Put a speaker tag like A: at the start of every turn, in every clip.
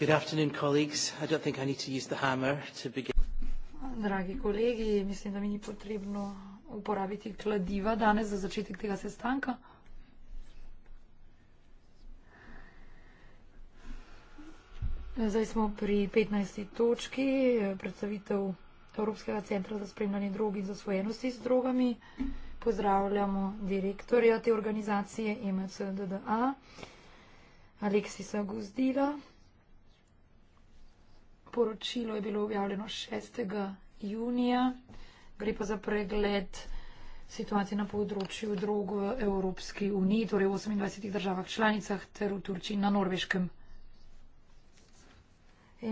A: Good afternoon, colleagues. I don't think I need to use the hammer to begin. Dragi kolegi, mislim, da mi ni potrebno uporabiti kladiva danes za začetek tega sestanka. Zdaj smo pri 15. točki predstavitev Evropskega centra za spremljanje drog in zasvojenosti z drogami. Pozdravljamo direktorja te organizacije MCDDA, Aleksisa Guzdila poročilo je bilo objavljeno 6. junija. Gre pa za pregled situacije na področju drog v Evropski uniji, torej v 28 državah članicah ter v Turčiji na Norveškem.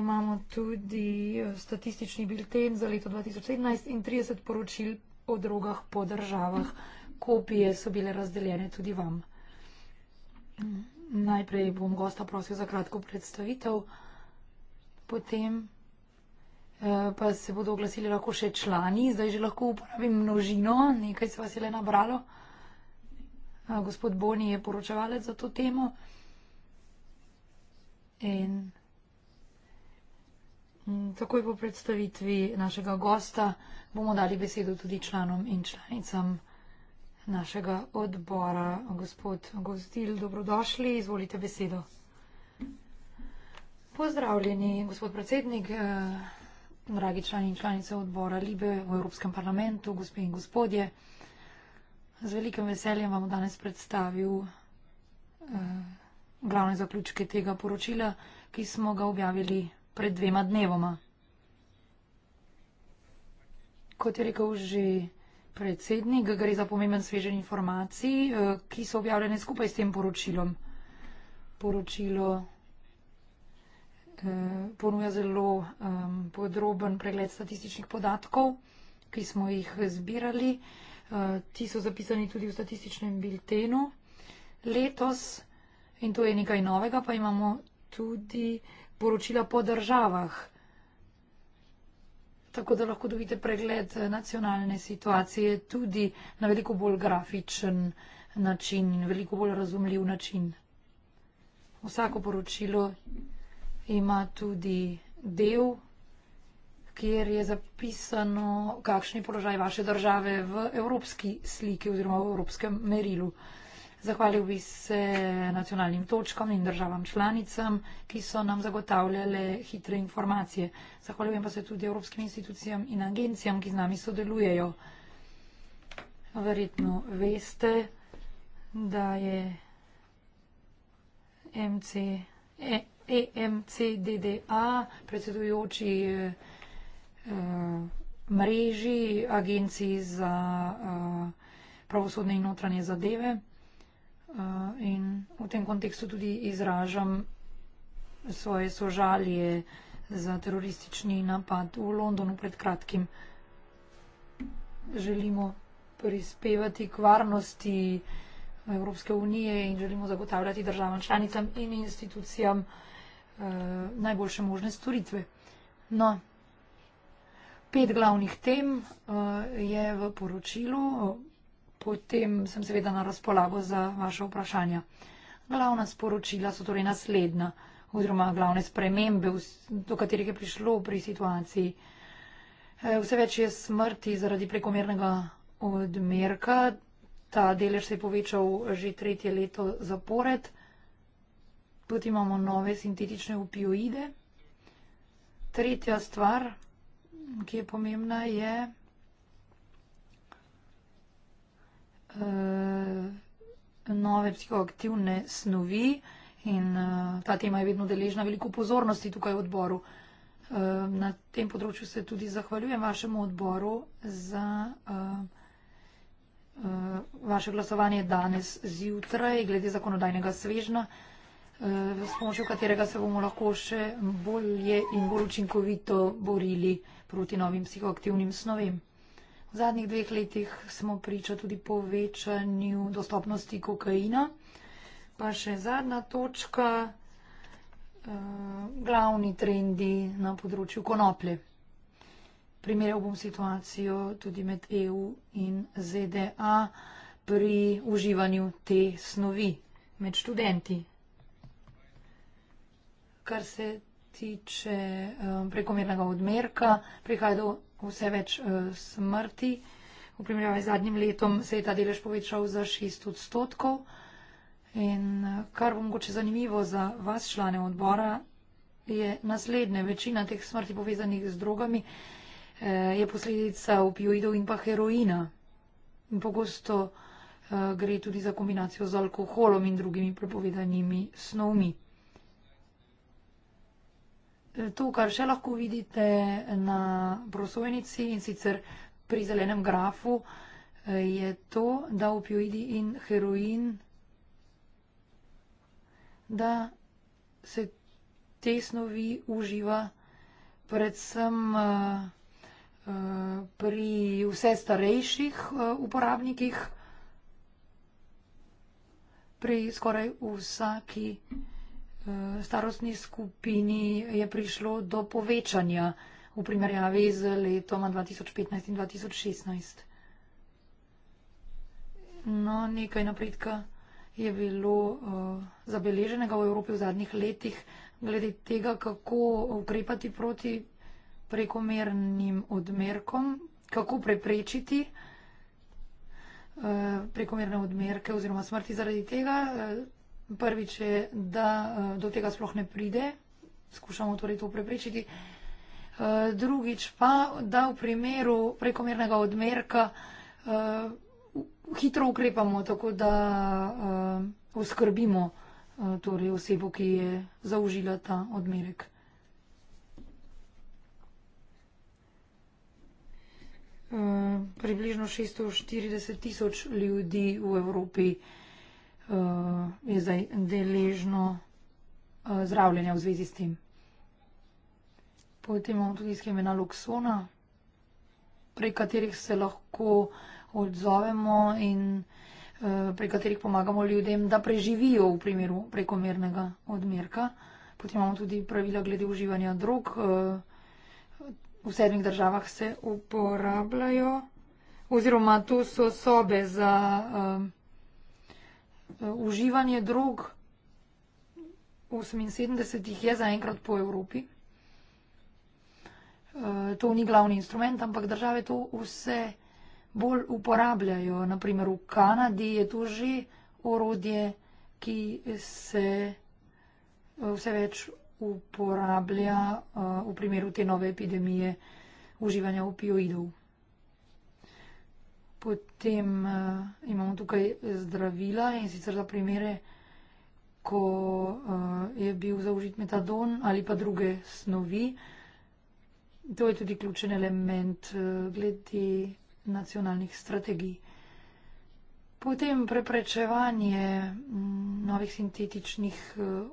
A: Imamo tudi eh, statistični bilten za leto 2017 in 30 poročil o drogah po državah. Kopije so bile razdeljene tudi vam. Najprej bom gosta prosil za kratko predstavitev potem eh, pa se bodo oglasili lahko še člani, zdaj že lahko uporabim množino, nekaj se vas je le nabralo. Eh, gospod Boni je poročevalec za to temo. In mm, takoj po predstavitvi našega gosta bomo dali besedo tudi članom in članicam našega odbora. Gospod Gozdil, dobrodošli, izvolite besedo. Pozdravljeni, gospod predsednik, eh, dragi člani in članice odbora Libe v Evropskem parlamentu, gospe in gospodje. Z velikim veseljem vam danes predstavil eh, glavne zaključke tega poročila, ki smo ga objavili pred dvema dnevoma. Kot je rekel že predsednik, gre za pomemben svežen informacij, eh, ki so objavljene skupaj s tem poročilom. Poročilo ponuja zelo um, podroben pregled statističnih podatkov, ki smo jih zbirali. Uh, ti so zapisani tudi v statističnem biltenu letos in to je nekaj novega, pa imamo tudi poročila po državah. Tako da lahko dobite pregled nacionalne situacije tudi na veliko bolj grafičen način in veliko bolj razumljiv način. Vsako poročilo ima tudi del, kjer je zapisano, kakšen je položaj vaše države v evropski sliki oziroma v evropskem merilu. Zahvalil bi se nacionalnim točkam in državam članicam, ki so nam zagotavljale hitre informacije. Zahvaljujem pa se tudi evropskim institucijam in agencijam, ki z nami sodelujejo. Verjetno veste, da je MC. E EMCDDA, predsedujoči eh, eh, mreži agencij za eh, pravosodne in notranje zadeve. In v tem kontekstu tudi izražam svoje sožalje za teroristični napad v Londonu pred kratkim. Želimo prispevati k varnosti Evropske unije in želimo zagotavljati državam članicam in institucijam, Eh, najboljše možne storitve. No, pet glavnih tem eh, je v poročilu, potem sem seveda na razpolago za vaše vprašanja. Glavna sporočila so torej naslednja, oziroma glavne spremembe, do katerih je prišlo pri situaciji. Eh, vse več je smrti zaradi prekomernega odmerka. Ta delež se je povečal že tretje leto zapored. Potem imamo nove sintetične opioide. Tretja stvar, ki je pomembna, je uh, nove psihoaktivne snovi in uh, ta tema je vedno deležna veliko pozornosti tukaj v odboru. Uh, na tem področju se tudi zahvaljujem vašemu odboru za uh, uh, vaše glasovanje danes zjutraj glede zakonodajnega svežna. Uh, Eh, s pomočjo katerega se bomo lahko še bolje in bolj učinkovito borili proti novim psihoaktivnim snovem. V zadnjih dveh letih smo priča tudi povečanju dostopnosti kokaina. Pa še zadnja točka, eh, glavni trendi na področju konoplje. Primerjal bom situacijo tudi med EU in ZDA pri uživanju te snovi med študenti kar se tiče eh, prekomernega odmerka, prihaja do vse več eh, smrti. V primerjavi z zadnjim letom se je ta delež povečal za 6 odstotkov. In eh, kar bo mogoče zanimivo za vas, člane odbora, je naslednje. Večina teh smrti povezanih z drogami je posledica opioidov in pa heroina. In pogosto gre tudi za kombinacijo z alkoholom in drugimi prepovedanimi snovmi to, kar še lahko vidite na prosojnici in sicer pri zelenem grafu, je to, da opioidi in heroin, da se te snovi uživa predvsem eh, pri vse starejših eh, uporabnikih, pri skoraj vsaki. Eh, starostni skupini je prišlo do povečanja v primerjavi z letoma 2015 in 2016. No, nekaj napredka je bilo uh, zabeleženega v Evropi v zadnjih letih glede tega, kako ukrepati proti prekomernim odmerkom, kako preprečiti uh, prekomerne odmerke oziroma smrti zaradi tega. Uh, Prvič je, da eh, do tega sploh ne pride, skušamo torej to preprečiti. Eh, drugič pa, da v primeru prekomernega odmerka eh, hitro ukrepamo, tako da oskrbimo torej osebo, ki je zaužila ta odmerek. Približno 640 tisoč ljudi v Evropi uh, je zdaj deležno uh, zdravljenja v zvezi s tem. Potem imamo tudi scheme naloksona, prek katerih se lahko odzovemo in uh, prek katerih pomagamo ljudem, da preživijo v primeru prekomernega odmerka. Potem imamo tudi pravila glede uživanja drog. V sedmih državah se uporabljajo, oziroma to so sobe za um, Eh, uživanje drog 78 je zaenkrat po Evropi. Eh, to ni glavni instrument, ampak države to vse bolj uporabljajo. Naprimer v Kanadi je to že orodje, ki se eh, vse več uporablja v primeru te nove epidemije uživanja opioidov. Potem uh, imamo tukaj zdravila in sicer za primere, ko uh, je bil zaužit metadon ali pa druge snovi. To je tudi ključen element uh, glede nacionalnih strategij. Potem preprečevanje mm, novih sintetičnih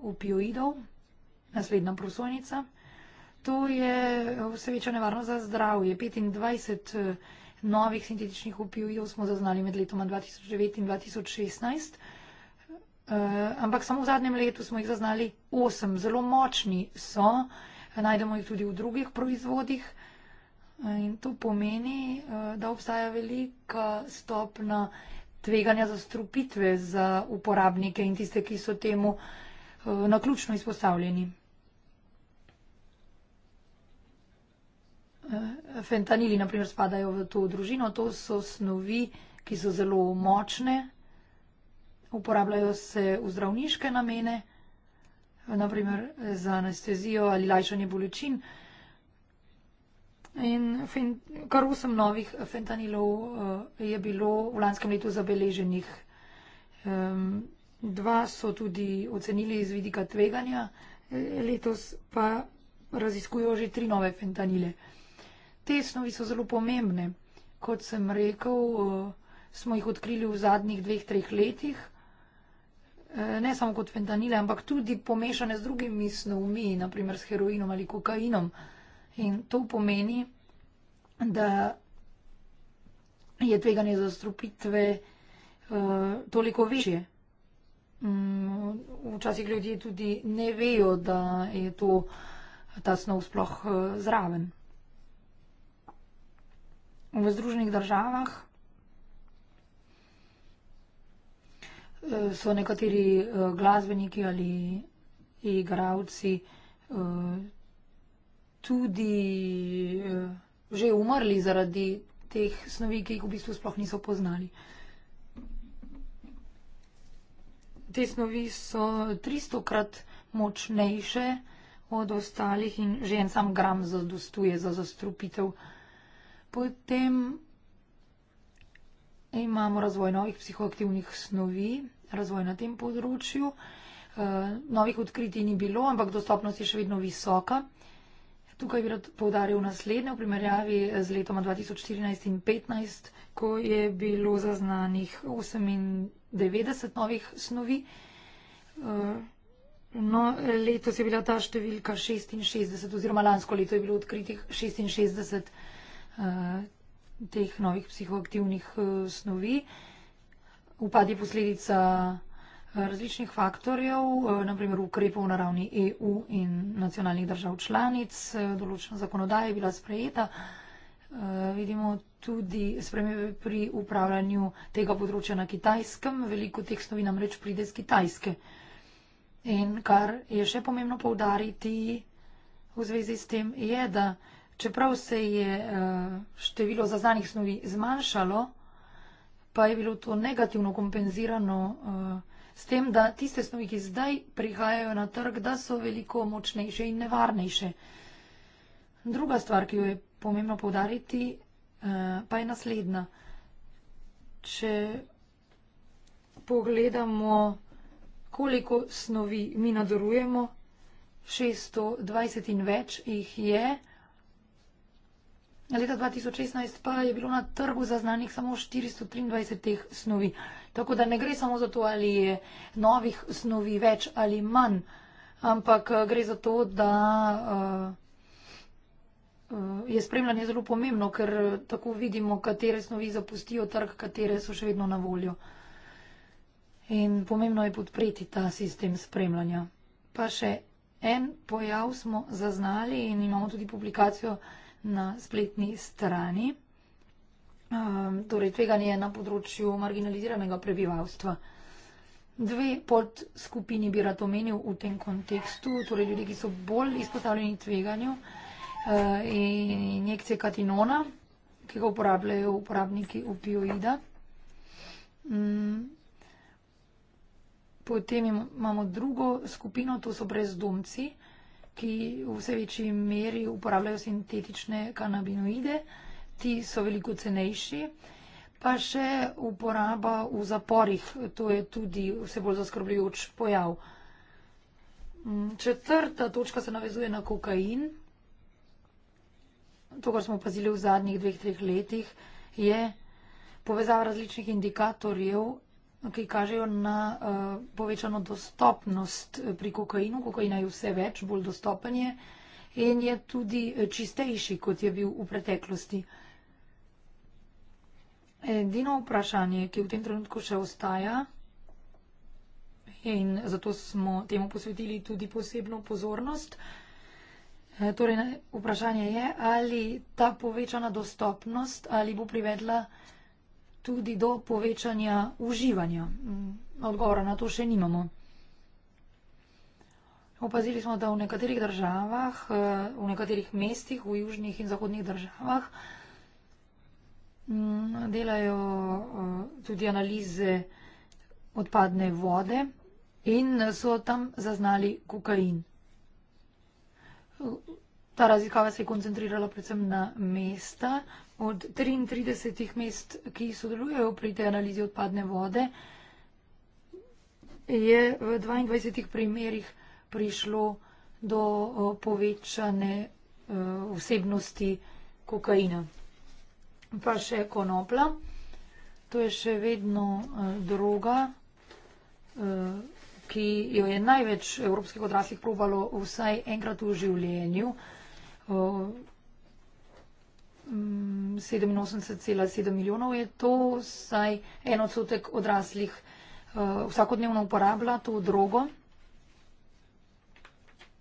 A: opioidov, naslednja prosojnica. To je vse večja nevarnost za zdravje. 25 novih sintetičnih opijev smo zaznali med letoma 2009 in 2016. Uh, eh, ampak samo v zadnjem letu smo jih zaznali osem, zelo močni so, najdemo jih tudi v drugih proizvodih eh, in to pomeni, uh, da obstaja velika stopna tveganja za strupitve za uporabnike in tiste, ki so temu uh, naključno izpostavljeni. Fentanili, na primer, spadajo v to družino. To so snovi, ki so zelo močne, uporabljajo se v zdravniške namene, naprimer za anestezijo ali lajšanje bolečin. In kar osem novih fentanilov eh, je bilo v lanskem letu zabeleženih. Dva so tudi ocenili iz vidika tveganja, eh, letos pa raziskujejo že tri nove fentanile. Te snovi so zelo pomembne. Kot sem rekel, eh, smo jih odkrili v zadnjih dveh, treh letih. Eh, ne samo kot fentanile, ampak tudi pomešane z drugimi snovmi, naprimer s heroinom ali kokainom. In to pomeni, da je tveganje za strupitve eh, toliko više. Mm, včasih ljudje tudi ne vejo, da je to, ta snov sploh zraven v Združenih državah. Eh, so nekateri eh, glasbeniki ali igravci eh, tudi že umrli zaradi teh snovi, ki jih v bistvu sploh niso poznali. Te snovi so 300 krat močnejše od ostalih in že en sam gram zadostuje za zastrupitev. Potem imamo razvoj novih psihoaktivnih snovi, razvoj na tem področju. Eh, novih odkritij ni bilo, ampak dostopnost je še vedno visoka. Tukaj bi rad povdaril naslednje v primerjavi z letoma 2014 in 2015, ko je bilo zaznanih 98 novih snovi. Eh, no, letos je bila ta številka 66 oziroma lansko leto je bilo odkritih 66 Eh, teh novih psihoaktivnih eh, snovi. Upad je posledica eh, različnih faktorjev, naprimer ukrepov na ravni EU in nacionalnih držav članic, določena zakonodaja je bila sprejeta. Vidimo tudi spremembe pri upravljanju tega področja na kitajskem, veliko teh snovi namreč pride z kitajske. In kar je še pomembno povdariti v zvezi s tem, je, da Čeprav se je eh, število zaznanih snovi zmanjšalo, pa je bilo to negativno kompenzirano eh, s tem, da tiste snovi, ki zdaj prihajajo na trg, da so veliko močnejše in nevarnejše. Druga stvar, ki jo je pomembno povdariti, eh, pa je naslednja. Če pogledamo, koliko snovi mi nadzorujemo, 620 in več jih je, Leta 2016 pa je bilo na trgu zaznanih samo 423 teh snovi. Tako da ne gre samo za to, ali je novih snovi več ali manj, ampak eh, gre za to, da eh, eh, je spremljanje zelo pomembno, ker tako vidimo, katere snovi zapustijo trg, katere so še vedno na voljo. In pomembno je podpreti ta sistem spremljanja. Pa še en pojav smo zaznali in imamo tudi publikacijo na spletni strani. Um, torej, tveganje na področju marginaliziranega prebivalstva. Dve podskupini bi rad omenil v tem kontekstu, torej ljudi, ki so bolj izpostavljeni tveganju uh, in injekcije katinona, ki ga uporabljajo uporabniki opioida. Um, potem imamo drugo skupino, to so brezdomci. Uh, ki v vse večji meri uporabljajo sintetične kanabinoide, ti so veliko cenejši. Pa še uporaba v zaporih, to je tudi vse bolj zaskrbljujoč pojav. Mm, četrta točka se navezuje na kokain. To, kar smo opazili v zadnjih dveh, treh letih, je povezava različnih indikatorjev ki kažejo na uh, povečano dostopnost eh, pri kokainu. Kokaina je vse več, bolj dostopen je in je tudi eh, čistejši, kot je bil v preteklosti. Edino vprašanje, ki v tem trenutku še ostaja in zato smo temu posvetili tudi posebno pozornost, torej vprašanje je, ali ta povečana dostopnost ali bo privedla tudi do povečanja uživanja. Mm, odgovora na to še nimamo. Opazili smo, da v nekaterih državah, eh, v nekaterih mestih, v južnih in zahodnih državah mm, delajo eh, tudi analize odpadne vode in so tam zaznali kokain. Ta raziskava se je koncentrirala predvsem na mesta, od 33 mest, ki sodelujejo pri tej analizi odpadne vode, je v 22 primerjih prišlo do povečane e, vsebnosti kokaina. Pa še konopla. To je še vedno e, droga, e, ki jo je največ evropskih odraslih probalo vsaj enkrat v življenju. 87,7 mm, milijonov je to, saj en odstotek odraslih eh, vsakodnevno uporablja to drogo.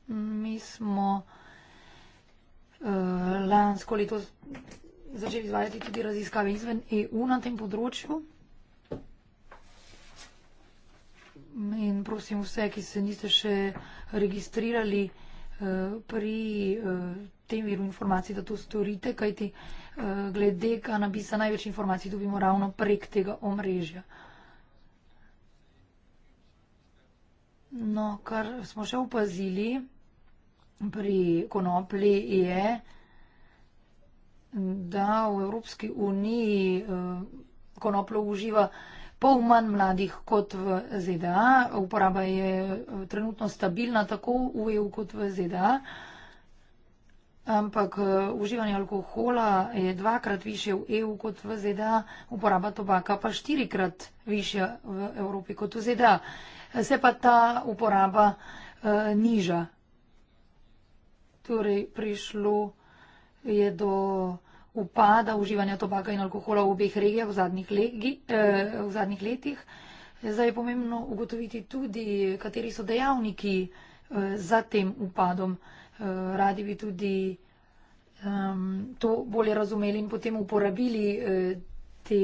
A: Mi smo eh, lansko leto začeli izvajati tudi raziskave izven EU na tem področju. In prosim vse, ki se niste še registrirali eh, pri tem viru informacij, da to storite, kajti eh, glede kanabisa največ informacij dobimo ravno prek tega omrežja. No, kar smo še upazili pri konoplji je, da v Evropski uniji eh, konoplo uživa pol manj mladih kot v ZDA. Uporaba je eh, trenutno stabilna tako v EU kot v ZDA ampak, eh, uživanje alkohola je dvakrat višje v EU kot v ZDA, uporaba tobaka pa štirikrat višja v Evropi kot v ZDA. Se pa ta uporaba uh, niža. Torej, prišlo je do upada uživanja tobaka in alkohola v obeh regijah v zadnjih, legi, eh, v zadnjih letih. Zdaj je pomembno ugotoviti tudi, kateri so dejavniki eh, za tem upadom. Eh, Eh, radi bi tudi um, to bolje razumeli in potem uporabili eh, te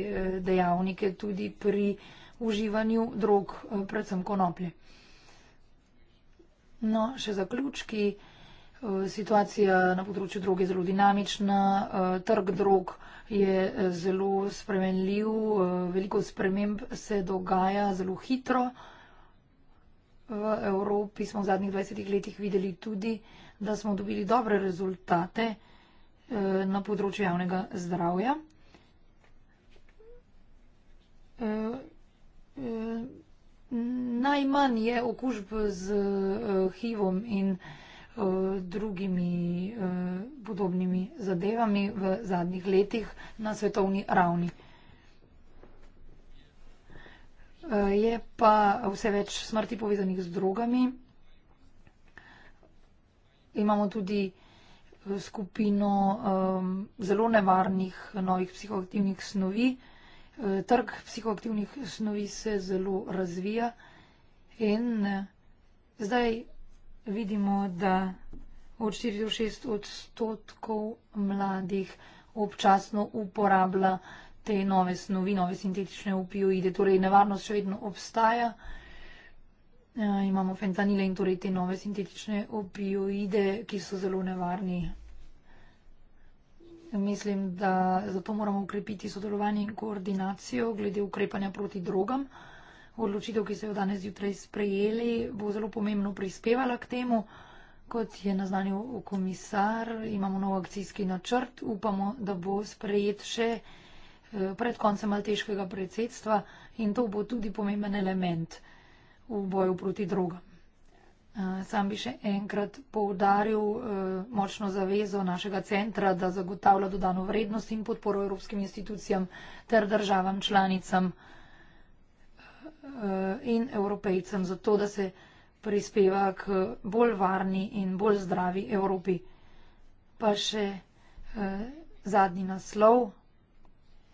A: eh, dejavnike tudi pri uživanju drog, predvsem konoplje. No, še zaključki. Situacija na področju droge je zelo dinamična, trg drog je zelo spremenljiv, veliko sprememb se dogaja zelo hitro v Evropi smo v zadnjih 20 letih videli tudi, da smo dobili dobre rezultate eh, na področju javnega zdravja. Eh, eh, najmanj je okužb z HIV-om in drugimi podobnimi zadevami v zadnjih letih na svetovni ravni. Eh, je pa vse več smrti povezanih z drogami. Imamo tudi eh, skupino um, zelo nevarnih novih psihoaktivnih snovi. Eh, trg psihoaktivnih snovi se zelo razvija in zdaj vidimo, da od 4 do 6 odstotkov mladih občasno uporablja te nove snovi, nove sintetične opioide, torej nevarnost še vedno obstaja. E, imamo fentanile in torej te nove sintetične opioide, ki so zelo nevarni. Mislim, da zato moramo ukrepiti sodelovanje in koordinacijo glede ukrepanja proti drogam. Odločitev, ki se jo danes jutraj sprejeli, bo zelo pomembno prispevala k temu, kot je naznanil komisar. Imamo nov akcijski načrt, upamo, da bo sprejet še pred koncem malteškega predsedstva in to bo tudi pomemben element v boju proti drogam. Eh, sam bi še enkrat poudaril eh, močno zavezo našega centra, da zagotavlja dodano vrednost in podporo evropskim institucijam ter državam članicam eh, in evropejcem, zato da se prispeva k bolj varni in bolj zdravi Evropi. Pa še eh, zadnji naslov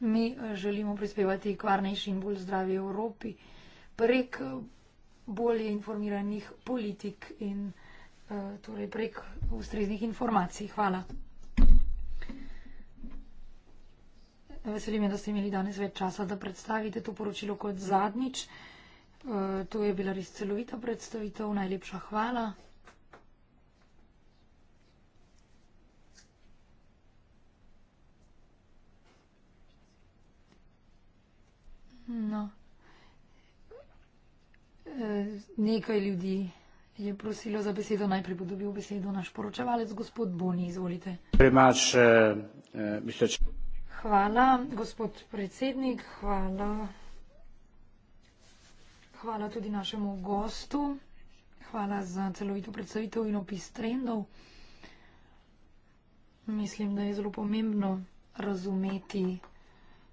A: mi eh, želimo prispevati k varnejši in bolj zdravi Evropi prek eh, bolje informiranih politik in eh, torej prek ustreznih informacij. Hvala. Veselim je, da ste imeli danes več časa, da predstavite to poročilo kot zadnjič. To je bila res celovita predstavitev. Najlepša hvala. No. E, nekaj ljudi je prosilo za besedo, najprej bo dobil besedo naš poročevalec, gospod Boni, izvolite.
B: Primač, e, e,
A: hvala, gospod predsednik, hvala. Hvala tudi našemu gostu. Hvala za celovito predstavitev in opis trendov. Mislim, da je zelo pomembno razumeti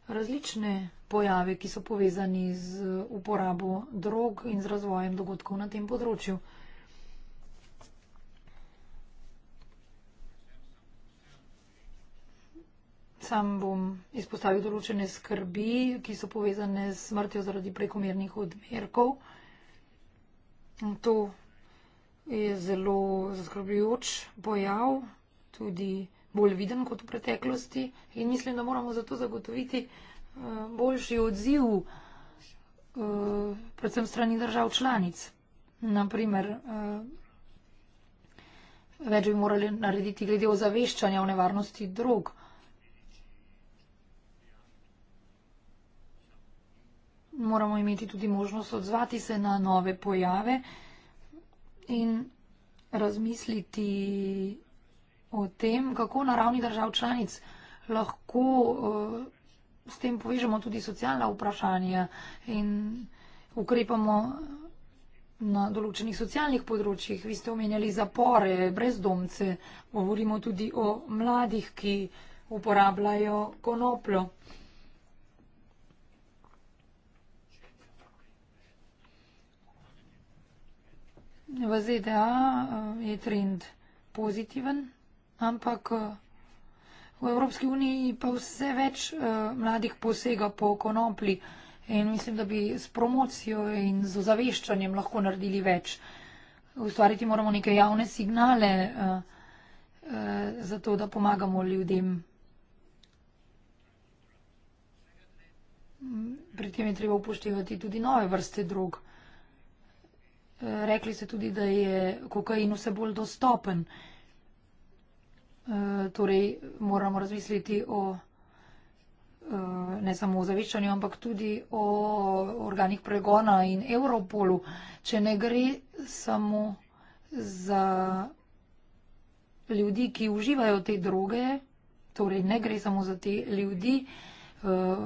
A: različne pojave, ki so povezani z uporabo drog in z razvojem dogodkov na tem področju. Sam bom izpostavil določene skrbi, ki so povezane s smrtjo zaradi prekomernih odmerkov. To je zelo zaskrbljujoč pojav, tudi odmerkov bolj viden kot v preteklosti in mislim, da moramo zato zagotoviti eh, boljši odziv, eh, predvsem strani držav članic. Naprimer, eh, več bi morali narediti glede ozaveščanja o nevarnosti drog. Moramo imeti tudi možnost odzvati se na nove pojave in razmisliti o tem, kako na ravni držav članic lahko eh, s tem povežemo tudi socialna vprašanja in ukrepamo na določenih socialnih področjih. Vi ste omenjali zapore, brezdomce, govorimo tudi o mladih, ki uporabljajo konopljo. V ZDA eh, je trend pozitiven ampak eh, v Evropski uniji pa vse več eh, mladih posega po konoplji in mislim, da bi s promocijo in z ozaveščanjem lahko naredili več. Ustvariti moramo neke javne signale, eh, zato da pomagamo ljudem. Pri tem je treba upoštevati tudi nove vrste drog. Rekli ste tudi, da je kokain vse bolj dostopen. Eh, torej moramo razmisliti o eh, ne samo o zaveščanju, ampak tudi o organih pregona in Europolu, če ne gre samo za ljudi, ki uživajo te droge, torej ne gre samo za te ljudi. Eh,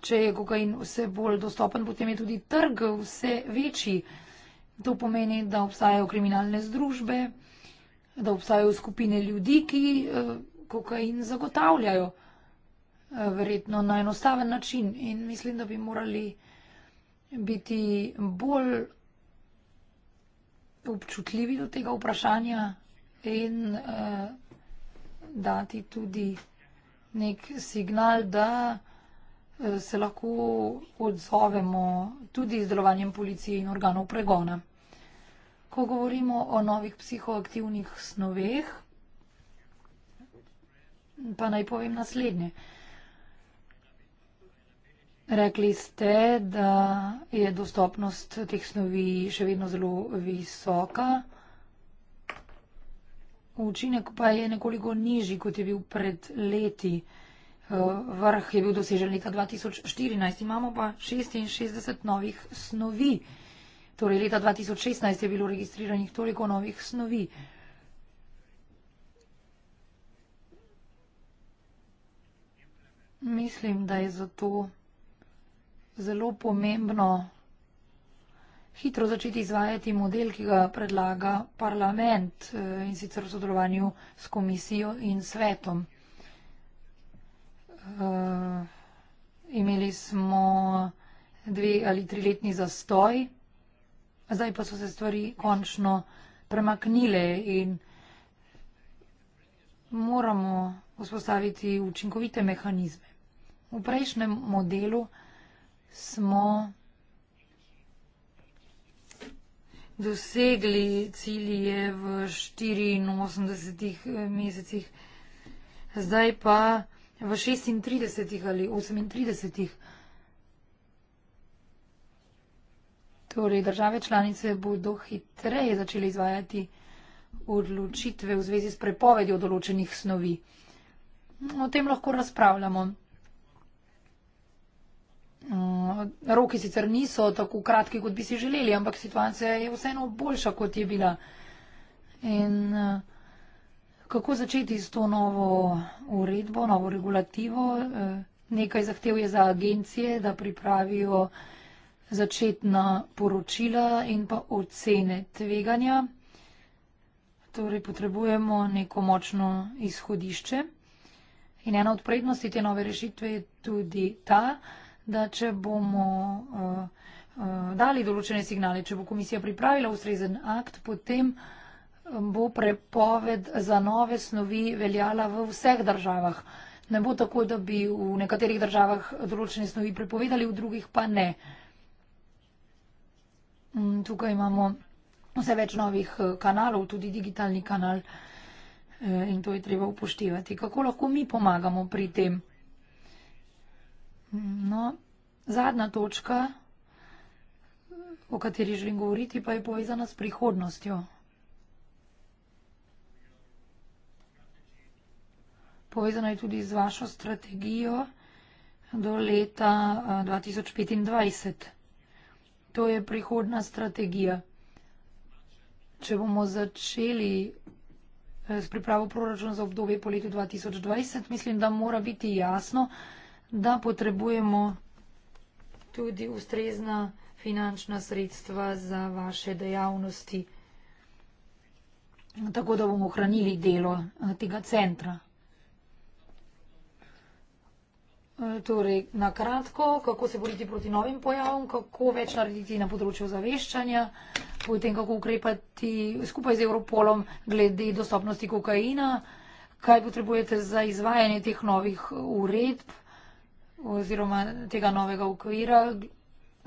A: če je kokain vse bolj dostopen, potem je tudi trg vse večji. To pomeni, da obstajajo kriminalne združbe, da obstajajo skupine ljudi, ki eh, kokain zagotavljajo eh, verjetno na enostaven način in mislim, da bi morali biti bolj občutljivi do tega vprašanja in uh, dati tudi nek signal, da uh, se lahko odzovemo tudi z delovanjem policije in organov pregona ko govorimo o novih psihoaktivnih snoveh, pa naj povem naslednje. Rekli ste, da je dostopnost teh snovi še vedno zelo visoka, učinek pa je nekoliko nižji, kot je bil pred leti. Eh, Vrh je bil dosežen leta 2014, imamo pa 66 novih snovi. Torej, leta 2016 je bilo registriranih toliko novih snovi. Mislim, da je zato zelo pomembno hitro začeti izvajati model, ki ga predlaga parlament eh, in sicer v sodelovanju s komisijo in svetom. Uh, imeli smo dve ali triletni zastoj. Zdaj pa so se stvari končno premaknile in moramo vzpostaviti učinkovite mehanizme. V prejšnjem modelu smo dosegli cilje v 84 mesecih, zdaj pa v 36 ali 38 mesecih. Torej, države članice bodo hitreje začele izvajati odločitve v zvezi s prepovedjo določenih snovi. O tem lahko razpravljamo. Roki sicer niso tako kratki, kot bi si želeli, ampak situacija je vseeno boljša, kot je bila. In eh, kako začeti s to novo uredbo, novo regulativo? Eh, nekaj zahtev je za agencije, da pripravijo začetna poročila in pa ocene tveganja. Torej potrebujemo neko močno izhodišče. In ena od prednosti te nove rešitve je tudi ta, da če bomo uh, uh, dali določene signale, če bo komisija pripravila ustrezen akt, potem eh, bo prepoved za nove snovi veljala v vseh državah. Ne bo tako, da bi v nekaterih državah določene snovi prepovedali, v drugih pa ne. Uh, Mm, tukaj imamo vse več novih eh, kanalov, tudi digitalni kanal eh, in to je treba upoštevati. Kako lahko mi pomagamo pri tem? No, zadnja točka, o kateri želim govoriti, pa je povezana s prihodnostjo. Povezana je tudi z vašo strategijo do leta 2025. Eh, To je prihodna strategija. Če bomo začeli eh, s pripravo proračuna za obdobje po letu 2020, mislim, da mora biti jasno, da potrebujemo tudi ustrezna finančna sredstva za vaše dejavnosti, tako da bomo ohranili delo eh, tega centra. Eh, torej, na kratko, kako se boriti proti novim pojavom, kako več narediti na področju zaveščanja, potem kako ukrepati skupaj z Europolom glede dostopnosti kokaina, kaj potrebujete za izvajanje teh novih uredb oziroma tega novega okvira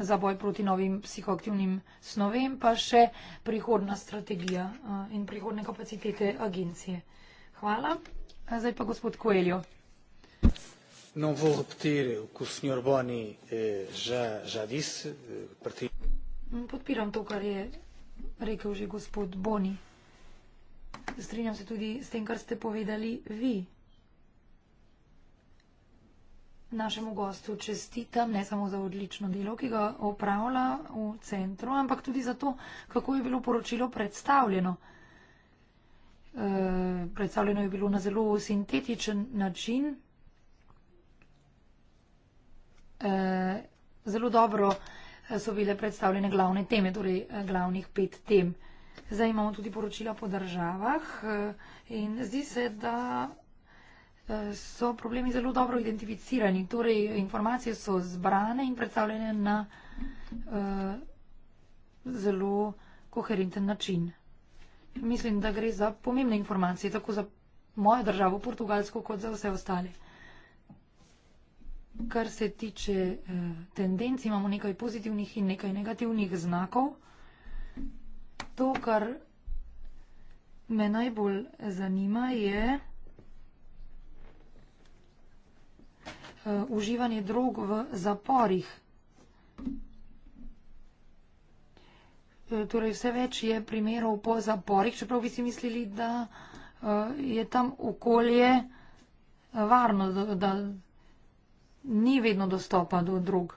A: za boj proti novim psihoaktivnim snovem, pa še prihodna strategija eh, in prihodne kapacitete agencije. Hvala. Zdaj pa gospod Koeljo. Não vou repetir o que o Sr. Boni eh, já, já disse. Eh, Partir... Podpiram to, kar je rekel že gospod Boni. Strinjam se tudi s tem, kar ste povedali vi. Našemu gostu čestitam ne samo za odlično delo, ki ga opravlja v centru, ampak tudi za to, kako je bilo poročilo predstavljeno. E, predstavljeno je bilo na zelo sintetičen način eh, zelo dobro eh, so bile predstavljene glavne teme, torej eh, glavnih pet tem. Zdaj imamo tudi poročila po državah eh, in zdi se, da so problemi zelo dobro identificirani. Torej, informacije so zbrane in predstavljene na uh, zelo koherenten način. Mislim, da gre za pomembne informacije, tako za mojo državo, Portugalsko, kot za vse ostale kar se tiče eh, tendenc, imamo nekaj pozitivnih in nekaj negativnih znakov. To, kar me najbolj zanima, je eh, uživanje drog v zaporih. Eh, torej, vse več je primerov po zaporih, čeprav bi si mislili, da je tam okolje varno, da, da ni vedno dostopa do drug.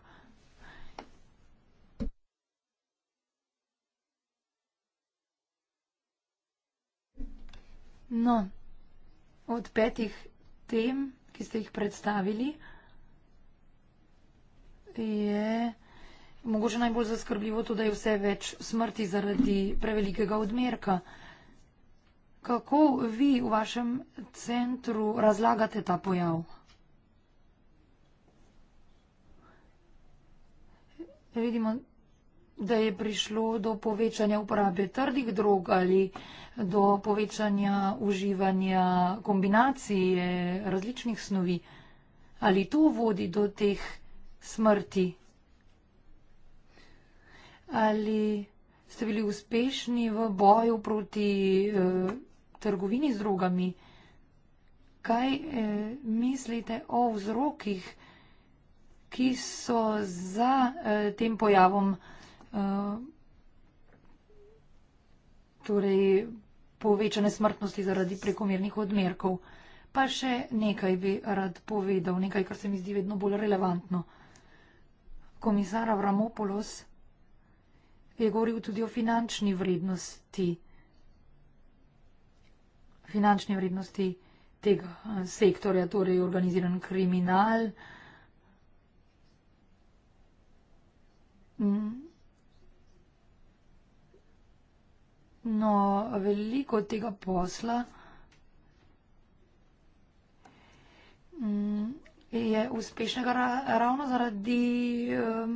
A: No, od petih tem, ki ste jih predstavili, je mogoče najbolj zaskrbljivo to, da je vse več smrti zaradi prevelikega odmerka. Kako vi v vašem centru razlagate ta pojav? vidimo, da je prišlo do povečanja uporabe trdih drog ali do povečanja uživanja kombinacije različnih snovi. Ali to vodi do teh smrti? Ali ste bili uspešni v boju proti eh, trgovini z drogami? Kaj eh, mislite o vzrokih? ki so za uh, tem pojavom uh, torej povečane smrtnosti zaradi prekomernih odmerkov. Pa še nekaj bi rad povedal, nekaj, kar se mi zdi vedno bolj relevantno. Komisar Avramopoulos je govoril tudi o finančni vrednosti, finančni vrednosti tega sektorja, torej organiziran kriminal, uh, Mm. No, veliko tega posla mm, je uspešnega ravno zaradi um,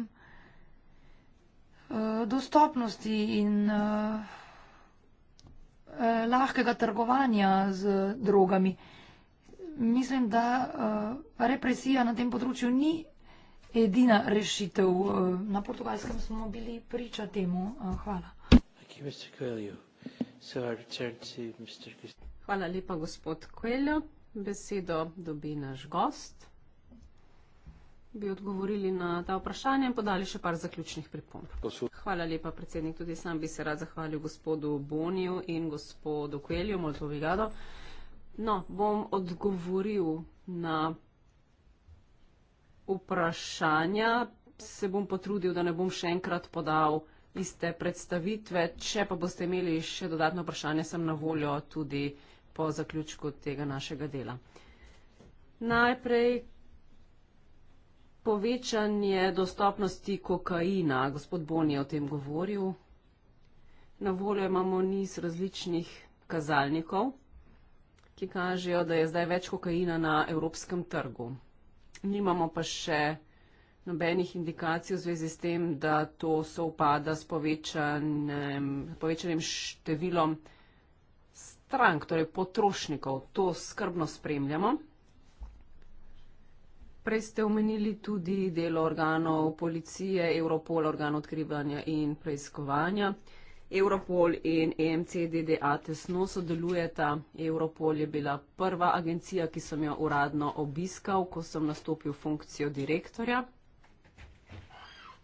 A: uh, dostopnosti in uh, eh, lahkega trgovanja z drogami. Mislim, da uh, represija na tem področju ni edina rešitev. Eh, na portugalskem smo bili priča
C: temu. Eh, hvala. Hvala lepa, gospod Koeljo. Besedo dobi naš gost. Bi odgovorili na ta vprašanja in podali še par zaključnih pripomb. Hvala lepa, predsednik. Tudi sam bi se rad zahvalil gospodu Boniju in gospodu Koeljo. No, bom odgovoril na vprašanja, se bom potrudil, da ne bom še enkrat podal iste predstavitve. Če pa boste imeli še dodatno vprašanje, sem na voljo tudi po zaključku tega našega dela. Najprej povečanje dostopnosti kokaina. Gospod Bon je o tem govoril. Na voljo imamo niz različnih kazalnikov, ki kažejo, da je zdaj več kokaina na evropskem trgu nimamo pa še nobenih indikacij v zvezi s tem, da to so upada s povečanjem, povečanjem številom strank, torej potrošnikov. To skrbno spremljamo. Prej ste omenili tudi delo organov policije, Europol, organ odkrivanja in preiskovanja. Europol in EMCDDA tesno sodelujeta. Europol je bila prva agencija, ki sem jo uradno obiskal, ko sem nastopil funkcijo direktorja.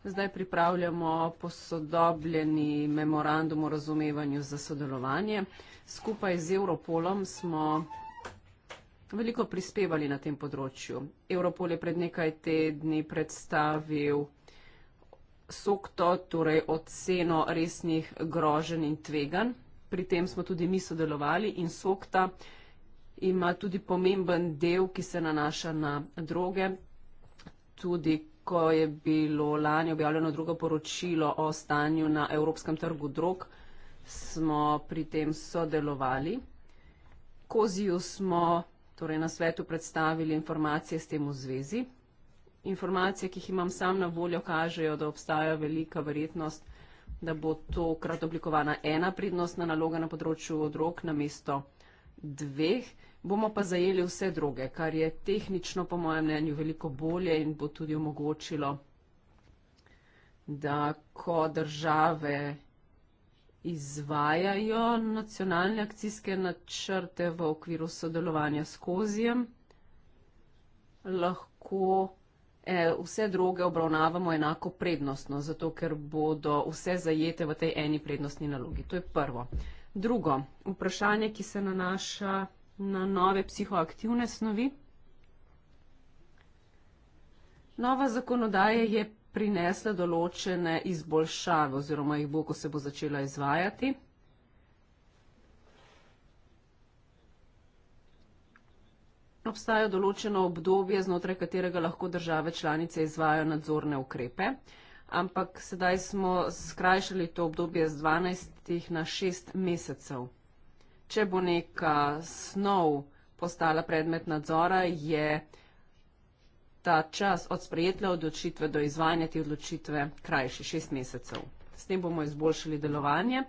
C: Zdaj pripravljamo posodobljeni memorandum o razumevanju za sodelovanje. Skupaj z Europolom smo veliko prispevali na tem področju. Europol je pred nekaj tedni predstavil sokto, torej oceno resnih groženj in tvegan. Pri tem smo tudi mi sodelovali in sokta ima tudi pomemben del, ki se nanaša na droge. Tudi ko je bilo lani objavljeno drugo poročilo o stanju na evropskem trgu drog, smo pri tem sodelovali. Koziju smo torej na svetu predstavili informacije s tem v zvezi informacije, ki jih imam sam na voljo, kažejo, da obstaja velika verjetnost, da bo tokrat oblikovana ena prednostna naloga na področju drog na mesto dveh. Bomo pa zajeli vse druge, kar je tehnično, po mojem mnenju, veliko bolje in bo tudi omogočilo, da ko države izvajajo nacionalne akcijske načrte v okviru sodelovanja s kozijem, lahko E, vse droge obravnavamo enako prednostno, zato ker bodo vse zajete v tej eni prednostni nalogi. To je prvo. Drugo vprašanje, ki se nanaša na nove psihoaktivne snovi. Nova zakonodaja je prinesla določene izboljšave oziroma jih bo, ko se bo začela izvajati. obstaja določeno obdobje, znotraj katerega lahko države članice izvajo nadzorne ukrepe, ampak sedaj smo skrajšali to obdobje z 12 na 6 mesecev. Če bo neka snov postala predmet nadzora, je ta čas od sprejetle odločitve do izvajanja te odločitve krajši 6 mesecev. S tem bomo izboljšali delovanje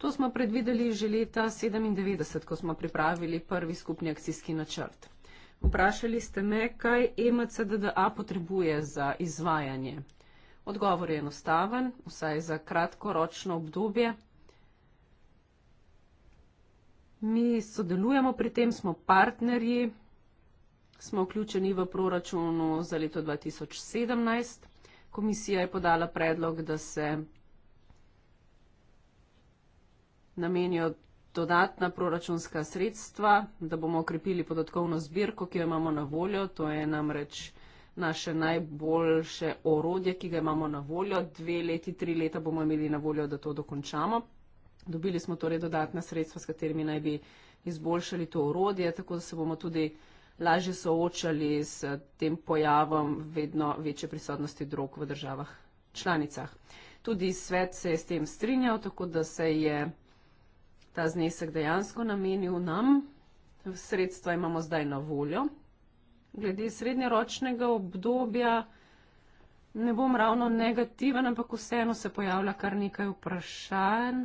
C: To smo predvideli že leta 1997, ko smo pripravili prvi skupni akcijski načrt. Vprašali ste me, kaj EMCDDA potrebuje za izvajanje. Odgovor je enostaven, vsaj za kratkoročno obdobje. Mi sodelujemo pri tem, smo partnerji, smo vključeni v proračunu za leto 2017. Komisija je podala predlog, da se namenijo dodatna proračunska sredstva, da bomo okrepili podatkovno zbirko, ki jo imamo na voljo. To je namreč naše najboljše orodje, ki ga imamo na voljo. Dve leti, tri leta bomo imeli na voljo, da to dokončamo. Dobili smo torej dodatna sredstva, s katerimi naj bi izboljšali to orodje, tako da se bomo tudi lažje soočali s tem pojavom vedno večje prisotnosti drog v državah članicah. Tudi svet se je s tem strinjal, tako da se je ta znesek dejansko namenil nam, sredstva imamo zdaj na voljo. Glede srednjeročnega obdobja ne bom ravno negativen, ampak vseeno se pojavlja kar nekaj vprašanj.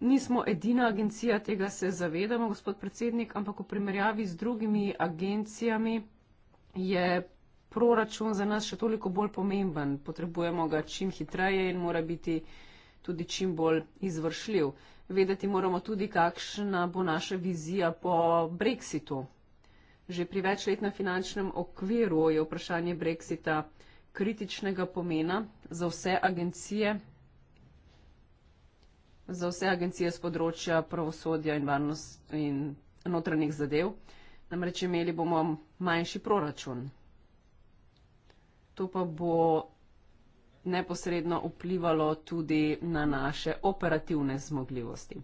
C: Nismo edina agencija, tega se zavedamo, gospod predsednik, ampak v primerjavi z drugimi agencijami je proračun za nas še toliko bolj pomemben. Potrebujemo ga čim hitreje in mora biti tudi čim bolj izvršljiv vedeti moramo tudi, kakšna bo naša vizija po brexitu. Že pri večletnem finančnem okviru je vprašanje brexita kritičnega pomena za vse agencije, za vse agencije z področja pravosodja in varnost in notranjih zadev. Namreč imeli bomo manjši proračun. To pa bo neposredno vplivalo tudi na naše operativne zmogljivosti.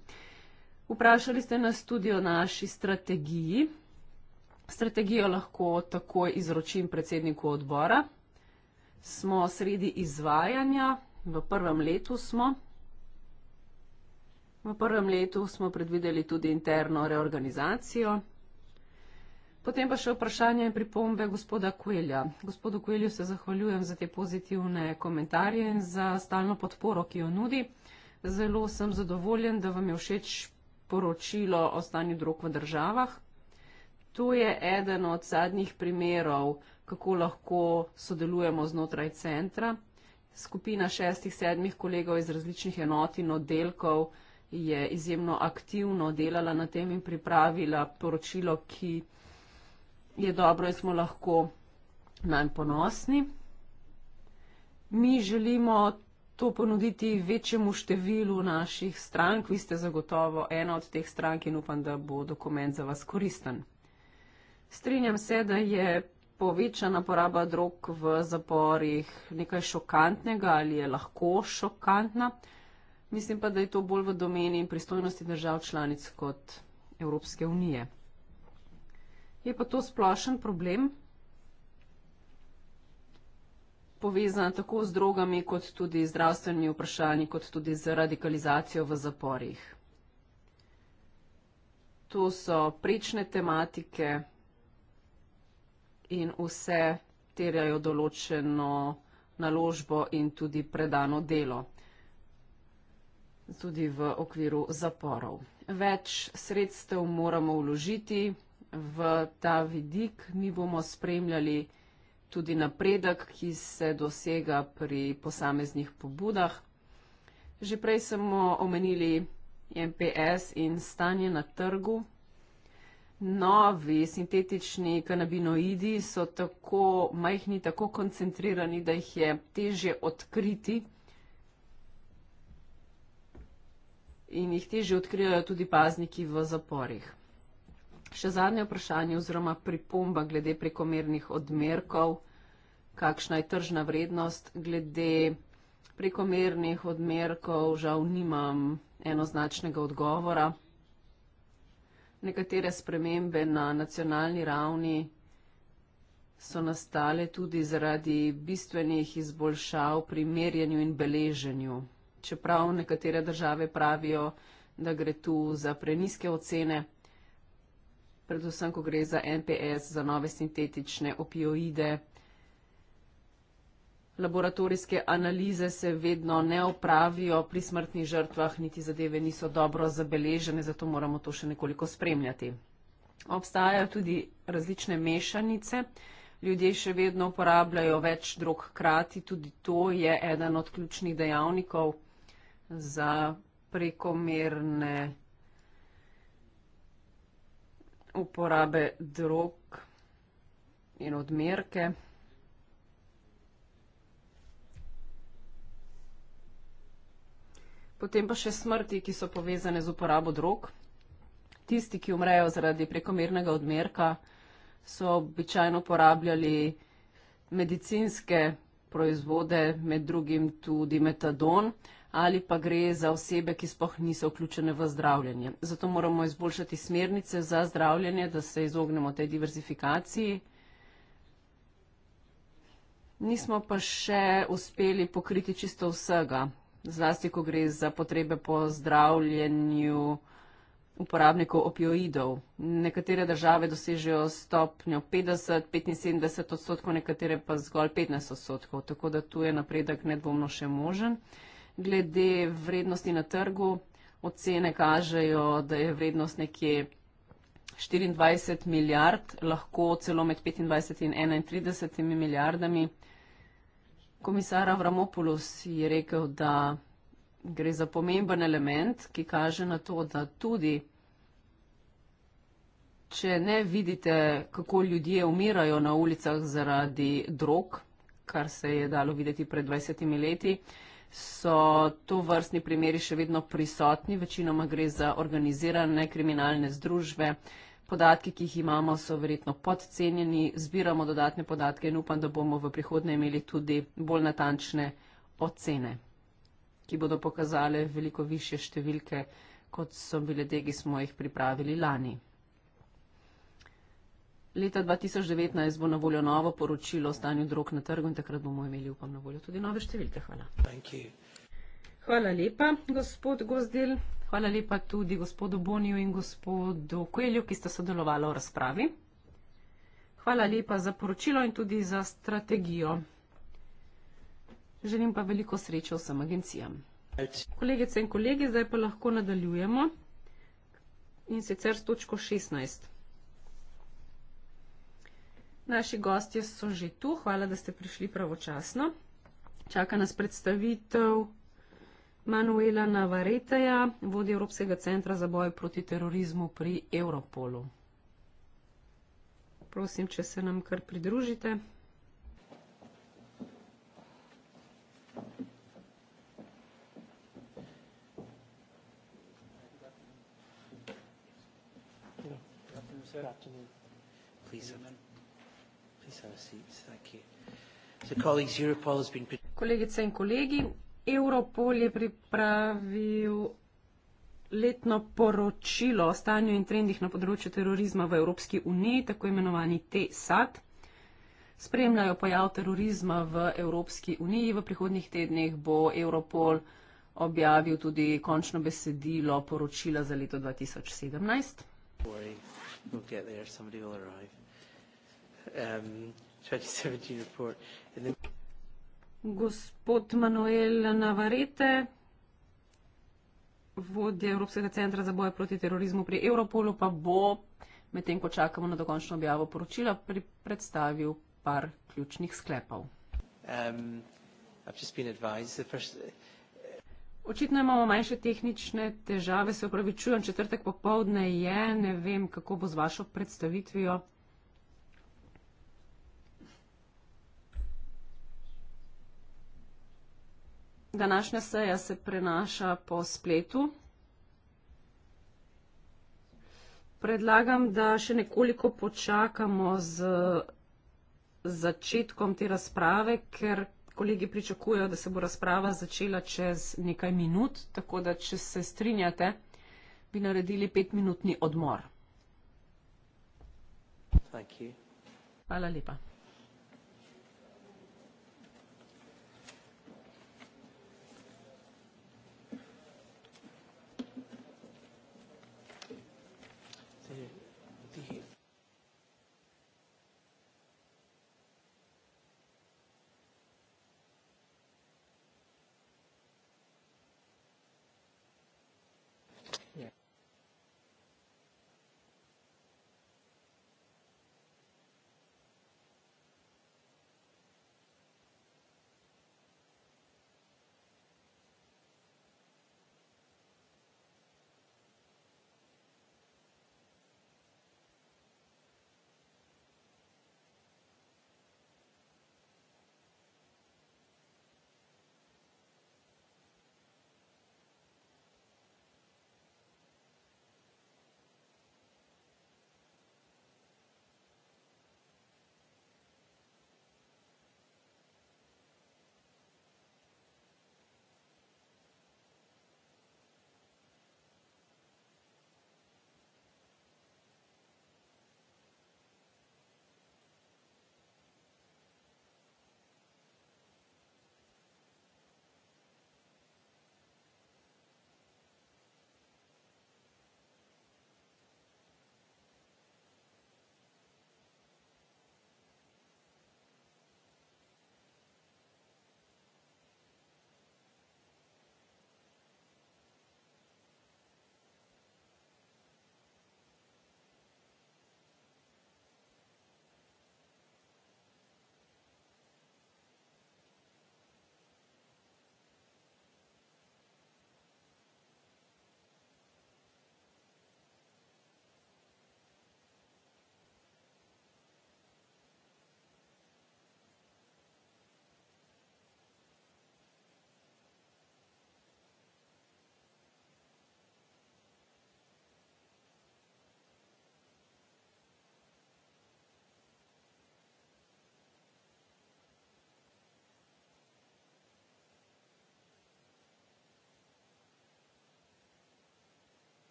C: Vprašali ste nas tudi o naši strategiji. Strategijo lahko takoj izročim predsedniku odbora. Smo sredi izvajanja, v prvem letu smo. V prvem letu smo predvideli tudi interno reorganizacijo. Potem pa še vprašanje in pripombe gospoda Kuelja. Gospodu Kuelju se zahvaljujem za te pozitivne komentarje in za stalno podporo, ki jo nudi. Zelo sem zadovoljen, da vam je všeč poročilo o stanju drog v državah. To je eden od zadnjih primerov, kako lahko sodelujemo znotraj centra. Skupina šestih, sedmih kolegov iz različnih enot in oddelkov je izjemno aktivno delala na tem in pripravila poročilo, ki je dobro in smo lahko najbolj ponosni. Mi želimo to ponuditi večjemu številu naših strank. Vi ste zagotovo ena od teh strank in upam, da bo dokument za vas koristen. Strinjam se, da je povečana poraba drog v zaporih nekaj šokantnega ali je lahko šokantna. Mislim pa, da je to bolj v domeni in pristojnosti držav članic kot Evropske unije. Je pa to splošen problem, povezan tako z drogami, kot tudi z zdravstvenimi vprašanji, kot tudi z radikalizacijo v zaporih. To so prečne tematike in vse terjajo določeno naložbo in tudi predano delo, tudi v okviru zaporov. Več sredstev moramo vložiti v ta vidik. Mi bomo spremljali tudi napredek, ki se dosega pri posameznih pobudah. Že prej smo omenili MPS in stanje na trgu. Novi sintetični kanabinoidi so tako majhni, tako koncentrirani, da jih je teže odkriti. In jih teže odkrijajo tudi pazniki v zaporih. Še zadnje vprašanje oziroma pripomba glede prekomernih odmerkov. Kakšna je tržna vrednost glede prekomernih odmerkov? Žal nimam enoznačnega odgovora. Nekatere spremembe na nacionalni ravni so nastale tudi zaradi bistvenih izboljšav pri merjenju in beleženju. Čeprav nekatere države pravijo, da gre tu za preniske ocene predvsem, ko gre za NPS, za nove sintetične opioide. Laboratorijske analize se vedno ne opravijo pri smrtnih žrtvah, niti zadeve niso dobro zabeležene, zato moramo to še nekoliko spremljati. Obstajajo tudi različne mešanice. Ljudje še vedno uporabljajo več drog krati, tudi to je eden od ključnih dejavnikov za prekomerne uporabe drog in odmerke. Potem pa še smrti, ki so povezane z uporabo drog. Tisti, ki umrejo zaradi prekomernega odmerka, so običajno uporabljali medicinske proizvode, med drugim tudi metadon. Uh, ali pa gre za osebe, ki sploh niso vključene v zdravljenje. Zato moramo izboljšati smernice za zdravljenje, da se izognemo tej diverzifikaciji. Nismo pa še uspeli pokriti čisto vsega, zlasti ko gre za potrebe po zdravljenju uporabnikov opioidov. Nekatere države dosežejo stopnjo 50-75 odstotkov, nekatere pa zgolj 15 odstotkov, tako da tu je napredek nedvomno še možen glede vrednosti na trgu. Ocene kažejo, da je vrednost nekje 24 milijard, lahko celo med 25 in 31 milijardami. Komisar Avramopoulos je rekel, da gre za pomemben element, ki kaže na to, da tudi, če ne vidite, kako ljudje umirajo na ulicah zaradi drog, kar se je dalo videti pred 20 leti, so to vrstni primeri še vedno prisotni, večinoma gre za organizirane kriminalne združbe. Podatki, ki jih imamo, so verjetno podcenjeni, zbiramo dodatne podatke in upam, da bomo v prihodnje imeli tudi bolj natančne ocene, ki bodo pokazale veliko više številke, kot so bile te, ki smo jih pripravili lani. Leta 2019 bo na voljo novo poročilo o stanju drog na trgu in takrat bomo imeli upam na voljo tudi nove številke. Hvala. Hvala lepa, gospod Gozdil. Hvala lepa tudi gospodu Boniju in gospodu Kuelju, ki sta sodelovala v razpravi. Hvala lepa za poročilo in tudi za strategijo. Želim pa veliko sreče vsem agencijam. Kolegice in kolegi, zdaj pa lahko nadaljujemo in sicer s točko 16. Naši gostje so že tu, hvala, da ste prišli pravočasno. Čaka nas predstavitev Manuela Navareteja, vodja Evropskega centra za boj proti terorizmu pri Europolu. Prosim, če se nam kar pridružite. Please, Kolegice in kolegi, Europol je pripravil letno poročilo o stanju in trendih na področju terorizma v Evropski uniji, tako imenovani TESAT. Spremljajo pojav terorizma v Evropski uniji. V prihodnjih tednih bo Europol objavil tudi končno besedilo poročila za leto 2017 um, 2017 report. And then Gospod Manuel Navarete, vodja Evropskega centra za boje proti terorizmu pri Europolu, pa bo, medtem ko čakamo na dokončno objavo poročila, pri predstavil par ključnih sklepov. Um, Očitno imamo manjše tehnične težave, se opravičujem, četrtek popovdne je, ne vem, kako bo z vašo predstavitvijo. Današnja seja se prenaša po spletu. Predlagam, da še nekoliko počakamo z začetkom te razprave, ker kolegi pričakujejo, da se bo razprava začela čez nekaj minut, tako da, če se strinjate, bi naredili petminutni odmor. Hvala lepa.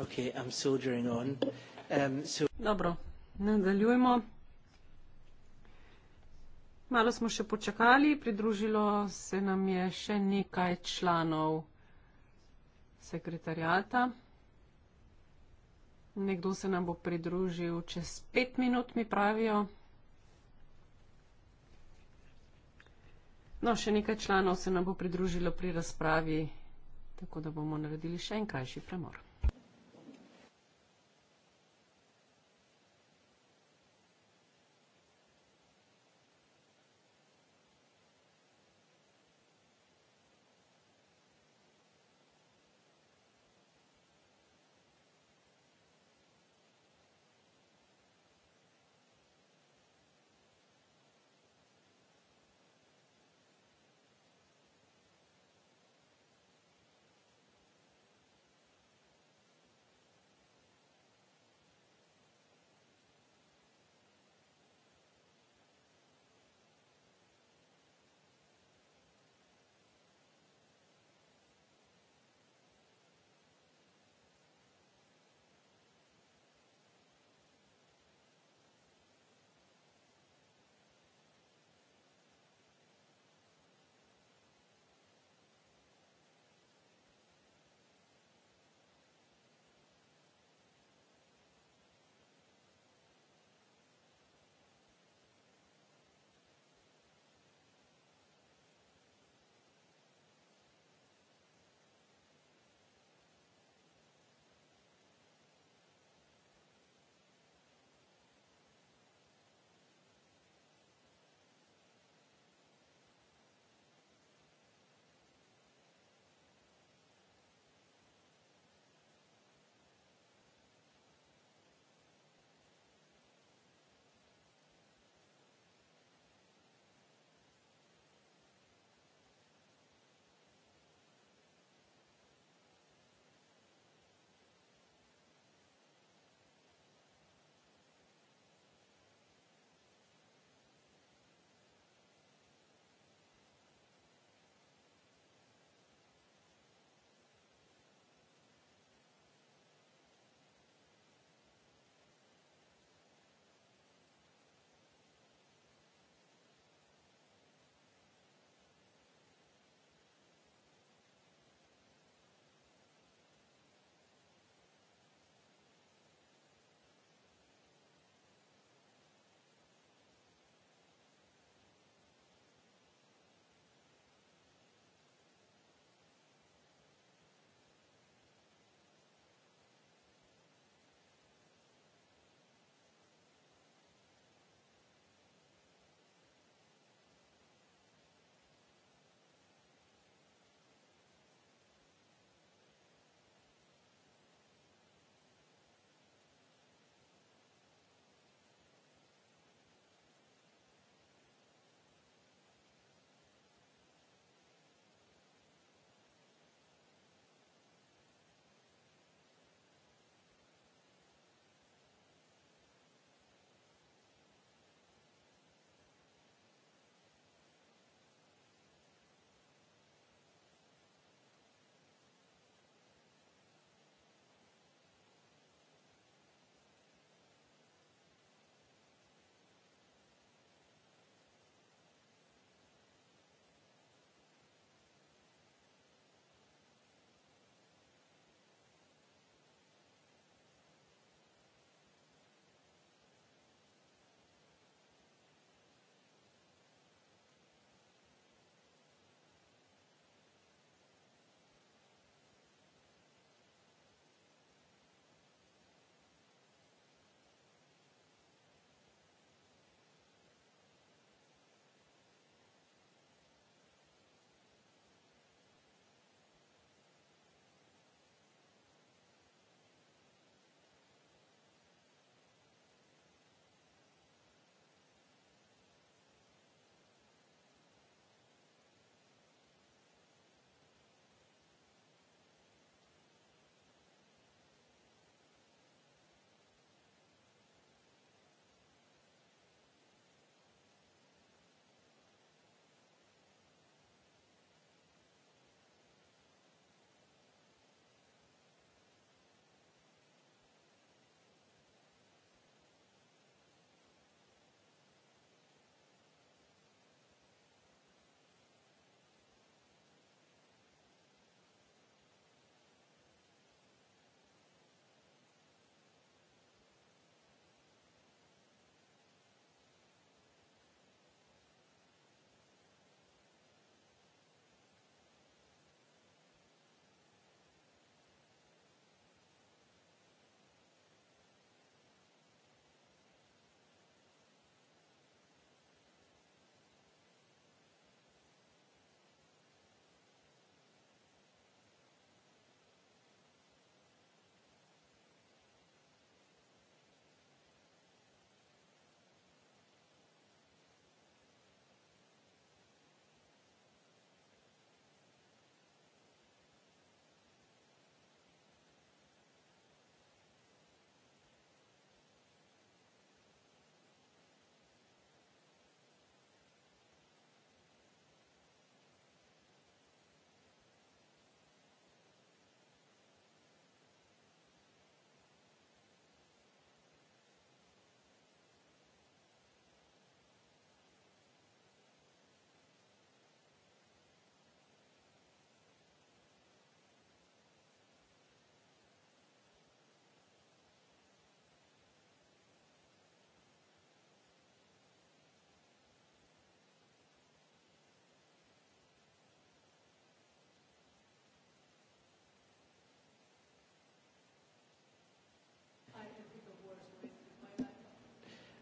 C: Okay, um, so... Dobro, nadaljujemo. Malo smo še počakali, pridružilo se nam je še nekaj članov sekretarjata. Nekdo se nam bo pridružil čez pet minut, mi pravijo. No, še nekaj članov se nam bo pridružilo pri razpravi, tako da bomo naredili še en krajši premor.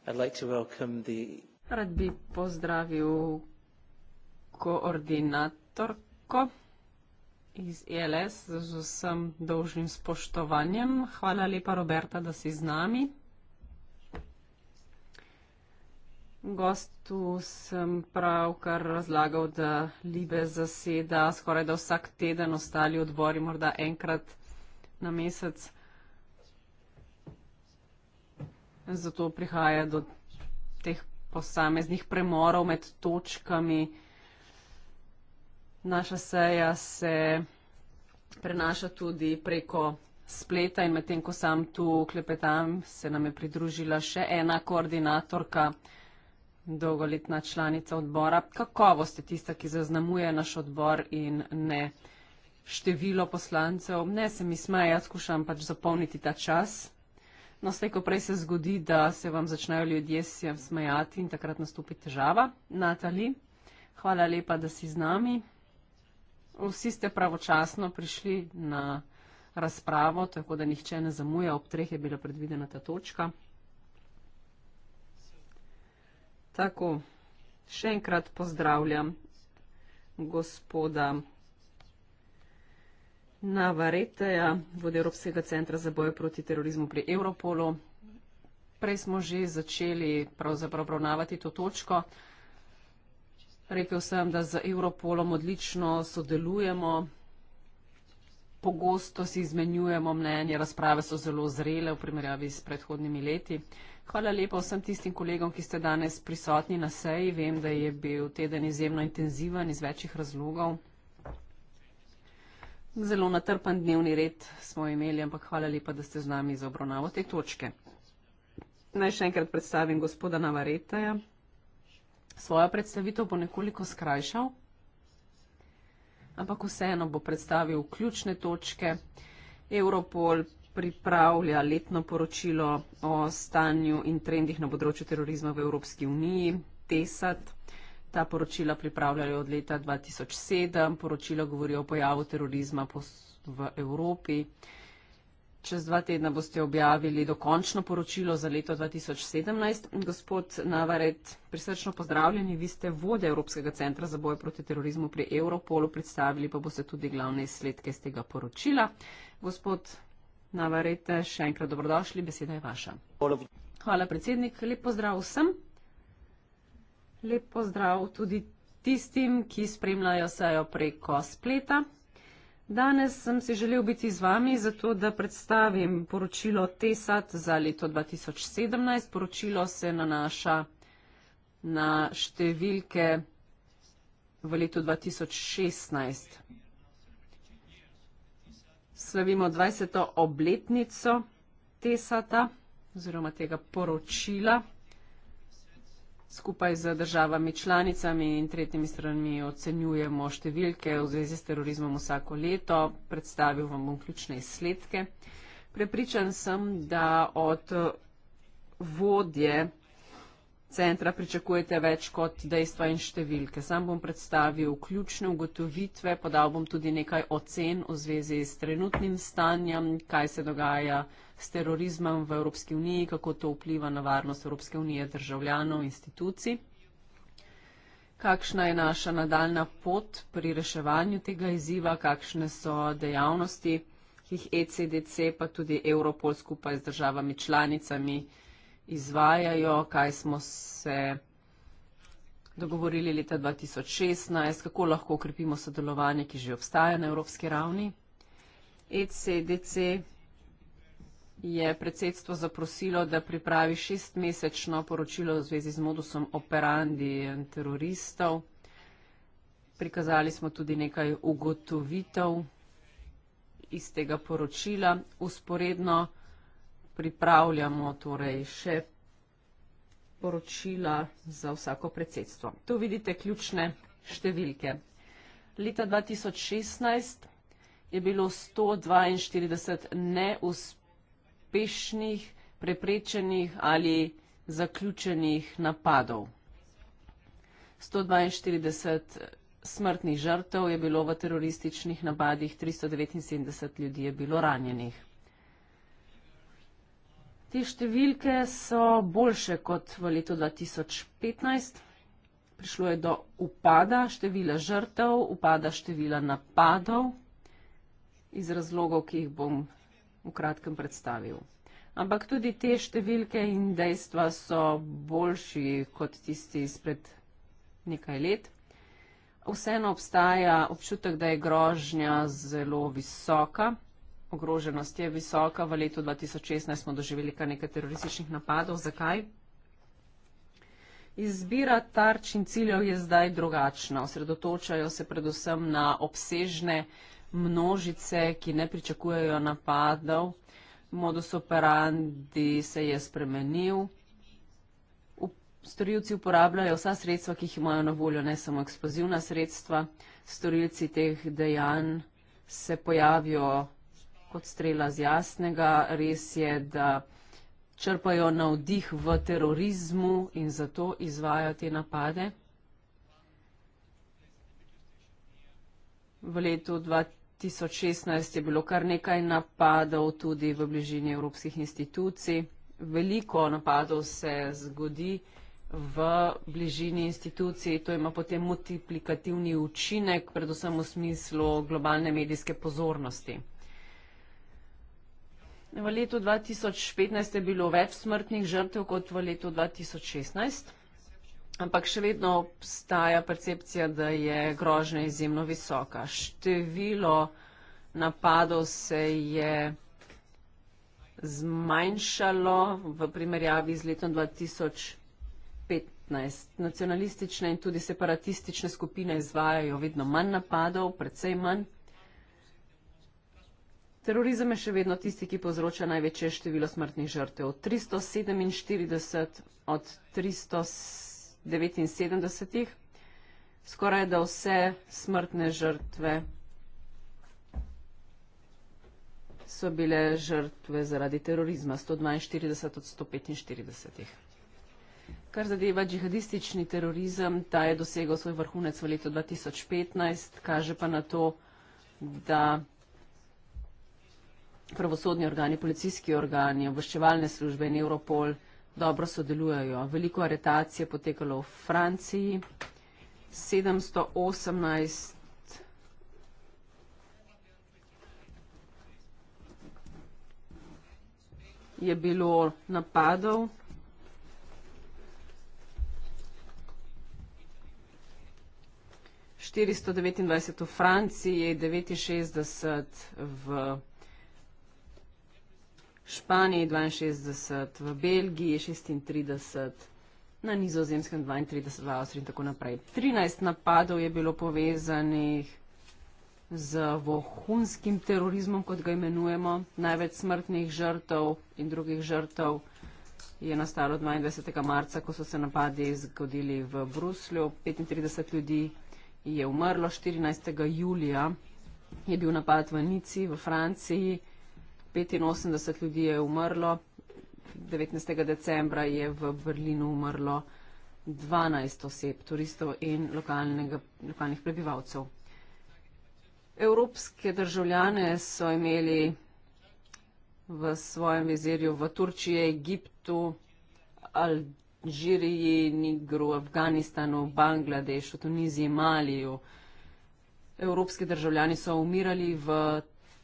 A: I'd like to welcome the
C: Rad bi pozdravil koordinatorko iz ELS z vsem dolžnim spoštovanjem. Hvala lepa, Roberta, da si z nami. Gostu sem pravkar razlagal, da Libe zaseda skoraj da vsak teden ostali odbori, morda enkrat na mesec. zato prihaja do teh posameznih premorov med točkami. Naša seja se prenaša tudi preko spleta in medtem, ko sam tu klepetam, se nam je pridružila še ena koordinatorka, dolgoletna članica odbora. Kakovost je tista, ki zaznamuje naš odbor in ne število poslancev. Ne se mi smeje, jaz skušam pač zapolniti ta čas. No, slej, ko prej se zgodi, da se vam začnejo ljudje smejati in takrat nastopi težava. Natali, hvala lepa, da si z nami. Vsi ste pravočasno prišli na razpravo, tako da nihče ne zamuja. Ob treh je bila predvidena ta točka. Tako, še enkrat pozdravljam gospoda. Navareteja, vodja Evropskega centra za boje proti terorizmu pri Europolu. Prej smo že začeli pravzaprav obravnavati to točko. Rekel sem, da z Europolom odlično sodelujemo, pogosto si izmenjujemo mnenje, razprave so zelo zrele v primerjavi s predhodnimi leti. Hvala lepa vsem tistim kolegom, ki ste danes prisotni na seji. Vem, da je bil teden izjemno intenziven iz večjih razlogov. Zelo natrpan dnevni red smo imeli, ampak hvala lepa, da ste z nami za obravnavo te točke. Naj še enkrat predstavim gospoda Navareteja. Svojo predstavitev bo nekoliko skrajšal, ampak vseeno bo predstavil ključne točke. Europol pripravlja letno poročilo o stanju in trendih na področju terorizma v Evropski uniji, TESAT. Ta poročila pripravljajo od leta 2007, poročila govorijo o pojavu terorizma v Evropi. Čez dva tedna boste objavili dokončno poročilo za leto 2017. Gospod Navaret, prisrčno pozdravljeni. Vi ste vode Evropskega centra za boj proti terorizmu pri Europolu, predstavili pa boste tudi glavne izsledke z tega poročila. Gospod Navaret, še enkrat dobrodošli, beseda je vaša. Hvala, predsednik. Lep pozdrav vsem. Lep pozdrav tudi tistim, ki spremljajo sejo preko spleta. Danes sem si želel biti z vami, zato da predstavim poročilo TESAT za leto 2017. Poročilo se nanaša na številke v letu 2016. Slavimo 20. obletnico TESATA oziroma tega poročila skupaj z državami članicami in tretjimi stranmi ocenjujemo številke v zvezi s terorizmom vsako leto. Predstavil vam bom ključne izsledke. Prepričan sem, da od vodje centra pričakujete več kot dejstva in številke. Sam bom predstavil ključne ugotovitve, podal bom tudi nekaj ocen v zvezi s trenutnim stanjem, kaj se dogaja s terorizmom v Evropski uniji, kako to vpliva na varnost Evropske unije državljanov in institucij. Kakšna je naša nadaljna pot pri reševanju tega izziva, kakšne so dejavnosti, ki jih ECDC pa tudi Europol skupaj z državami članicami izvajajo, kaj smo se dogovorili leta 2016, kako lahko ukrepimo sodelovanje, ki že obstaja na evropski ravni. ECDC je predsedstvo zaprosilo, da pripravi šestmesečno poročilo v zvezi z modusom operandi in teroristov. Prikazali smo tudi nekaj ugotovitev iz tega poročila. Usporedno pripravljamo torej še poročila za vsako predsedstvo. Tu vidite ključne številke. Leta 2016 je bilo 142 neuspešnih, preprečenih ali zaključenih napadov. 142 smrtnih žrtev je bilo v terorističnih napadih, 379 ljudi je bilo ranjenih. Te številke so boljše kot v letu 2015. Prišlo je do upada števila žrtev, upada števila napadov iz razlogov, ki jih bom v kratkem predstavil. Ampak tudi te številke in dejstva so boljši kot tisti izpred nekaj let. Vseeno obstaja občutek, da je grožnja zelo visoka ogroženost je visoka. V letu 2016 smo doživeli kar nekaj terorističnih napadov. Zakaj? Izbira tarč in ciljev je zdaj drugačna. Osredotočajo se predvsem na obsežne množice, ki ne pričakujejo napadov. Modus operandi se je spremenil. Storilci uporabljajo vsa sredstva, ki jih imajo na voljo, ne samo eksplozivna sredstva. Storilci teh dejanj se pojavijo kot strela z jasnega. Res je, da črpajo navdih v terorizmu in zato izvajajo te napade. V letu 2016 je bilo kar nekaj napadov tudi v bližini evropskih institucij. Veliko napadov se zgodi v bližini institucij. To ima potem multiplikativni učinek, predvsem v smislu globalne medijske pozornosti. V letu 2015 je bilo več smrtnih žrtev kot v letu 2016, ampak še vedno obstaja percepcija, da je grožnja izjemno visoka. Število napadov se je zmanjšalo v primerjavi z letom 2015. Nacionalistične in tudi separatistične skupine izvajajo vedno manj napadov, predvsej manj. Terorizem je še vedno tisti, ki povzroča največje število smrtnih žrtev. 347 od 379, skoraj da vse smrtne žrtve so bile žrtve zaradi terorizma, 142 od 145. Kar zadeva džihadistični terorizem, ta je dosegal svoj vrhunec v letu 2015, kaže pa na to, da pravosodni organi, policijski organi, obveščevalne službe in Europol dobro sodelujejo. Veliko aretacij je potekalo v Franciji, 718. Je bilo napadov, štiristo devetindvajset v Franciji, devetinšestdeset v Španiji 62, v Belgiji 36, na nizozemskem 32, v Avstriji in tako naprej. 13 napadov je bilo povezanih z vohunskim terorizmom, kot ga imenujemo. Največ smrtnih žrtev in drugih žrtev je nastalo 22. marca, ko so se napadi zgodili v Bruslju. 35 ljudi je umrlo 14. julija. Je bil napad v Nici v Franciji. 85 ljudi je umrlo. 19. decembra je v Berlinu umrlo 12 oseb, turistov in lokalnih prebivalcev. Evropske državljane so imeli v svojem vizirju v Turčiji, Egiptu, Alžiriji, Nigru, Afganistanu, Bangladešu, Tuniziji, Maliju. Evropski državljani so umirali v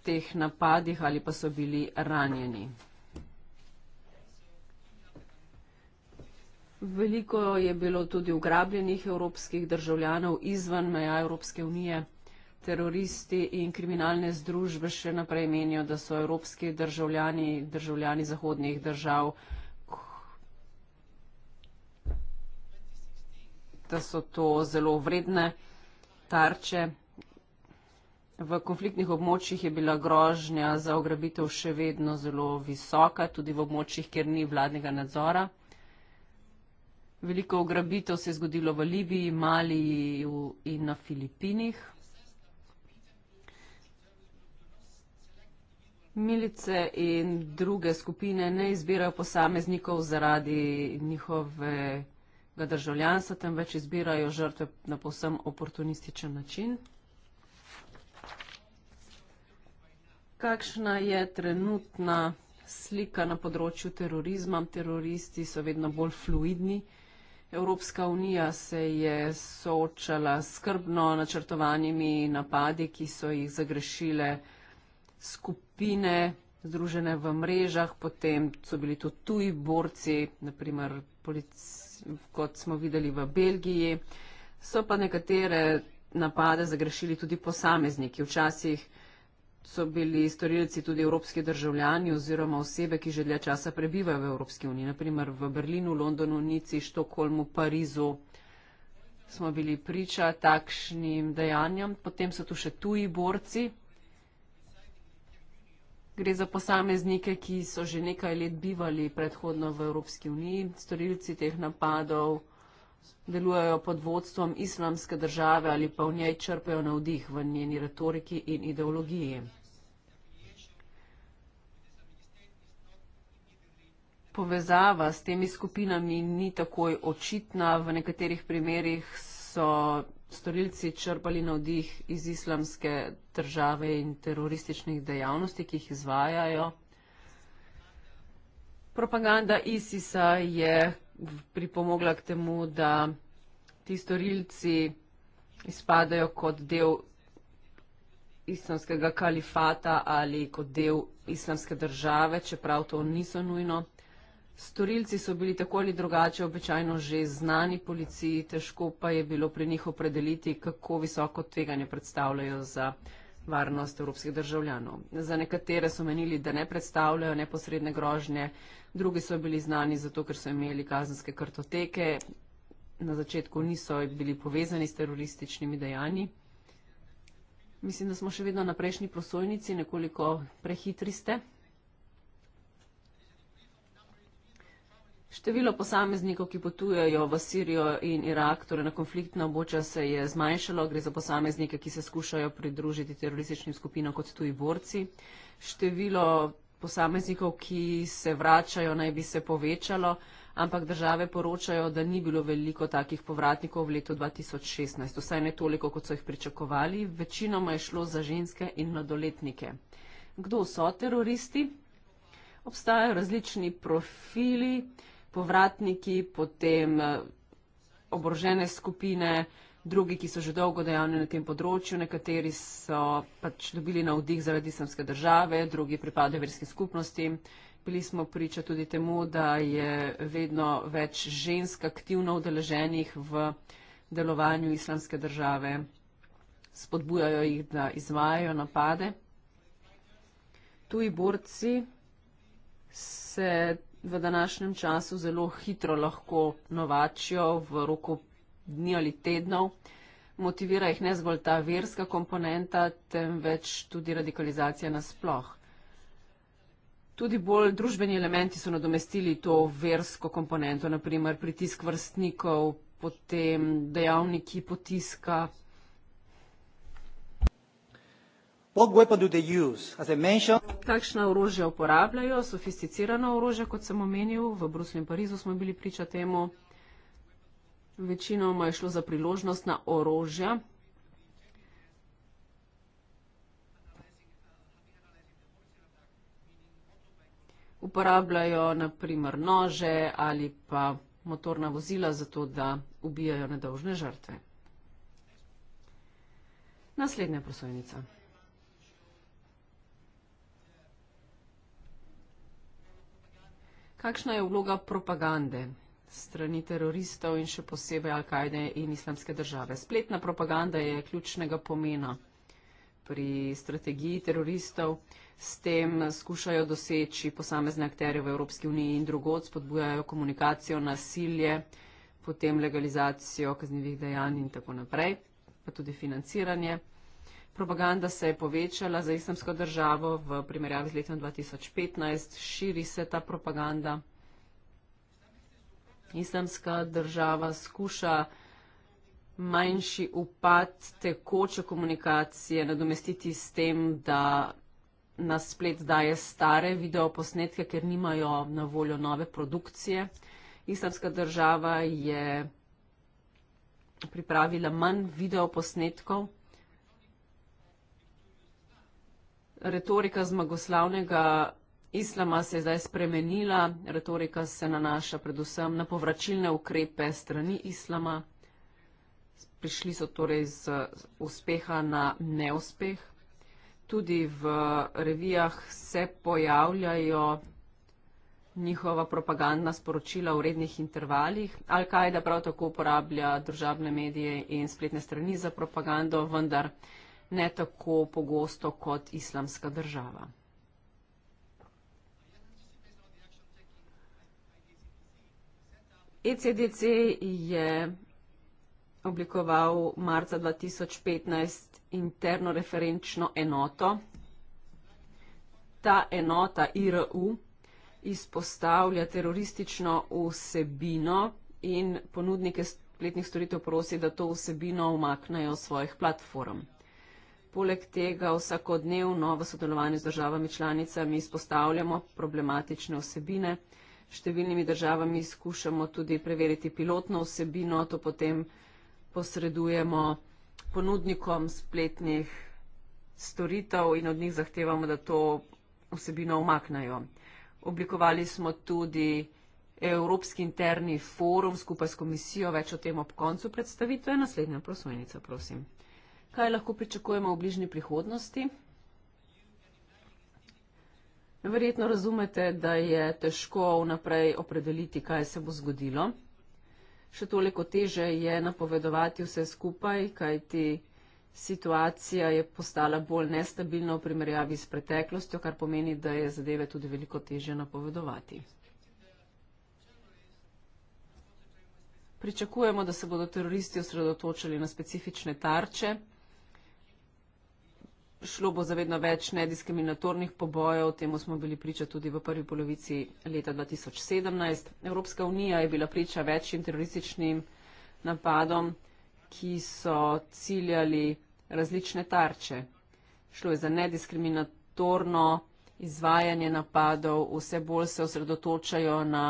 C: teh napadih ali pa so bili ranjeni. Veliko je bilo tudi ugrabljenih evropskih državljanov izven meja Evropske unije. Teroristi in kriminalne združbe še naprej menijo, da so evropski državljani, državljani zahodnih držav, da so to zelo vredne tarče. V konfliktnih območjih je bila grožnja za ograbitev še vedno zelo visoka, tudi v območjih, kjer ni vladnega nadzora. Veliko ograbitev se je zgodilo v Libiji, Maliji in na Filipinih. Milice in druge skupine ne izbirajo posameznikov zaradi njihovega državljanstva, temveč izbirajo žrtve na posebno oportunističen način. kakšna je trenutna slika na področju terorizma. Teroristi so vedno bolj fluidni. Evropska unija se je soočala s skrbno načrtovanimi napadi, ki so jih zagrešile skupine združene v mrežah, potem so bili tu tuji borci, naprimer kot smo videli v Belgiji. So pa nekatere napade zagrešili tudi posamezniki. Včasih so bili storilci tudi evropski državljani oziroma osebe, ki že dlje časa prebivajo v Evropski uniji, naprimer v Berlinu, Londonu, Nici, Štokholmu, Parizu. Smo bili priča takšnim dejanjem. Potem so tu še tuji borci. Gre za posameznike, ki so že nekaj let bivali predhodno v Evropski uniji, storilci teh napadov delujejo pod vodstvom islamske države ali pa v njej črpajo navdih v njeni retoriki in ideologiji. Povezava s temi skupinami ni takoj očitna, v nekaterih primerjih so storilci črpali navdih iz islamske države in terorističnih dejavnosti, ki jih izvajajo. Propaganda ISIS-a je pripomogla k temu, da ti storilci izpadajo kot del islamskega kalifata ali kot del islamske države, čeprav to niso nujno. Storilci so bili tako ali drugače običajno že znani policiji, težko pa je bilo pri njih opredeliti, kako visoko tveganje predstavljajo za varnost evropskih državljanov. Za nekatere so menili, da ne predstavljajo neposredne grožnje, drugi so bili znani zato, ker so imeli kazenske kartoteke, na začetku niso bili povezani s terorističnimi dejanji. Mislim, da smo še vedno na prejšnji prosojnici, nekoliko prehitri ste. Število posameznikov, ki potujejo v Sirijo in Irak, torej na konfliktna območja, se je zmanjšalo. Gre za posameznike, ki se skušajo pridružiti terorističnim skupinam kot tuji borci. Število posameznikov, ki se vračajo, naj bi se povečalo, ampak države poročajo, da ni bilo veliko takih povratnikov v letu 2016, vsaj ne toliko, kot so jih pričakovali. Večinoma je šlo za ženske in mladoletnike. Kdo so teroristi? Obstajajo različni profili, povratniki, potem eh, oborožene skupine, drugi, ki so že dolgo dejavni na tem področju, nekateri so pač dobili navdih zaradi islamske države, drugi pripadajo verskim skupnostim. Bili smo priča tudi temu, da je vedno več žensk aktivno udeleženih v delovanju islamske države, spodbujajo jih, da izvajajo napade. Tuji borci se v današnjem času zelo hitro lahko novačijo v roku dni ali tednov. Motivira jih ne zgolj ta verska komponenta, temveč tudi radikalizacija nasploh. Tudi bolj družbeni elementi so nadomestili to versko komponento, naprimer pritisk vrstnikov, potem dejavniki potiska. Takšna orožja uporabljajo, sofisticirana orožja, kot sem omenil, v Bruslju in Parizu smo bili priča temu. Večinoma je šlo za priložnostna orožja. Uporabljajo na primer nože ali pa motorna vozila za to, da ubijajo nedolžne žrtve. Naslednja prosojnica. Kakšna je vloga propagande? strani teroristov in še posebej Al-Kaide in islamske države. Spletna propaganda je ključnega pomena pri strategiji teroristov. S tem skušajo doseči posamezne akterje v Evropski uniji in drugod, spodbujajo komunikacijo, nasilje, potem legalizacijo kaznjivih dejanj in tako naprej, pa tudi financiranje. Propaganda se je povečala za islamsko državo v primerjavi z letom 2015, širi se ta propaganda islamska država skuša manjši upad tekoče komunikacije nadomestiti s tem, da na splet daje stare videoposnetke, ker nimajo na voljo nove produkcije. Islamska država je pripravila manj videoposnetkov. Retorika zmagoslavnega islama se je zdaj spremenila, retorika se nanaša predvsem na povračilne ukrepe strani islama. Prišli so torej iz uspeha na neuspeh. Tudi v revijah se pojavljajo njihova propagandna sporočila v rednih intervalih. Al-Kaida prav tako uporablja državne medije in spletne strani za propagando, vendar ne tako pogosto kot islamska država. ECDC je oblikoval marca 2015 interno referenčno enoto. Ta enota IRU izpostavlja teroristično vsebino in ponudnike spletnih storitev prosi, da to vsebino umaknejo svojih platform. Poleg tega vsakodnevno v sodelovanju z državami članicami izpostavljamo problematične vsebine številnimi državami skušamo tudi preveriti pilotno vsebino, to potem posredujemo ponudnikom spletnih storitev in od njih zahtevamo, da to vsebino omaknajo. Oblikovali smo tudi Evropski interni forum skupaj s komisijo, več o tem ob koncu predstavitve. Naslednja prosojnica, prosim. Kaj lahko pričakujemo v bližnji prihodnosti? Verjetno razumete, da je težko vnaprej opredeliti, kaj se bo zgodilo. Še toliko teže je napovedovati vse skupaj, kajti situacija je postala bolj nestabilna v primerjavi s preteklostjo, kar pomeni, da je zadeve tudi veliko teže napovedovati. Pričakujemo, da se bodo teroristi osredotočili na specifične tarče šlo bo zavedno več nediskriminatornih pobojev, temu smo bili priča tudi v prvi polovici leta 2017. Evropska unija je bila priča večjim terorističnim napadom, ki so ciljali različne tarče. Šlo je za nediskriminatorno izvajanje napadov, vse bolj se osredotočajo na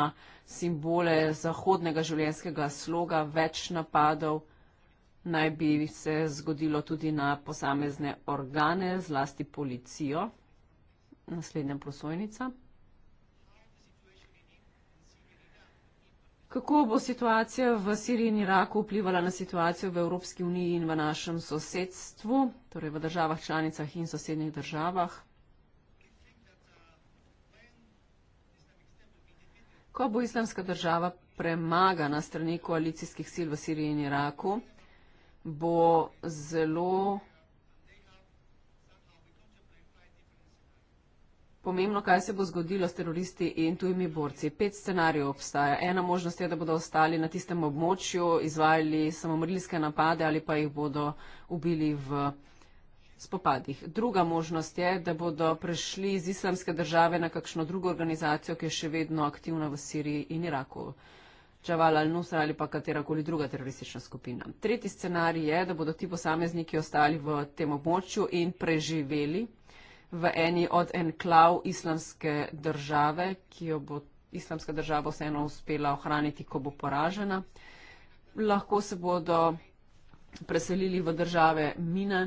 C: simbole zahodnega življenjskega sloga, več napadov naj bi se zgodilo tudi na posamezne organe, zlasti policijo. Naslednja prosojnica. Kako bo situacija v Siriji in Iraku vplivala na situacijo v Evropski uniji in v našem sosedstvu, torej v državah članicah in sosednjih državah? Ko bo islamska država premagana strani koalicijskih sil v Siriji in Iraku, bo zelo pomembno, kaj se bo zgodilo s teroristi in tujimi borci. Pet scenarijev obstaja. Ena možnost je, da bodo ostali na tistem območju, izvajali samomorilske napade ali pa jih bodo ubili v. Spopadih. Druga možnost je, da bodo prešli iz islamske države na kakšno drugo organizacijo, ki je še vedno aktivna v Siriji in Iraku. Džaval al-Nusra ali pa katera koli druga teroristična skupina. Tretji scenarij je, da bodo ti posamezniki ostali v tem območju in preživeli v eni od enklav islamske države, ki jo bo islamska država vseeno uspela ohraniti, ko bo poražena. Lahko se bodo preselili v države mine.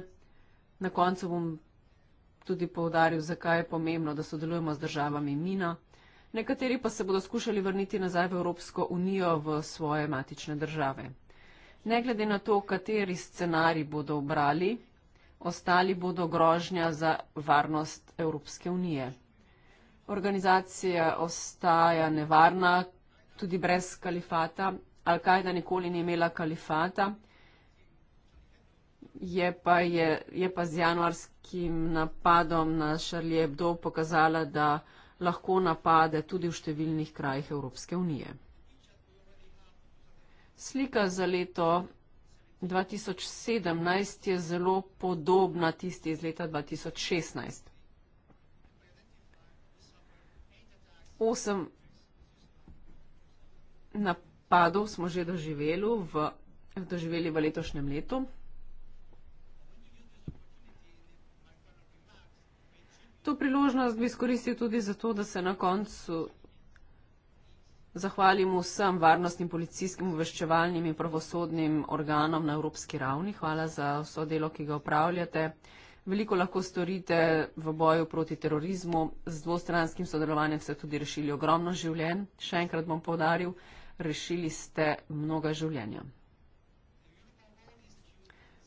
C: Na koncu bom tudi povdaril, zakaj je pomembno, da sodelujemo z državami mina nekateri pa se bodo skušali vrniti nazaj v Evropsko unijo v svoje matične države. Ne glede na to, kateri scenarij bodo obrali, ostali bodo grožnja za varnost Evropske unije. Organizacija ostaja nevarna tudi brez kalifata. Al-Kaida nikoli ni imela kalifata, je pa, je, je pa z januarskim napadom na Šarlije Bdo pokazala, da lahko napade tudi v številnih krajih Evropske unije. Slika za leto 2017 je zelo podobna tisti iz leta 2016. Osem napadov smo že doživeli v, doživeli v letošnjem letu. to priložnost bi skoristil tudi zato, da se na koncu zahvalim vsem varnostnim, policijskim, obveščevalnim in pravosodnim organom na evropski ravni. Hvala za vso delo, ki ga upravljate. Veliko lahko storite v boju proti terorizmu. Z dvostranskim sodelovanjem ste tudi rešili ogromno življenj. Še enkrat bom povdaril, rešili ste mnoga življenja.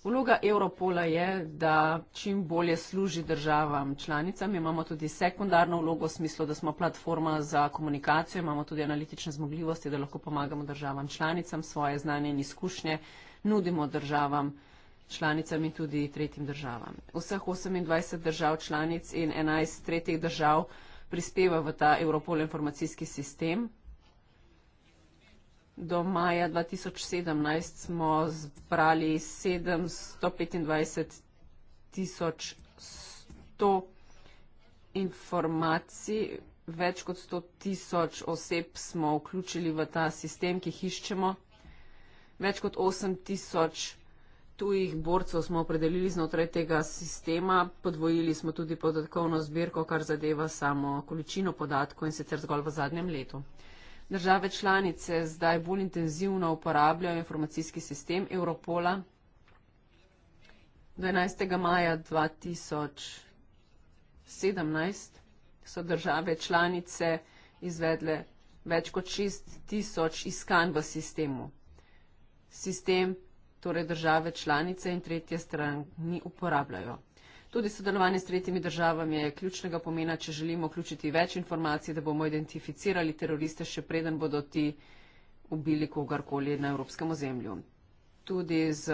C: Vloga Europola je, da čim bolje služi državam članicam. Imamo tudi sekundarno vlogo v smislu, da smo platforma za komunikacijo, imamo tudi analitične zmogljivosti, da lahko pomagamo državam članicam, svoje znanje in izkušnje nudimo državam članicam in tudi tretjim državam. Vseh 28 držav članic in 11 tretjih držav prispeva v ta Europol informacijski sistem, Do maja 2017 smo zbrali 725.100 informacij, več kot 100.000 oseb smo vključili v ta sistem, ki jih iščemo. Več kot 8.000 tujih borcev smo opredelili znotraj tega sistema, podvojili smo tudi podatkovno zbirko, kar zadeva samo količino podatkov in sicer zgolj v zadnjem letu. Države članice zdaj bolj intenzivno uporabljajo informacijski sistem Europola. 12. maja 2017 so države članice izvedle več kot 6 tisoč iskanj v sistemu. Sistem torej države članice in tretje strani uporabljajo. Tudi sodelovanje s tretjimi državami je ključnega pomena, če želimo vključiti več informacij, da bomo identificirali teroriste, še preden bodo ti ubili kogarkoli na evropskem ozemlju. Tudi z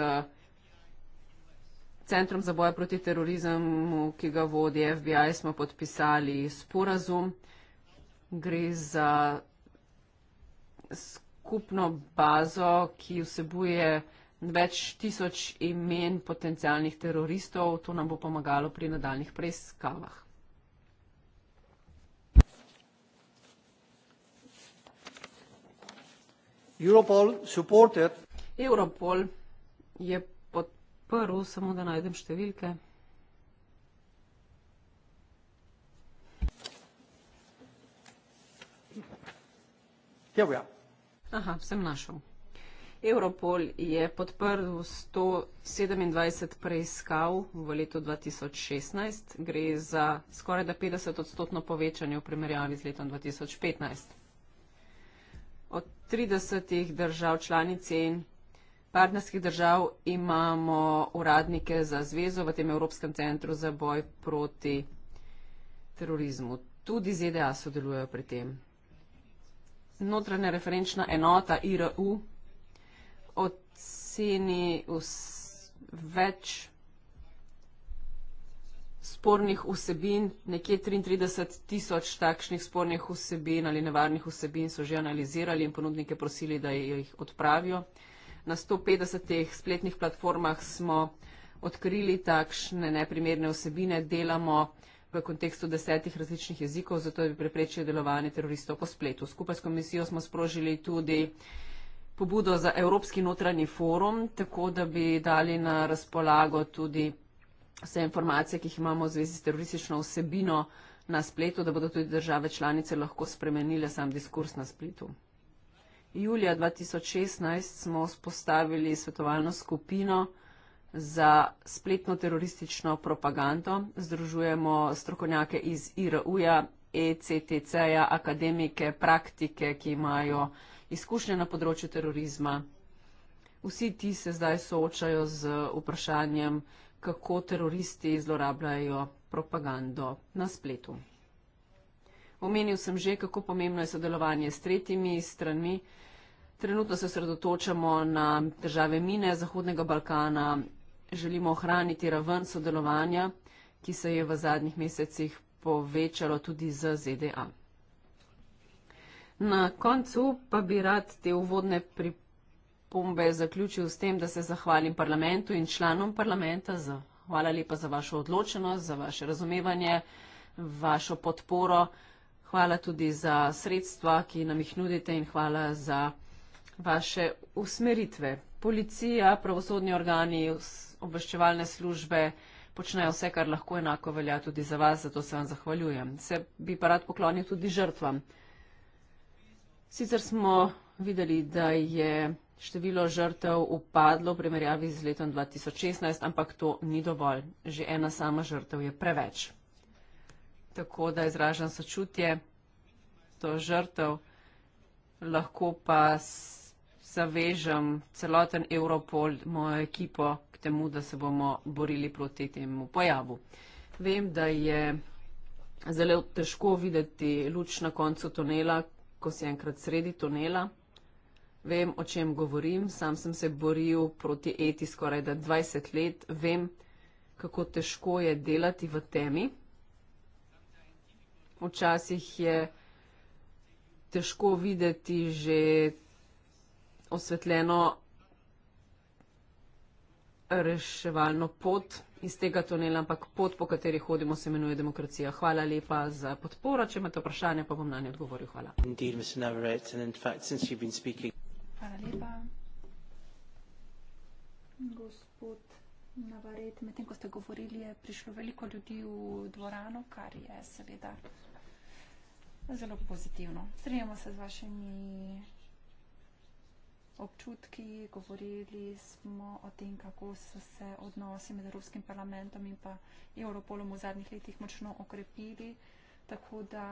C: Centrom za boje proti terorizmu, ki ga vodi FBI, smo podpisali sporazum. Gre za skupno bazo, ki vsebuje več tisoč imen potencijalnih teroristov. To nam bo pomagalo pri nadaljnih preiskavah. Europol, Europol je podprl, samo da najdem številke. Aha, sem našel. Europol je podprl 127 preiskav v letu 2016. Gre za skoraj 50 odstotno povečanje v primerjavi z letom 2015. Od 30 držav članic in partnerskih držav imamo uradnike za zvezo v tem Evropskem centru za boj proti terorizmu. Tudi ZDA sodelujejo pri tem. Notranja referenčna enota IRU oceni več spornih vsebin, nekje 33 tisoč takšnih spornih vsebin ali nevarnih vsebin so že analizirali in ponudnike prosili, da jih odpravijo. Na 150 spletnih platformah smo odkrili takšne neprimerne vsebine, delamo v kontekstu desetih različnih jezikov, zato bi preprečili delovanje teroristov po spletu. Skupaj s komisijo smo sprožili tudi pobudo za Evropski notranji forum, tako da bi dali na razpolago tudi vse informacije, ki jih imamo v zvezi s teroristično vsebino na spletu, da bodo tudi države članice lahko spremenile sam diskurs na spletu. Julija 2016 smo spostavili svetovalno skupino za spletno teroristično propagando. Združujemo strokovnjake iz IRU-ja, ECTC-ja, akademike, praktike, ki imajo izkušnje na področju terorizma. Vsi ti se zdaj soočajo z vprašanjem, kako teroristi zlorabljajo propagando na spletu. Omenil sem že, kako pomembno je sodelovanje s tretjimi stranmi. Trenutno se sredotočamo na države Mine, Zahodnega Balkana. Želimo ohraniti raven sodelovanja, ki se je v zadnjih mesecih povečalo tudi z ZDA. Na koncu pa bi rad te uvodne pripombe zaključil s tem, da se zahvalim parlamentu in članom parlamenta za hvala lepa za vašo odločenost, za vaše razumevanje, vašo podporo. Hvala tudi za sredstva, ki nam jih nudite in hvala za vaše usmeritve. Policija, pravosodni organi, obveščevalne službe počnejo vse, kar lahko enako velja tudi za vas, zato se vam zahvaljujem. Se bi pa rad poklonil tudi žrtvam. Sicer smo videli, da je število žrtev upadlo v primerjavi z letom 2016, ampak to ni dovolj. Že ena sama žrtev je preveč. Tako da izražam sočutje do žrtev, lahko pa zavežem celoten Europol, mojo ekipo, k temu, da se bomo borili proti temu pojavu. Vem, da je zelo težko videti luč na koncu tunela, ko si enkrat sredi tunela, vem, o čem govorim, sam sem se boril proti eti skoraj da 20 let, vem, kako težko je delati v temi. Včasih je težko videti že osvetljeno reševalno pot iz tega tunela, ampak pot, po kateri hodimo, se imenuje demokracija. Hvala lepa za podporo, če imate vprašanje, pa bom na nje odgovoril. Hvala. Hvala lepa.
B: Gospod Navaret, medtem ko ste govorili, je prišlo veliko ljudi v dvorano, kar je seveda zelo pozitivno. Strinjamo se z vašimi občutki, govorili smo o tem, kako so se odnosi med Evropskim parlamentom in pa Europolom v zadnjih letih močno okrepili, tako da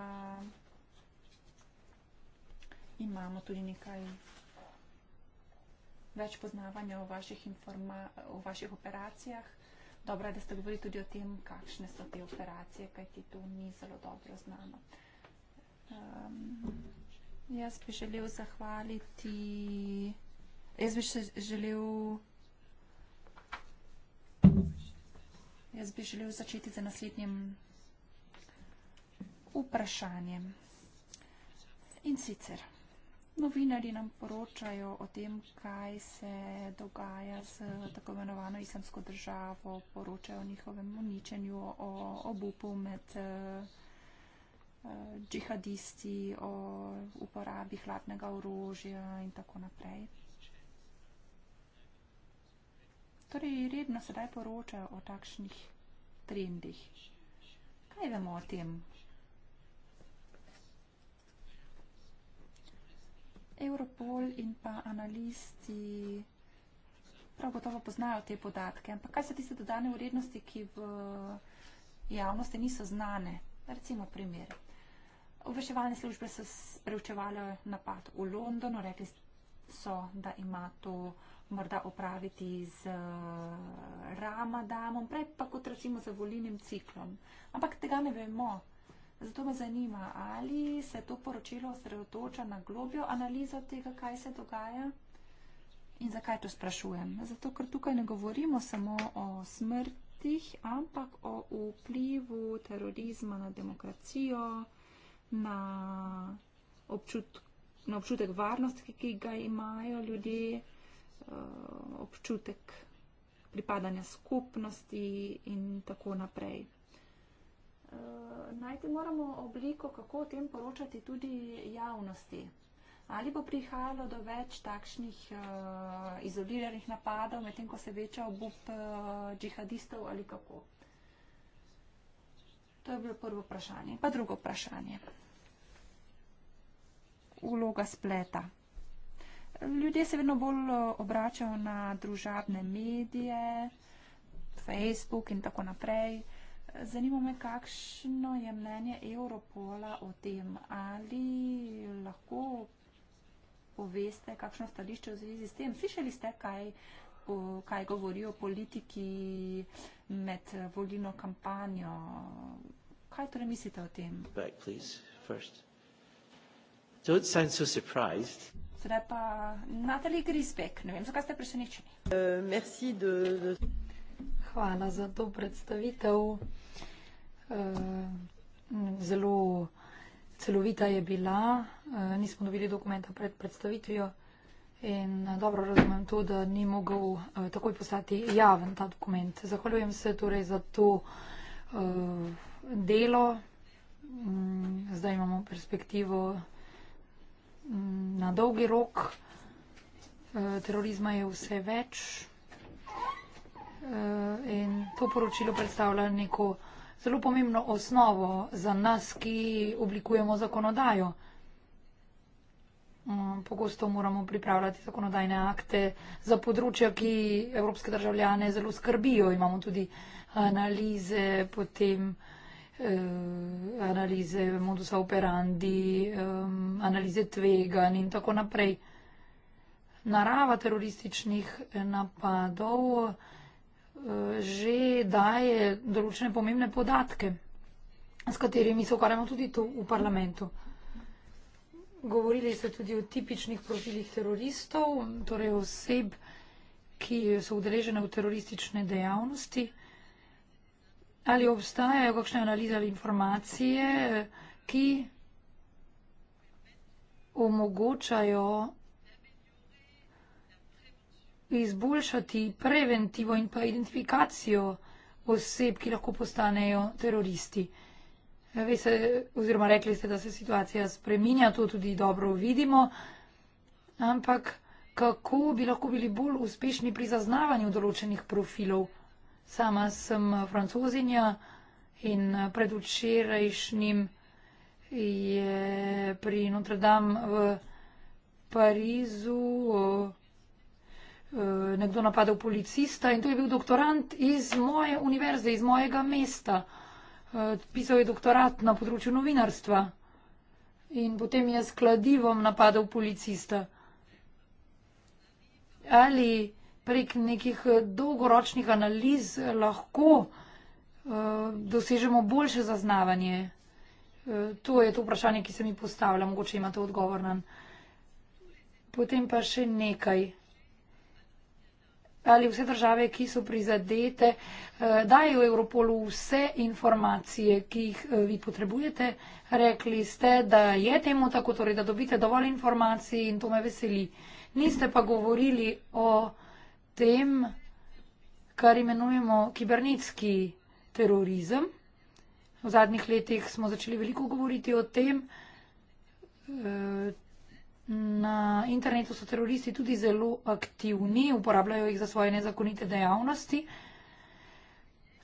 B: imamo tudi nekaj več poznavanja o vaših, o vaših operacijah. Dobro, da ste govorili tudi o tem, kakšne so te operacije, kajti to ni zelo dobro znano. Um, Jaz bi želel zahvaliti, jaz bi želel, jaz bi želel začeti za naslednjem vprašanjem. In sicer, novinari nam poročajo o tem, kaj se dogaja z tako imenovano islamsko državo, poročajo o njihovem uničenju, o obupu med državami, eh, džihadisti, o uporabi hladnega orožja in tako naprej. Torej, redno sedaj poročajo o takšnih trendih. Kaj vemo o tem? Europol in pa analisti prav gotovo poznajo te podatke, ampak kaj so tiste dodane vrednosti, ki v javnosti niso znane? Recimo primere. Obveščevalne službe so preučevale napad v Londonu, rekli so, da ima to morda opraviti z eh, Ramadamom, prej pa kot recimo z volilnim ciklom. Ampak tega ne vemo. Zato me zanima, ali se to poročilo osredotoča na globjo analizo tega, kaj se dogaja in zakaj to sprašujem. Zato, ker tukaj ne govorimo samo o smrtih, ampak o vplivu terorizma na demokracijo na, občut, na občutek varnosti, ki ga imajo ljudje, eh, občutek pripadanja skupnosti in tako naprej. Eh, najti moramo obliko, kako o tem poročati tudi javnosti. Ali bo prihajalo do več takšnih uh, izoliranih napadov, medtem ko se veča obup uh, džihadistov ali kako? To je bilo prvo vprašanje. Pa drugo vprašanje vloga spleta. Ljudje se vedno bolj eh, obračajo na družabne medije, Facebook in tako naprej. Zanima me, kakšno je mnenje Europola o tem. Ali lahko poveste, kakšno stališče v zvezi s tem? Slišali ste, kaj, kaj govorijo politiki med volilno kampanjo? Kaj torej mislite o tem? Back, please, Don't sound so surprised. Sedaj pa Natalie Grisbeck, ne vem, zakaj ste presenečeni. Uh, eh,
C: merci
A: de, de... Hvala za to predstavitev. Uh, zelo celovita je bila. Uh, nismo dobili dokumenta pred predstavitvijo. In dobro razumem to, da ni mogel uh, takoj postati javen ta dokument. Zahvaljujem se torej za to uh, delo. Um, zdaj imamo perspektivo na dolgi rok eh, terorizma je vse več eh, in to poročilo predstavlja neko zelo pomembno osnovo za nas, ki oblikujemo zakonodajo. Mm, pogosto moramo pripravljati zakonodajne akte za področja, ki evropske državljane zelo skrbijo. Imamo tudi analize potem, eh, analize modus operandi, eh, analize tveganj in tako naprej. Narava terorističnih eh, napadov eh, že daje določene pomembne podatke, s katerimi se ukvarjamo tudi tu v parlamentu. Govorili ste tudi o tipičnih profilih teroristov, torej oseb, ki so udeležene v teroristične dejavnosti. Ali obstajajo kakšne analize ali informacije, ki omogočajo izboljšati preventivo in pa identifikacijo oseb, ki lahko postanejo teroristi? Vi ste, oziroma rekli ste, da se situacija spreminja, to tudi dobro vidimo, ampak kako bi lahko bili bolj uspešni pri zaznavanju določenih profilov? Sama sem francozinja in predvčerajšnjim je pri Notre Dame v Parizu e, nekdo napadel policista in to je bil doktorant iz moje univerze, iz mojega mesta. E, pisal je doktorat na področju novinarstva in potem je s kladivom napadel policista. Ali prek nekih eh, dolgoročnih analiz lahko eh, dosežemo boljše zaznavanje? Eh, to je to vprašanje, ki se mi postavlja, mogoče imate odgovor na. Potem pa še nekaj. Ali vse države, ki so prizadete, dajo Europolu vse informacije, ki jih vi potrebujete? Rekli ste, da je temu tako, torej da dobite dovolj informacij in to me veseli. Niste pa govorili o tem, kar imenujemo kibernetski terorizem. V zadnjih letih smo začeli veliko govoriti o tem. Eh, na internetu so teroristi tudi zelo aktivni, uporabljajo jih za svoje nezakonite dejavnosti,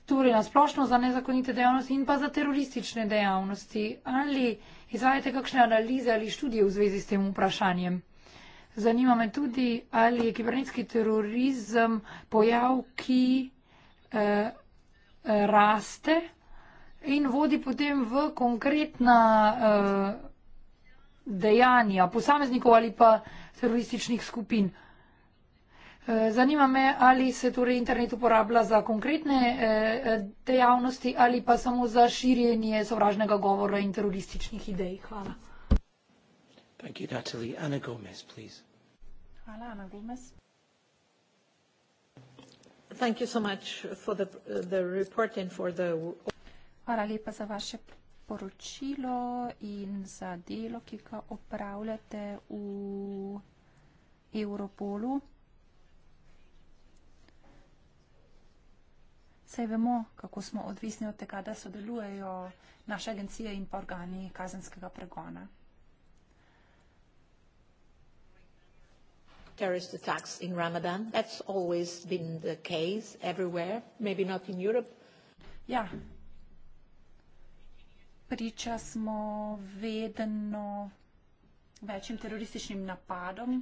A: torej na splošno za nezakonite dejavnosti in pa za teroristične dejavnosti. Ali izvajate kakšne analize ali študije v zvezi s tem vprašanjem? Zanima me tudi, ali je kibernetski terorizem pojav, ki eh, raste in vodi potem v konkretna eh, dejanja posameznikov ali pa terorističnih skupin. Eh, zanima me, ali se torej internet uporablja za konkretne eh, dejavnosti ali pa samo za širjenje sovražnega govora in terorističnih idej. Hvala. Thank you,
B: Natalie. Ana Gomez, please. Hvala, Ana Gomez. Thank you so much for the, the report and for the... Hvala lepa za vaše poročilo in za delo, ki ga opravljate v Europolu. Saj vemo, kako smo odvisni od tega, da sodelujejo naše agencije in pa organi kazenskega pregona. terrorist attacks in Ramadan. That's always been the case everywhere, maybe not in Europe. Ja, priča smo vedno večjim terorističnim napadom.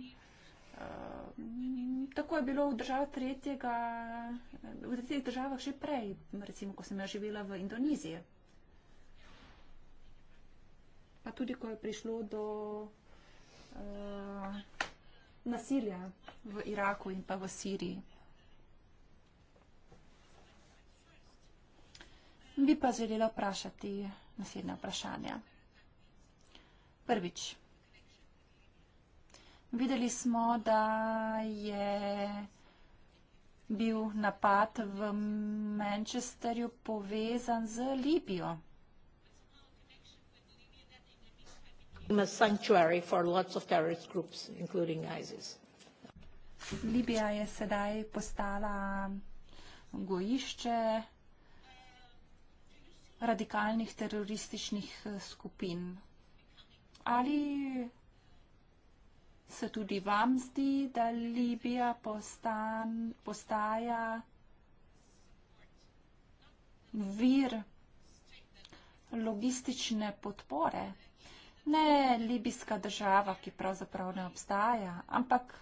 B: Eh, tako je bilo v državah tretjega, v tretjih državah še prej, recimo, ko sem ja živela v Indoneziji. Pa tudi, ko je prišlo do eh, nasilja v Iraku in pa v Siriji. Bi pa želela vprašati naslednje vprašanje. Prvič. Videli smo, da je bil napad v Manchesterju povezan z Libijo.
A: a sanctuary for lots of terrorist groups, including ISIS.
B: Libija je sedaj postala gojišče radikalnih terorističnih eh, skupin. Ali se tudi vam zdi, da Libija postan, postaja vir logistične podpore ne libijska država, ki pravzaprav ne obstaja, ampak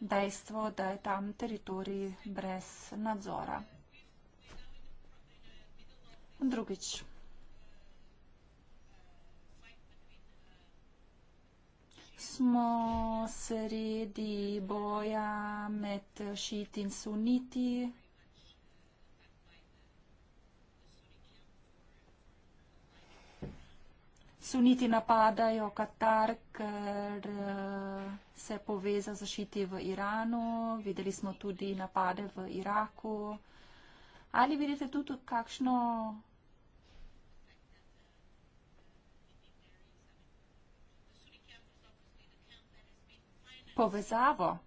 B: dejstvo, da je tam teritorij brez nadzora. Drugič. Smo sredi boja med šiti in suniti. Suniti napadajo Katar, ker eh, se poveza za šiti v Iranu. Videli smo tudi napade v Iraku. Ali vidite tudi kakšno povezavo?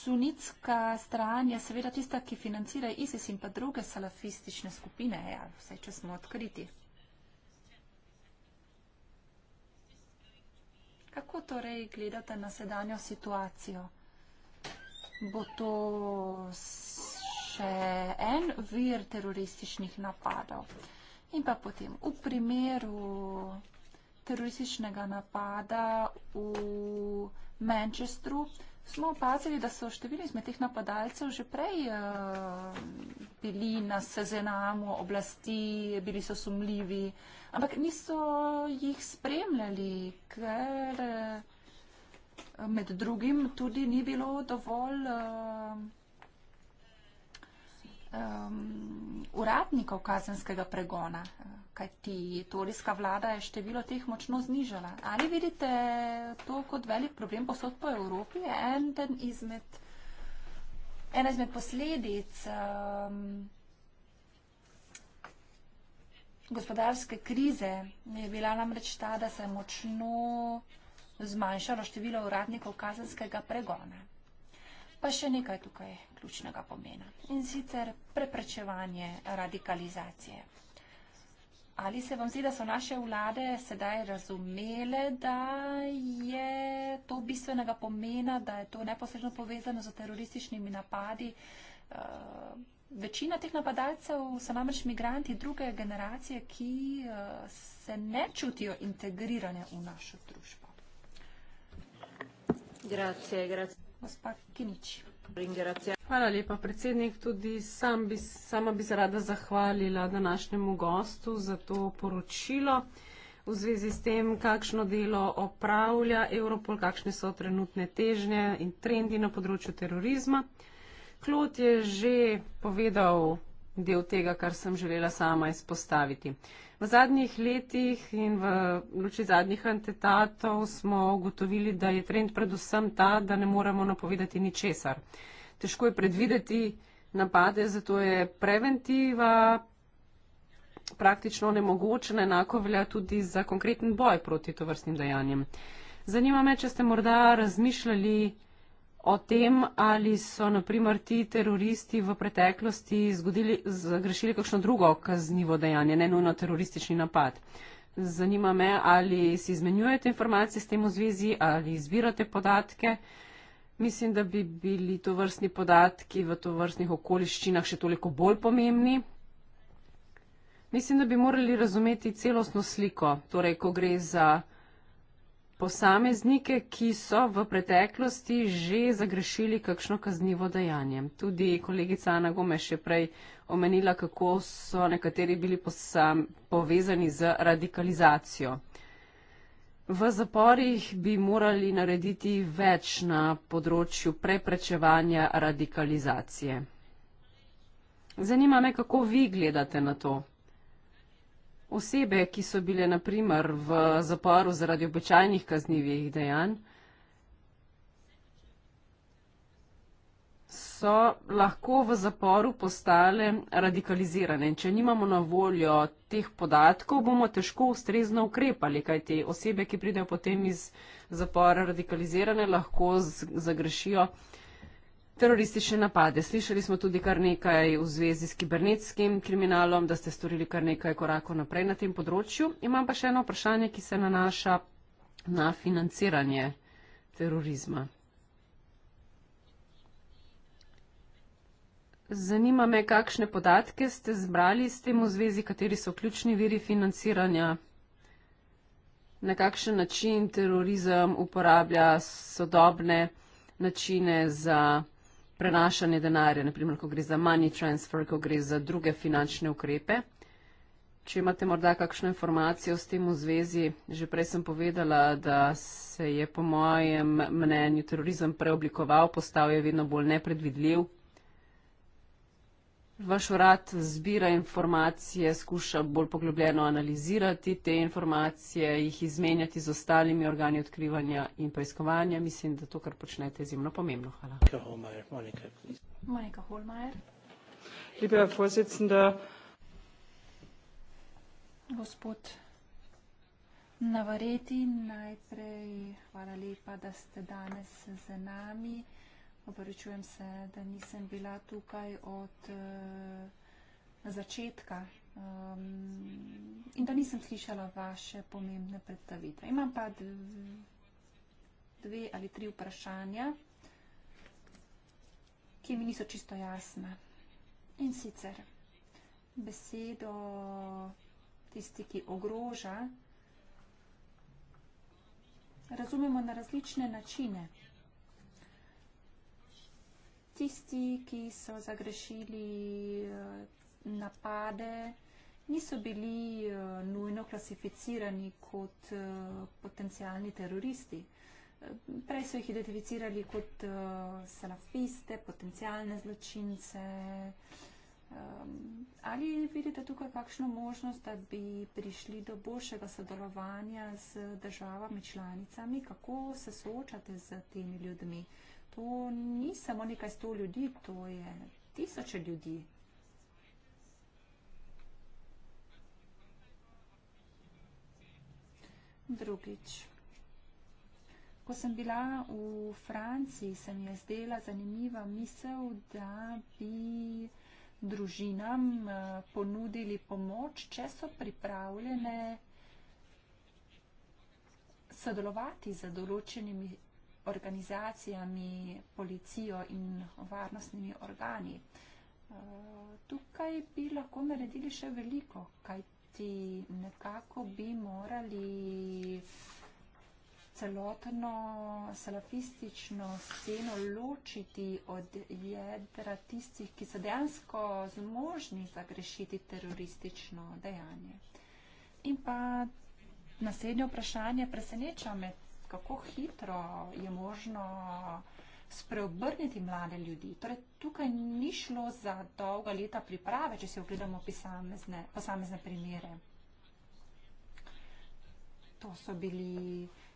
B: sunitska stran je seveda tista, ki financira ISIS in pa druge salafistične skupine, ja, vsaj če smo odkriti. Kako torej gledate na sedanjo situacijo? Bo to še en vir terorističnih napadov? In pa potem v primeru terorističnega napada v Manchesteru, smo opazili, da so številni izmed teh napadalcev že prej uh, bili na seznamu oblasti, bili so sumljivi, ampak niso jih spremljali, ker uh, med drugim tudi ni bilo dovolj uh, um, uradnikov kazenskega pregona. Uh kajti torijska vlada je število teh močno znižala. Ali vidite to kot velik problem posod po Evropi? En ten izmed, ena izmed posledic um, gospodarske krize je bila namreč ta, da se je močno zmanjšalo število uradnikov kazenskega pregona. Pa še nekaj tukaj ključnega pomena. In sicer preprečevanje radikalizacije. Ali se vam zdi, da so naše vlade sedaj razumele, da je to bistvenega pomena, da je to neposredno povezano z terorističnimi napadi? Eh, večina teh napadalcev so namreč migranti druge generacije, ki eh, se ne čutijo integrirane v našo družbo.
C: Grazie, grazie. Gospa Kinići. Hvala lepa, predsednik. Tudi sam bi, sama bi se rada zahvalila današnjemu gostu za to poročilo v zvezi s tem, kakšno delo opravlja Europol, kakšne so trenutne težnje in trendi na področju terorizma. Klot je že povedal del tega, kar sem želela sama izpostaviti. V zadnjih letih in v luči zadnjih antetatov smo ugotovili, da je trend predvsem ta, da ne moremo napovedati ničesar. Težko je predvideti napade, zato je preventiva praktično nemogoče, enako velja tudi za konkreten boj proti tovrstnim dejanjem. Zanima me, če ste morda razmišljali, o tem, ali so naprimer ti teroristi v preteklosti zgodili, zagrešili kakšno drugo kaznivo dejanje, ne nujno teroristični napad. Zanima me, ali si izmenjujete informacije s tem v zvezi, ali izbirate podatke. Mislim, da bi bili to vrstni podatki v to vrstnih okoliščinah še toliko bolj pomembni. Mislim, da bi morali razumeti celostno sliko, torej ko gre za posameznike, ki so v preteklosti že zagrešili kakšno kaznivo dejanje. Tudi kolegica Ana Gomeš je prej omenila, kako so nekateri bili posam, povezani z radikalizacijo. V zaporih bi morali narediti več na področju preprečevanja radikalizacije. Zanima me, kako vi gledate na to? osebe, ki so bile naprimer v zaporu zaradi običajnih kaznjivih dejanj, so lahko v zaporu postale radikalizirane. In če nimamo na voljo teh podatkov, bomo težko ustrezno ukrepali, kaj te osebe, ki pridejo potem iz zapora radikalizirane, lahko zagrešijo teroristične napade. Slišali smo tudi kar nekaj v zvezi s kibernetskim kriminalom, da ste storili kar nekaj korakov naprej na tem področju. Imam pa še eno vprašanje, ki se nanaša na financiranje terorizma. Zanima me, kakšne podatke ste zbrali s tem v zvezi, kateri so ključni viri financiranja, na kakšen način terorizem uporablja sodobne načine za prenašanje denarja, naprimer, ko gre za money transfer, ko gre za druge finančne ukrepe. Če imate morda kakšno informacijo s tem v zvezi, že prej sem povedala, da se je po mojem mnenju terorizem preoblikoval, postal je vedno bolj nepredvidljiv. Vaš urad zbira informacije, skuša bolj poglobljeno analizirati te informacije, jih izmenjati z ostalimi organi odkrivanja in preiskovanja. Mislim, da to, kar počnete, je izjemno pomembno. Hvala.
B: Monika Holmajer.
C: Lepa, posvetnica.
B: Gospod Navareti, najprej hvala lepa, da ste danes z nami. Oporečujem se, da nisem bila tukaj od uh, začetka um, in da nisem slišala vaše pomembne predstavitve. Imam pa dve ali tri vprašanja, ki mi niso čisto jasne. In sicer besedo tisti, ki ogroža, razumemo na različne načine tisti, ki so zagrešili eh, napade, niso bili eh, nujno klasificirani kot eh, potencijalni teroristi. Prej so jih identificirali kot salafiste, potencijalne zločince. Ehm, ali vidite tukaj kakšno možnost, da bi prišli do boljšega sodelovanja z državami članicami? Kako se soočate z temi ljudmi? To ni samo nekaj sto ljudi, to je tisoče ljudi. Drugič. Ko sem bila v Franciji, se mi je zdela zanimiva misel, da bi družinam eh, ponudili pomoč, če so pripravljene sodelovati za določenimi organizacijami, policijo in varnostnimi organi. Eh, tukaj bi lahko naredili še veliko, kajti nekako bi morali celotno salafistično sceno ločiti od jedra tistih, ki so dejansko zmožni zagrešiti teroristično dejanje. In pa naslednje vprašanje preseneča med kako hitro je možno spreobrniti mlade ljudi. Torej, tukaj ni šlo za dolga leta priprave, če si ogledamo pisamezne, posamezne primere. To so bili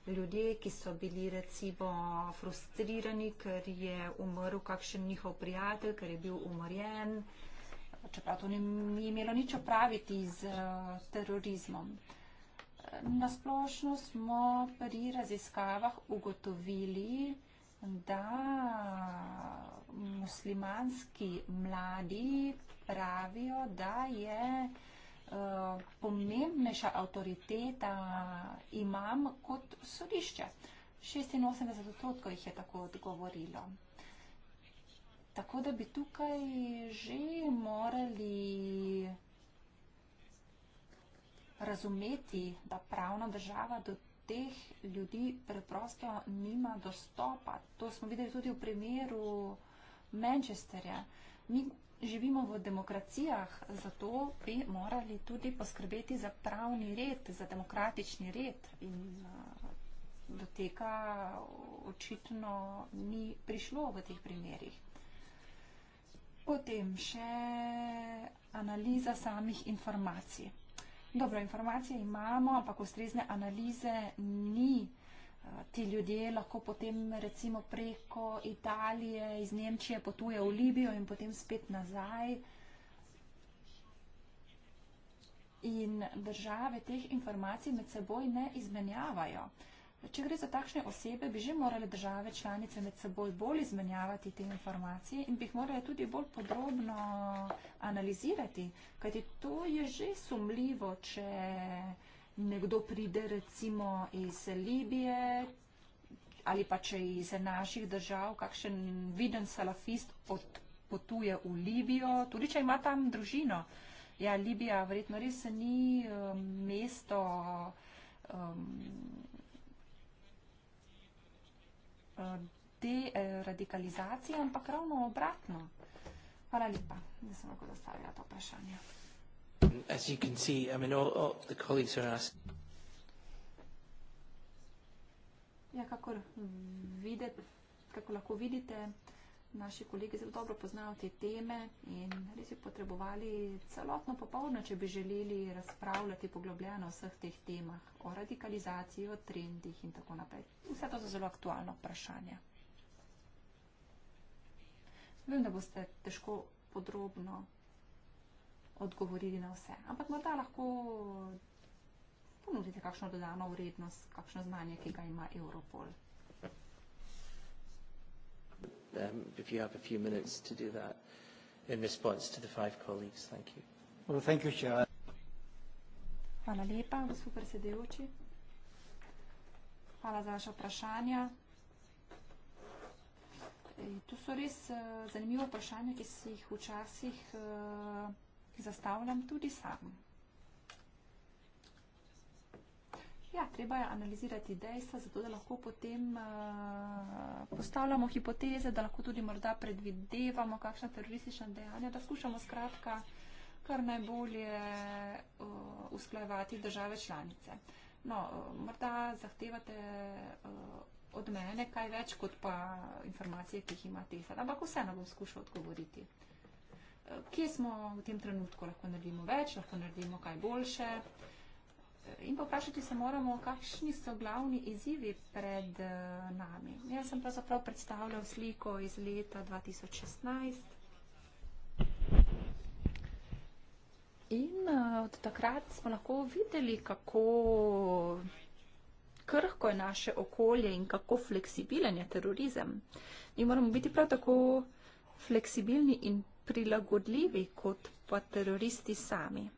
B: ljudje, ki so bili recimo frustrirani, ker je umrl kakšen njihov prijatelj, ker je bil umorjen, čeprav to ni imelo nič opraviti z eh, terorizmom. Uh, nasplošno smo pri raziskavah ugotovili, da muslimanski mladi pravijo, da je eh, pomembnejša avtoriteta imam kot sodišče. 86 odstotkov jih je tako odgovorilo. Tako da bi tukaj že morali razumeti, da pravna država do teh ljudi preprosto nima dostopa. To smo videli tudi v primeru Manchesterja. Mi živimo v demokracijah, zato bi morali tudi poskrbeti za pravni red, za demokratični red. In eh, do tega očitno ni prišlo v teh primerjih. Potem še analiza samih informacij. Dobro, informacije imamo, ampak ustrezne analize ni. Eh, ti ljudje lahko potem recimo preko Italije, iz Nemčije potuje v Libijo in potem spet nazaj. In države teh informacij med seboj ne izmenjavajo. Uh, Če gre za takšne osebe, bi že morale države članice med seboj bolj izmenjavati te informacije in bi jih morale tudi bolj podrobno analizirati, kajti to je že sumljivo, če nekdo pride recimo iz Libije ali pa če iz naših držav kakšen viden salafist potuje v Libijo, tudi če ima tam družino. Ja, Libija verjetno res ni um, mesto. Um, deradikalizacije, ampak ravno obratno. Hvala lepa, da sem lahko zastavila to vprašanje. As you can see, I mean, all, all the colleagues are asking. Ja, kakor vide, kako lahko vidite, naši kolegi zelo dobro poznajo te teme in res bi potrebovali celotno popolno, če bi želeli razpravljati poglobljeno o vseh teh temah, o radikalizaciji, o trendih in tako naprej. Vse to so zelo aktualno vprašanje. Vem, da boste težko podrobno odgovorili na vse, ampak morda lahko ponudite kakšno dodano vrednost, kakšno znanje, ki ga ima Europol um, if you have a few minutes to do that in response to the five colleagues. Thank you. Well, thank you, Chair. Hvala lepa, gospod predsedujoči. Hvala za vaše vprašanja. E, tu so res uh, e, zanimivo vprašanje, ki si jih včasih uh, zastavljam tudi sam. Ja, treba je analizirati dejstva, zato da lahko potem uh, postavljamo hipoteze, da lahko tudi morda predvidevamo kakšna teroristična dejanja, da skušamo skratka kar najbolje uh, usklajevati države članice. No, uh, morda zahtevate uh, od mene kaj več kot pa informacije, ki jih ima TESA, ampak vseeno bom skušal odgovoriti. Uh, kje smo v tem trenutku? Lahko naredimo več, lahko naredimo kaj boljše. Uh, In poprašati se moramo, kakšni so glavni izzivi pred eh, nami. Jaz sem pravzaprav predstavljal sliko iz leta 2016. In eh, od takrat smo lahko videli, kako krhko je naše okolje in kako fleksibilen je terorizem. Mi moramo biti prav tako fleksibilni in prilagodljivi kot pa teroristi sami.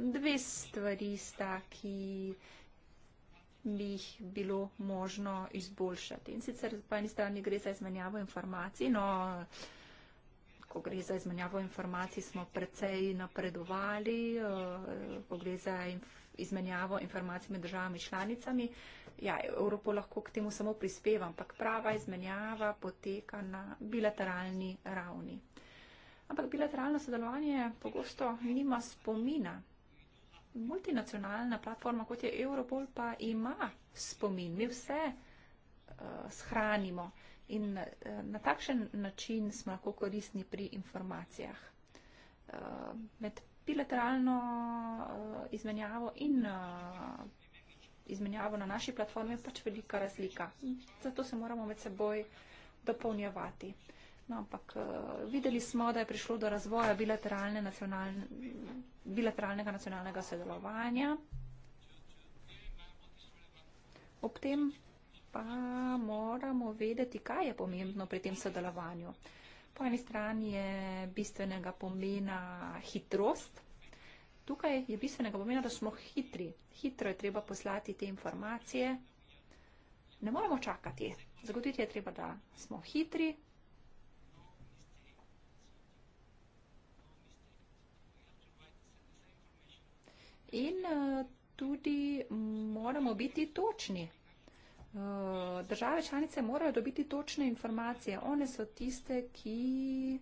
B: dve stvari sta, ki bi jih bilo možno izboljšati. In sicer po eni strani gre za izmenjavo informacij, no, ko gre za izmenjavo informacij, smo precej napredovali, eh, ko gre za izmenjavo informacij med državami članicami. Ja, Evropo lahko k temu samo prispeva, ampak prava izmenjava poteka na bilateralni ravni. Ampak bilateralno sodelovanje pogosto nima spomina multinacionalna platforma, kot je Europol, pa ima spomin. Mi vse uh, shranimo in uh, na takšen način smo lahko koristni pri informacijah. Uh, med bilateralno uh, izmenjavo in uh, izmenjavo na naši platformi je pač velika razlika. Zato se moramo med seboj dopolnjevati. Uh, No, ampak uh, videli smo, da je prišlo do razvoja bilateralne nacionalne, bilateralnega nacionalnega sodelovanja. Ob tem pa moramo vedeti, kaj je pomembno pri tem sodelovanju. Po eni strani je bistvenega pomena hitrost. Tukaj je bistvenega pomena, da smo hitri. Hitro je treba poslati te informacije. Ne moramo čakati. Zagotoviti je treba, da smo hitri, In eh, tudi moramo biti točni. Eh, države članice morajo dobiti točne informacije. One so tiste, ki.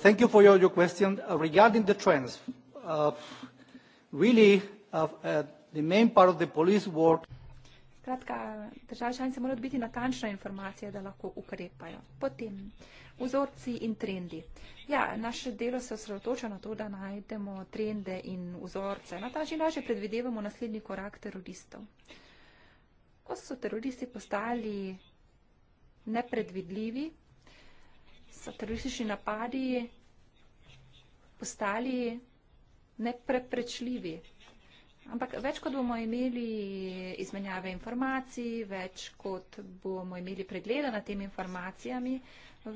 B: Thank you for your, your question uh, regarding the trends. Uh, really, uh, uh, the main part of the police work. Skratka, države članice morajo biti natančne informacije, da lahko ukrepajo. Potem, vzorci in trendi. Ja, naše delo se osredotoča na to, da najdemo trende in vzorce. Na ta način lažje predvidevamo naslednji korak teroristov. Ko so teroristi postali nepredvidljivi, so teroristični napadi postali neprepričljivi. Ampak več kot bomo imeli izmenjave informacij, več kot bomo imeli pregleda nad temi informacijami,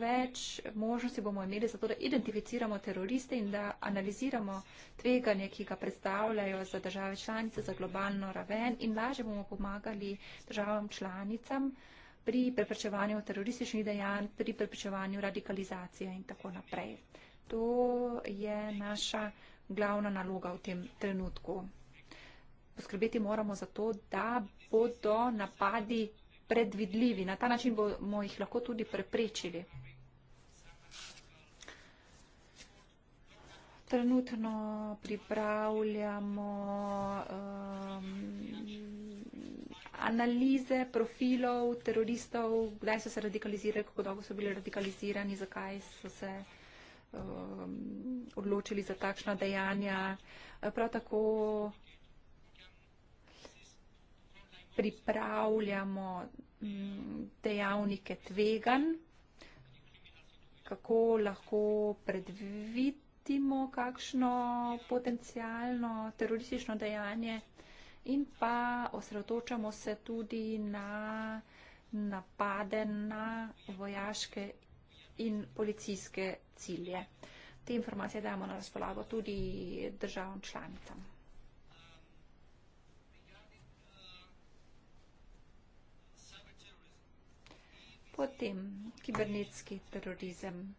B: več možnosti bomo imeli za to, da identificiramo teroriste in da analiziramo tveganje, ki ga predstavljajo za države članice, za globalno raven in lažje bomo pomagali državam članicam pri preprečevanju terorističnih dejanj, pri preprečevanju radikalizacije in tako naprej. To je naša glavna naloga v tem trenutku poskrbeti moramo za to, da bodo napadi predvidljivi. Na ta način bomo jih lahko tudi preprečili. Trenutno pripravljamo um, analize profilov teroristov, kdaj so se radikalizirali, kako dolgo so bili radikalizirani, zakaj so se um, odločili za takšna dejanja. Prav tako pripravljamo mm, dejavnike tvegan, kako lahko predvidimo kakšno potencijalno teroristično dejanje in pa osredotočamo se tudi na napade na vojaške in policijske cilje. Te informacije dajemo na razpolago tudi državam članicam. Potem kibernetski terorizem.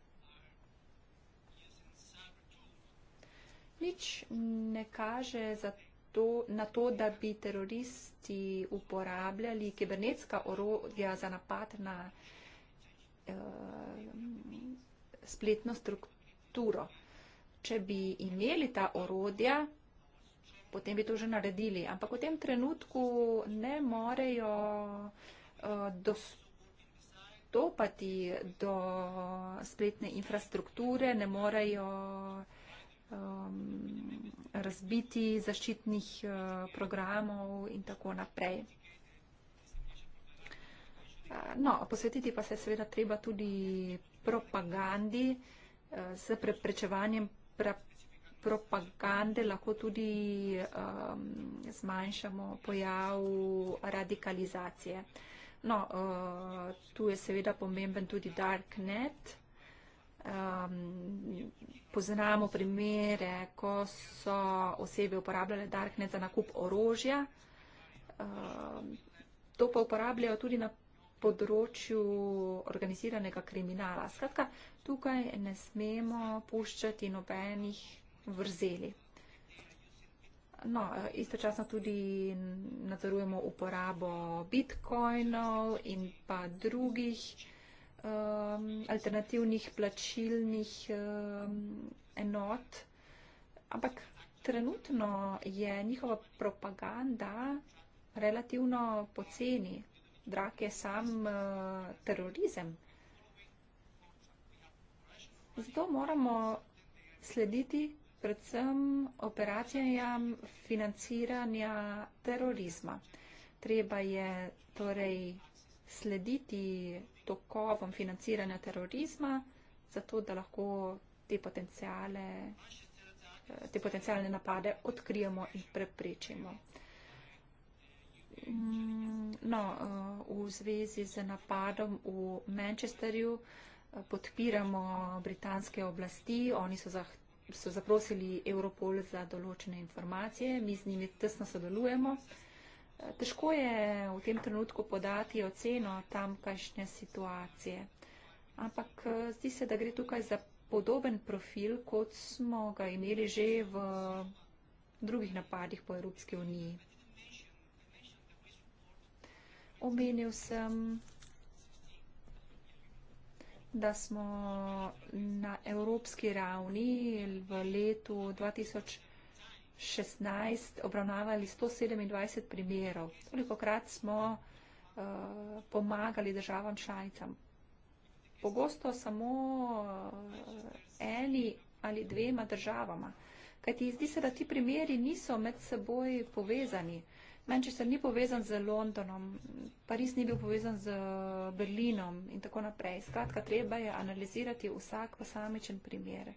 B: Nič ne kaže za to, na to, da bi teroristi uporabljali kibernetska orodja za napad na eh, spletno strukturo. Če bi imeli ta orodja, potem bi to že naredili. Ampak v tem trenutku ne morejo eh, dostopiti dostopati do spletne infrastrukture, ne morejo um, razbiti zaščitnih uh, programov in tako naprej. Uh, no, posvetiti pa se je seveda treba tudi propagandi, uh, s preprečevanjem pra, propagande lahko tudi um, zmanjšamo pojav radikalizacije. Uh, No, uh, tu je seveda pomemben tudi Darknet. Um, poznamo primere, ko so osebe uporabljale Darknet za nakup orožja. Um, to pa uporabljajo tudi na področju organiziranega kriminala. Skratka, tukaj ne smemo puščati nobenih vrzeli. No, istočasno tudi nadzorujemo uporabo bitcoinov in pa drugih um, alternativnih plačilnih um, enot. Ampak trenutno je njihova propaganda relativno poceni. Drake je sam uh, terorizem. Zato moramo slediti predvsem operacijam financiranja terorizma. Treba je torej slediti tokovom financiranja terorizma, zato da lahko te, eh, te potencijalne napade odkrijemo in preprečimo. Mm, no, eh, v zvezi z napadom v Manchesterju eh, podpiramo britanske oblasti, oni so zahtevali so zaprosili Europol za določene informacije, mi z njimi tesno sodelujemo. Težko je v tem trenutku podati oceno tamkajšnje situacije, ampak zdi se, da gre tukaj za podoben profil, kot smo ga imeli že v drugih napadih po Evropski uniji. Omenil sem, da smo evropski ravni v letu 2016 obravnavali 127 primerov. Koliko krat smo uh, pomagali državam članicam? Pogosto samo uh, eni ali dvema državama. Kajti zdi se, da ti primeri niso med seboj povezani. Uh, Manchester ni povezan z Londonom, Pariz ni bil povezan z Berlinom in tako naprej. Skratka, treba je analizirati vsak posamičen primer. Eh,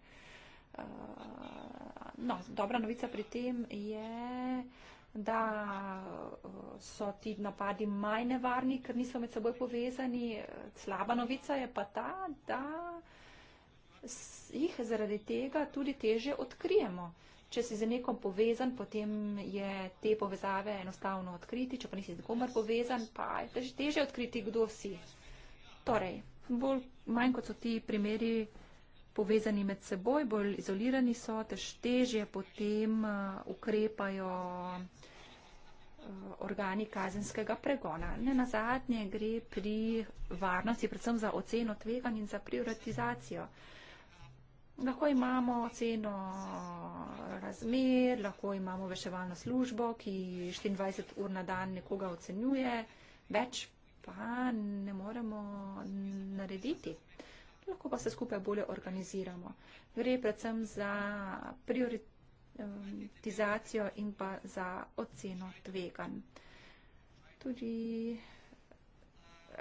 B: no, dobra novica pri tem je, da eh, so ti napadi manj nevarni, ker niso med seboj povezani. Slaba novica je pa ta, da jih zaradi tega tudi teže odkrijemo. Uh, če si z nekom povezan, potem je te povezave enostavno odkriti, če pa nisi z nikomer povezan, pa je teže, teže odkriti, kdo si. Torej, bolj manj kot so ti primeri povezani med seboj, bolj izolirani so, težje potem eh, ukrepajo eh, organi kazenskega pregona. Ne na zadnje gre pri varnosti, predvsem za oceno tveganj in za prioritizacijo. Lahko imamo ceno razmer, lahko imamo veševalno službo, ki 24 ur na dan nekoga ocenjuje, več pa ne moremo narediti. Lahko pa se skupaj bolje organiziramo. Gre predvsem za prioritizacijo in pa za oceno tvegan. Tudi,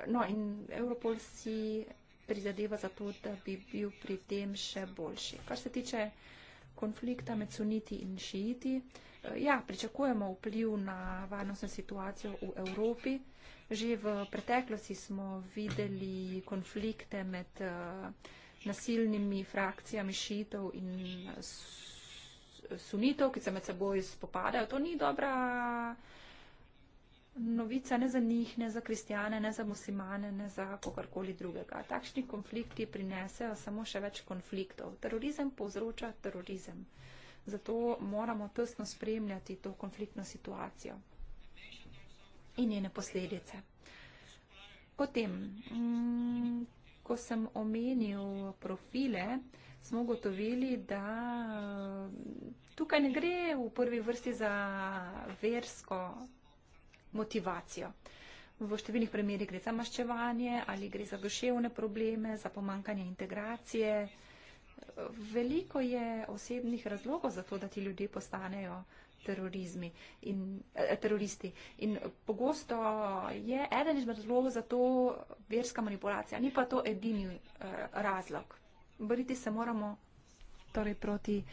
B: no in Europol si prizadeva za to, da bi bil pri tem še boljši. Kar se tiče konflikta med suniti in šiiti, eh, ja, pričakujemo vpliv na varnostno situacijo v Evropi. Že v preteklosti smo videli konflikte med eh, nasilnimi frakcijami šiitov in eh, sunitov, ki se med seboj spopadajo. To ni dobra novica ne za njih, ne za kristijane, ne za muslimane, ne za kogarkoli drugega. Takšni konflikti prinesejo samo še več konfliktov. Terorizem povzroča terorizem. Zato moramo tesno spremljati to konfliktno situacijo in njene posledice. Potem, mm, ko sem omenil profile, smo gotovili, da mm, tukaj ne gre v prvi vrsti za versko motivacijo. V številnih primerih gre za maščevanje ali gre za duševne probleme, za pomankanje integracije. Veliko je osebnih razlogov za to, da ti ljudje postanejo in, eh, teroristi. In pogosto je eden izmed razlogov za to verska manipulacija. Ni pa to edini eh, razlog. Boriti se moramo torej proti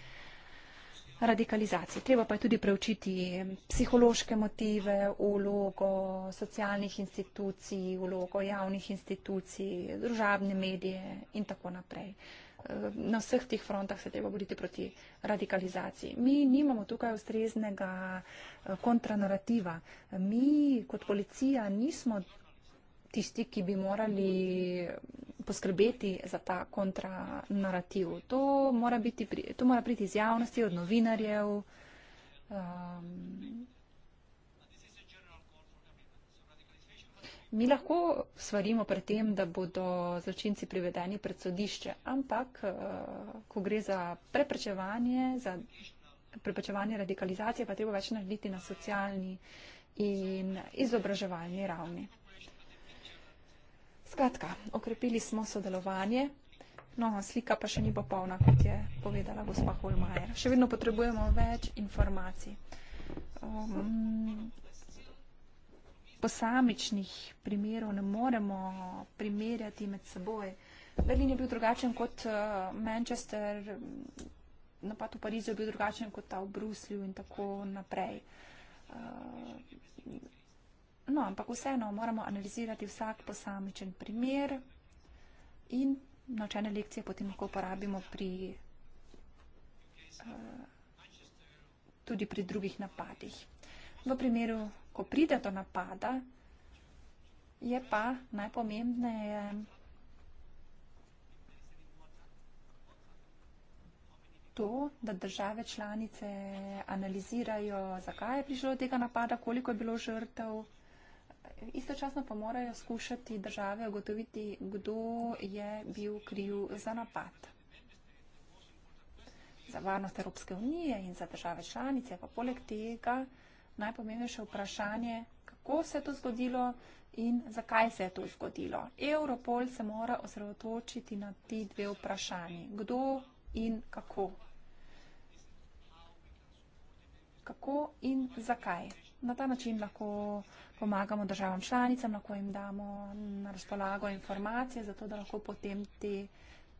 B: radikalizacije. Treba pa je tudi preučiti psihološke motive, ulogo socialnih institucij, ulogo javnih institucij, družabne medije in tako naprej. Na vseh tih frontah se treba boriti proti radikalizaciji. Mi nimamo tukaj ustreznega eh, kontranarativa. Mi kot policija nismo tisti, ki bi morali poskrbeti za ta kontranarativ. To mora, biti, to mora priti iz javnosti, od novinarjev. Um, Mi lahko svarimo pred tem, da bodo zločinci privedeni pred sodišče, ampak uh, ko gre za preprečevanje, za preprečevanje radikalizacije, pa treba več narediti na socialni in izobraževalni ravni. Skratka, okrepili smo sodelovanje, no, slika pa še ni popolna, kot je povedala gospa Holmajer. Še vedno potrebujemo več informacij. Um, posamičnih primerov ne moremo primerjati med seboj. Berlin je bil drugačen kot uh, Manchester, napad v Parizu je bil drugačen kot ta v Bruslju in tako naprej. Uh, No, ampak vseeno moramo analizirati vsak posamičen primer in naučene lekcije potem lahko uporabimo pri, uh, tudi pri drugih napadih. V primeru, ko pride do napada, je pa najpomembneje. To, da države članice analizirajo, zakaj je prišlo do tega napada, koliko je bilo žrtev istočasno pa morajo skušati države ugotoviti, kdo je bil kriv za napad. Za varnost Evropske unije in za države članice, pa poleg tega najpomembnejše vprašanje, kako se je to zgodilo in zakaj se je to zgodilo. Europol se mora osredotočiti na ti dve vprašanji, kdo in kako. Kako in zakaj na ta način lahko pomagamo državam članicam, lahko jim damo na razpolago informacije, zato da lahko potem te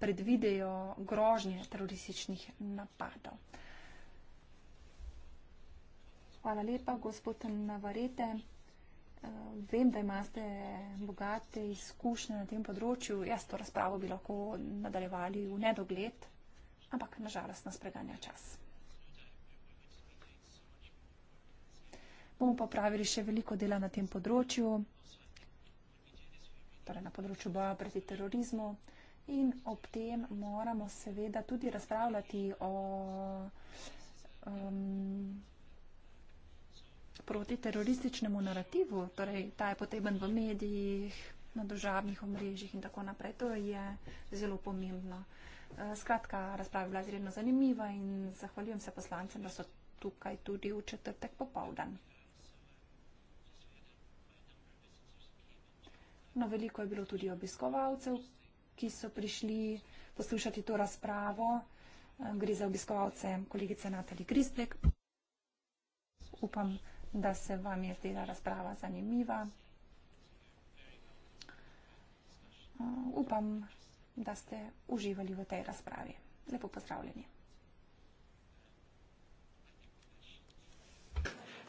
B: predvidejo grožnje terorističnih napadov. Hvala lepa, gospod Navarete. Eh, vem, da imate bogate izkušnje na tem področju. Jaz to razpravo bi lahko nadaljevali v nedogled, ampak nažalost nas preganja čas. bomo pa pravili še veliko dela na tem področju, torej na področju boja proti terorizmu. In ob tem moramo seveda tudi razpravljati o um, protiterorističnemu narativu, torej ta je potreben v medijih, na državnih omrežjih in tako naprej. To je zelo pomembno. Eh, skratka, razprava je bila izredno zanimiva in zahvaljujem se poslancem, da so tukaj tudi v četrtek popovdan. No, veliko je bilo tudi obiskovalcev, ki so prišli poslušati to razpravo. Eh, gre za obiskovalce kolegice Natali Kristek. Upam, da se vam je zdela razprava zanimiva. Eh, upam, da ste uživali v tej razpravi. Lepo pozdravljeni.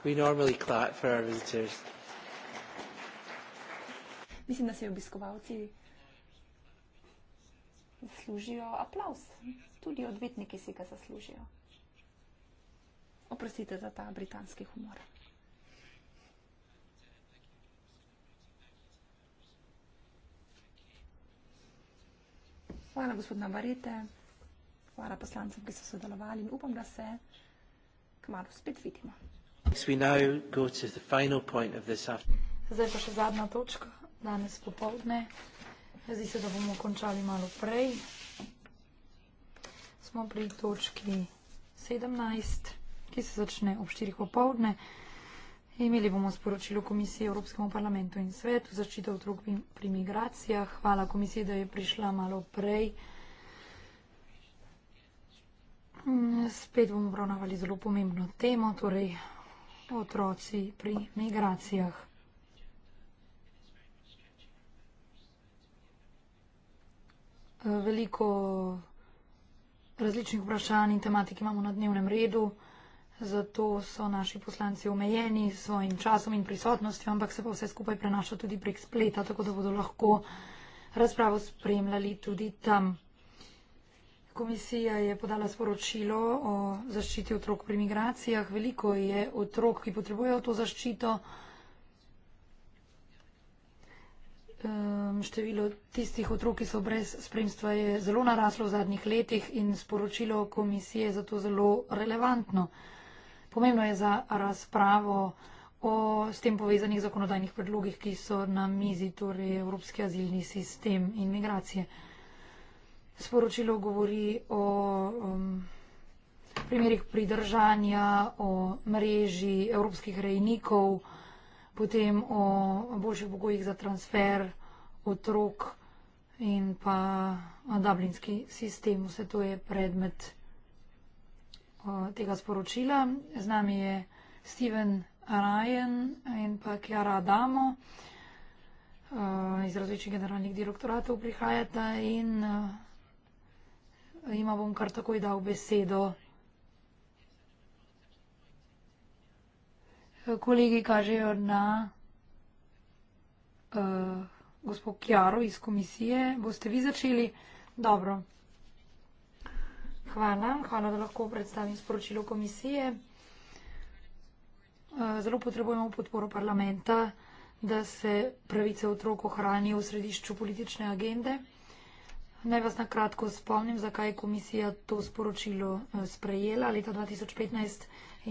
B: We normally clap for our visitors mislim, da si obiskovalci zaslužijo aplaus. Tudi odvetniki si ga zaslužijo. Oprostite za ta britanski humor. Hvala, gospod Navarete. Hvala poslancem, ki so sodelovali in upam, da se kmalo spet vidimo.
A: Zdaj pa še zadnja točka danes popovdne. Zdi se, da bomo končali malo prej. Smo pri točki 17, ki se začne ob 4. popovdne. Imeli bomo sporočilo Komisije Evropskemu parlamentu in svetu začitev otrok pri migracijah. Hvala komisiji, da je prišla malo prej. Spet bomo obravnavali zelo pomembno temo, torej otroci pri migracijah. veliko različnih vprašanj in tematik imamo na dnevnem redu, zato so naši poslanci omejeni s svojim časom in prisotnostjo, ampak se pa vse skupaj prenaša tudi prek spleta, tako da bodo lahko razpravo spremljali tudi tam. Komisija je podala sporočilo o zaščiti otrok pri migracijah. Veliko je otrok, ki potrebujejo to zaščito. Število tistih otrok, ki so brez spremstva, je zelo naraslo v zadnjih letih in sporočilo komisije je zato zelo relevantno. Pomembno je za razpravo o s tem povezanih zakonodajnih predlogih, ki so na mizi, torej Evropski azilni sistem in migracije. Sporočilo govori o um, primerih pridržanja, o mreži evropskih rejnikov, potem o boljših pogojih za transfer otrok in pa dublinski sistem. Vse to je predmet tega sporočila. Z nami je Steven Ryan in pa Kjara Adamo. Iz različnih generalnih direktoratov prihajata in jima bom kar takoj dal besedo. kolegi kažejo na uh, gospod Kjaro iz komisije. Boste vi začeli? Dobro. Hvala. Hvala, da lahko predstavim sporočilo komisije. Eh, zelo potrebujemo podporo parlamenta, da se pravice otrok ohranijo v središču politične agende. Naj vas na kratko spomnim, zakaj je komisija to sporočilo eh, sprejela. Leta 2015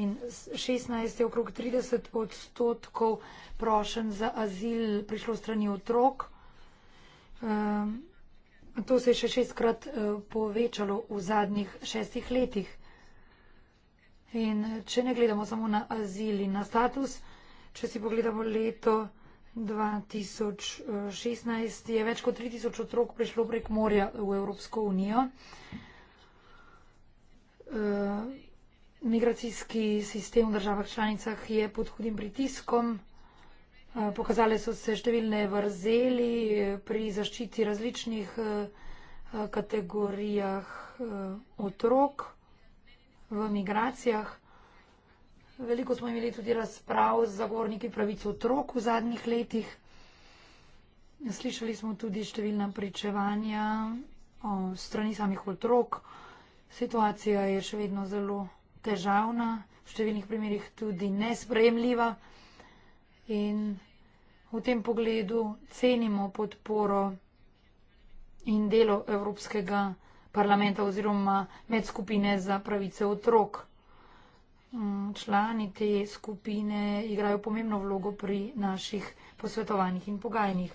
A: in 2016 je okrog 30 odstotkov prošen za azil prišlo strani otrok. Ehm, to se je še šestkrat eh, povečalo v zadnjih šestih letih. In če ne gledamo samo na azil in na status, če si pogledamo leto 2016 je več kot 3000 otrok prišlo prek morja v Evropsko unijo. Eh, migracijski sistem v državah članicah je pod hudim pritiskom. Eh, pokazale so se številne vrzeli eh, pri zaščiti različnih kategorijah otrok v migracijah. Veliko smo imeli tudi razprav z zagovorniki pravic otrok v zadnjih letih. Slišali smo tudi številna pričevanja o strani samih otrok. Situacija je še vedno zelo težavna, v številnih primerjih tudi nespremljiva in v tem pogledu cenimo podporo in delo Evropskega parlamenta oziroma medskupine za pravice otrok člani te skupine igrajo pomembno vlogo pri naših posvetovanjih in pogajanjih.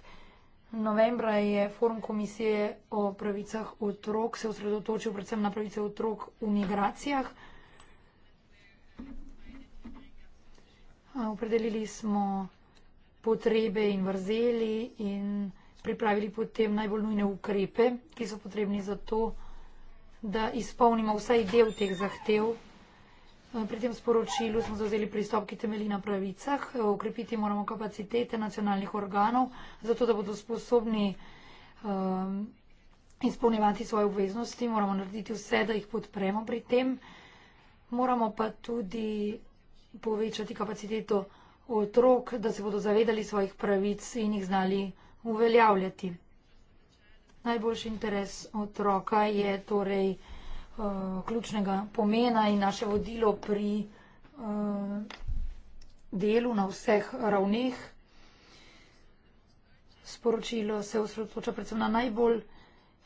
A: Novembra je forum komisije o pravicah otrok se osredotočil predvsem na pravice otrok v migracijah. Opredelili smo potrebe in vrzeli in pripravili potem najbolj nujne ukrepe, ki so potrebni za to, da izpolnimo vsaj del teh zahtev Eh, pri tem sporočilu smo zauzeli pristop, ki temelji na pravicah. Ukrepiti eh, moramo kapacitete nacionalnih organov, zato da bodo sposobni um, izpolnjevati svoje obveznosti. Moramo narediti vse, da jih podpremo pri tem. Moramo pa tudi povečati kapaciteto otrok, da se bodo zavedali svojih pravic in jih znali uveljavljati. Najboljši interes otroka je torej. Eh, ključnega pomena in naše vodilo pri eh, delu na vseh ravneh. Sporočilo se osredotoča predvsem na najbolj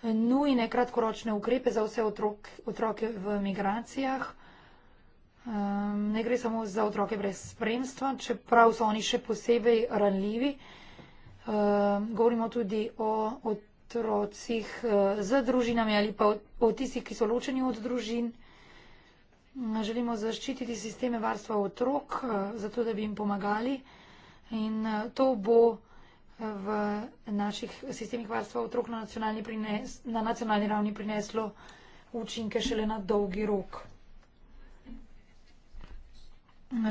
A: nujne kratkoročne ukrepe za vse otrok, otroke v migracijah. Ehm, ne gre samo za otroke brez spremstva, čeprav so oni še posebej ranljivi. Ehm, govorimo tudi o otrokih, otrocih eh, z družinami ali pa o tistih, ki so ločeni od družin. Želimo zaščititi sisteme varstva otrok, eh, zato da bi jim pomagali in eh, to bo v naših sistemih varstva otrok na nacionalni, prines, na nacionalni ravni prineslo učinke šele na dolgi rok.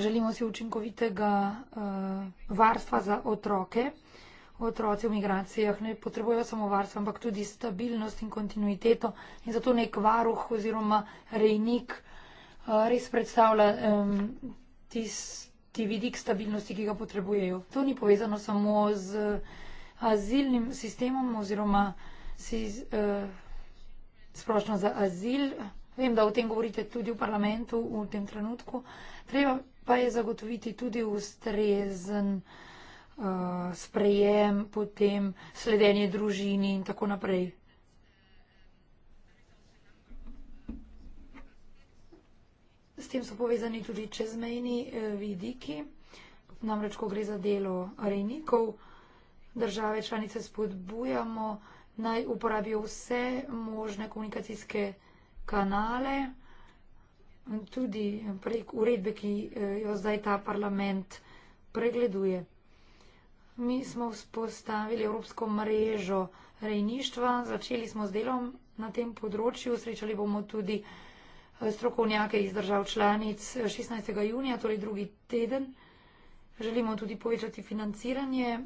A: Želimo si učinkovitega uh, varstva za otroke otroci v migracijah ne potrebujejo samo varstva, ampak tudi stabilnost in kontinuiteto in zato nek varuh oziroma rejnik eh, res predstavlja um, tisti vidik stabilnosti, ki ga potrebujejo. To ni povezano samo z eh, azilnim sistemom oziroma si, uh, eh, sprošno za azil. Vem, da o tem govorite tudi v parlamentu v tem trenutku. Treba pa je zagotoviti tudi ustrezen. Eh, sprejem, potem sledenje družini in tako naprej. S tem so povezani tudi čezmejni eh, vidiki, namreč, ko gre za delo rejnikov, države članice spodbujamo, naj uporabijo vse možne komunikacijske kanale, tudi prek uredbe, ki eh, jo zdaj ta parlament pregleduje. Mi smo vzpostavili evropsko mrežo rejništva, začeli smo z delom na tem področju, srečali bomo tudi eh, strokovnjake iz držav članic 16. Eh, junija, torej drugi teden. Želimo tudi povečati financiranje,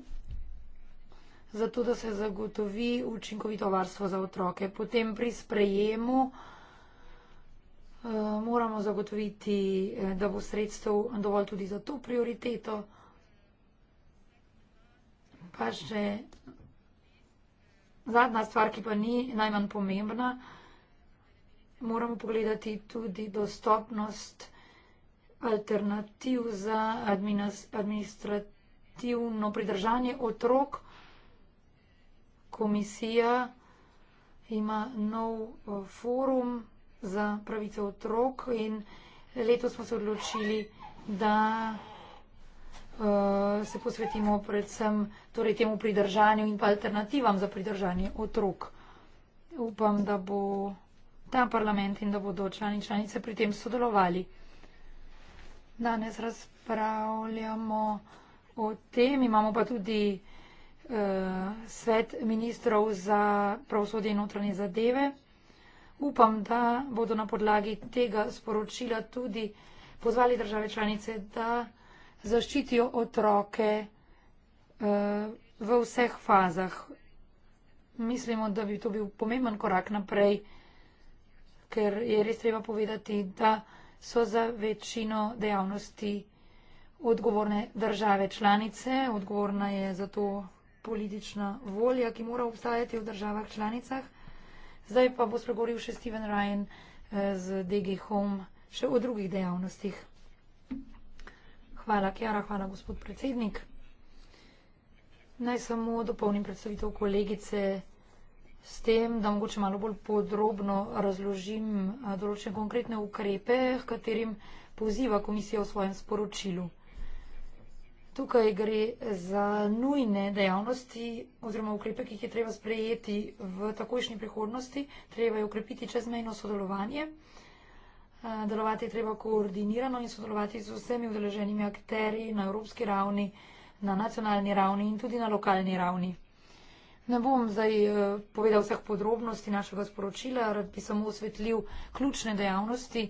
A: zato da se zagotovi učinkovito varstvo za otroke. Potem pri sprejemu eh, moramo zagotoviti, da bo sredstev dovolj tudi za to prioriteto. Pa še zadnja stvar, ki pa ni najmanj pomembna, moramo pogledati tudi dostopnost alternativ za administrativno pridržanje otrok. Komisija ima nov eh, forum za pravice otrok in letos smo se odločili, da. Eh, se posvetimo predvsem torej temu pridržanju in pa alternativam za pridržanje otrok. Upam, da bo ta parlament in da bodo člani in članice pri tem sodelovali. Danes razpravljamo o tem, imamo pa tudi eh, svet ministrov za pravosodje in notranje zadeve. Upam, da bodo na podlagi tega sporočila tudi pozvali države članice, da zaščitijo otroke eh, v vseh fazah. Mislimo, da bi to bil pomemben korak naprej, ker je res treba povedati, da so za večino dejavnosti odgovorne države članice, odgovorna je za to politična volja, ki mora obstajati v državah članicah. Zdaj pa bo spregovoril še Steven Ryan eh, z DG Home še o drugih dejavnostih. Hvala, Kjara. Hvala, gospod predsednik. Naj samo dopolnim predstavitev kolegice s tem, da mogoče malo bolj podrobno razložim eh, določene konkretne ukrepe, h katerim poziva komisija v svojem sporočilu. Tukaj gre za nujne dejavnosti oziroma ukrepe, ki jih je treba sprejeti v takojšnji prihodnosti. Treba je ukrepiti čezmejno sodelovanje. Eh, delovati je treba koordinirano in sodelovati z vsemi udeleženimi akteri na evropski ravni, na nacionalni ravni in tudi na lokalni ravni. Ne bom zdaj eh, povedal vseh podrobnosti našega sporočila, rad bi samo osvetlil ključne dejavnosti,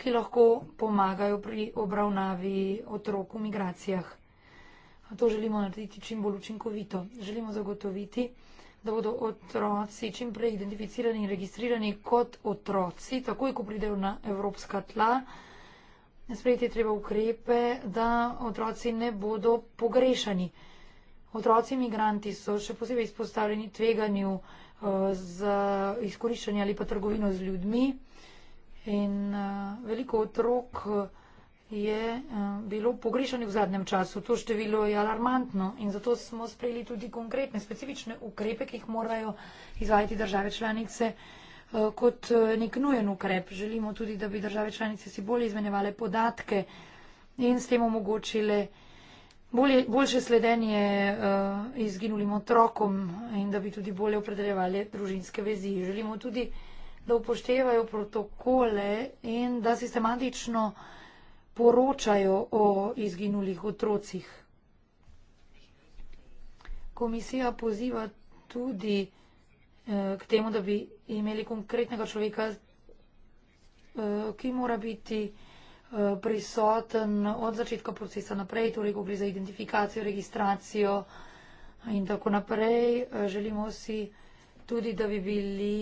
A: ki lahko pomagajo pri obravnavi otrok v migracijah. To želimo narediti čim bolj učinkovito. Želimo zagotoviti, da bodo otroci čim prej identificirani in registrirani kot otroci, takoj, ko pridejo na evropska tla. Sprejeti je treba ukrepe, da otroci ne bodo pogrešani. Otroci imigranti so še posebej izpostavljeni tveganju uh, za izkoriščanje ali pa trgovino z ljudmi in uh, veliko otrok. Uh, je eh, bilo pogrešanih v zadnjem času. To število je alarmantno in zato smo sprejeli tudi konkretne, specifične ukrepe, ki jih morajo izvajati države članice eh, kot eh, nek nujen ukrep. Želimo tudi, da bi države članice si bolje izmenjevale podatke in s tem omogočile bolje, boljše sledenje izginulim otrokom in da bi tudi bolje opredeljevali družinske vezi. Želimo tudi, da upoštevajo protokole in da sistematično poročajo o izginulih otrocih. Komisija poziva tudi eh, k temu, da bi imeli konkretnega človeka, eh, ki mora biti eh, prisoten od začetka procesa naprej, torej ko gre za identifikacijo, registracijo in tako naprej. Želimo si tudi, da bi bili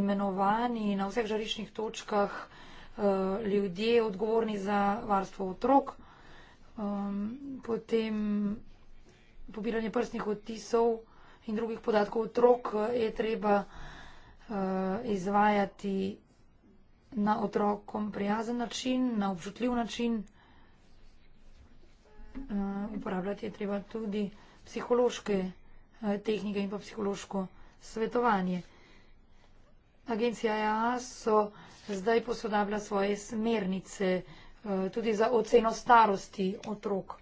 A: imenovani na vseh žariščnih točkah, Eh, ljudje odgovorni za varstvo otrok, um, potem pobiranje prstnih odtisov in drugih podatkov otrok eh, je treba uh, izvajati na otrokom prijazen način, na občutljiv način. Uh, uporabljati je treba tudi psihološke uh, tehnike in pa psihološko svetovanje. Agencija EAS so zdaj posodablja svoje smernice eh, tudi za oceno starosti otrok.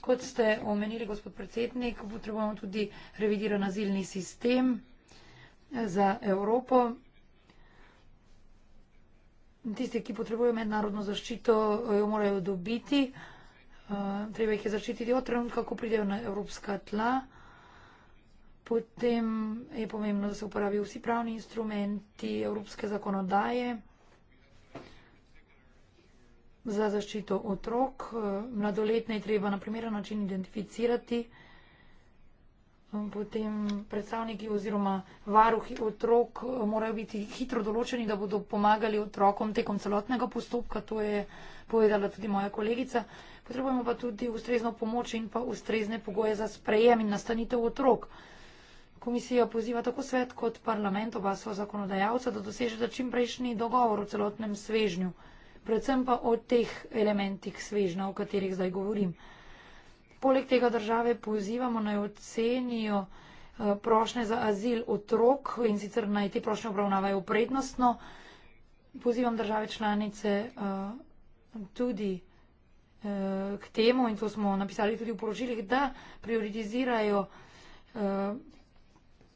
A: Kot ste omenili, gospod predsednik, potrebujemo tudi revidiran azilni sistem eh, za Evropo. Tisti, ki potrebujejo mednarodno zaščito, eh, jo morajo dobiti. Treba jih je zaščititi od trenutka, ko pridejo na evropska tla. Potem je pomembno, da se uporabijo vsi pravni instrumenti evropske zakonodaje za zaščito otrok. Mladoletne je treba na primeren način identificirati. Potem predstavniki oziroma varuhi otrok eh, morajo biti hitro določeni, da bodo pomagali otrokom tekom celotnega postopka, to je povedala tudi moja kolegica. Potrebujemo pa tudi ustrezno pomoč in pa ustrezne pogoje za sprejem in nastanitev otrok. Komisija poziva tako svet kot parlament, oba so zakonodajalca, da doseže čim prejšnji dogovor v celotnem svežnju predvsem pa o teh elementih svežna, o katerih zdaj govorim. Poleg tega države pozivamo naj ocenijo eh, prošnje za azil otrok in sicer naj te prošnje obravnavajo prednostno. Pozivam države članice eh, tudi eh, k temu in to smo napisali tudi v poročilih, da prioritizirajo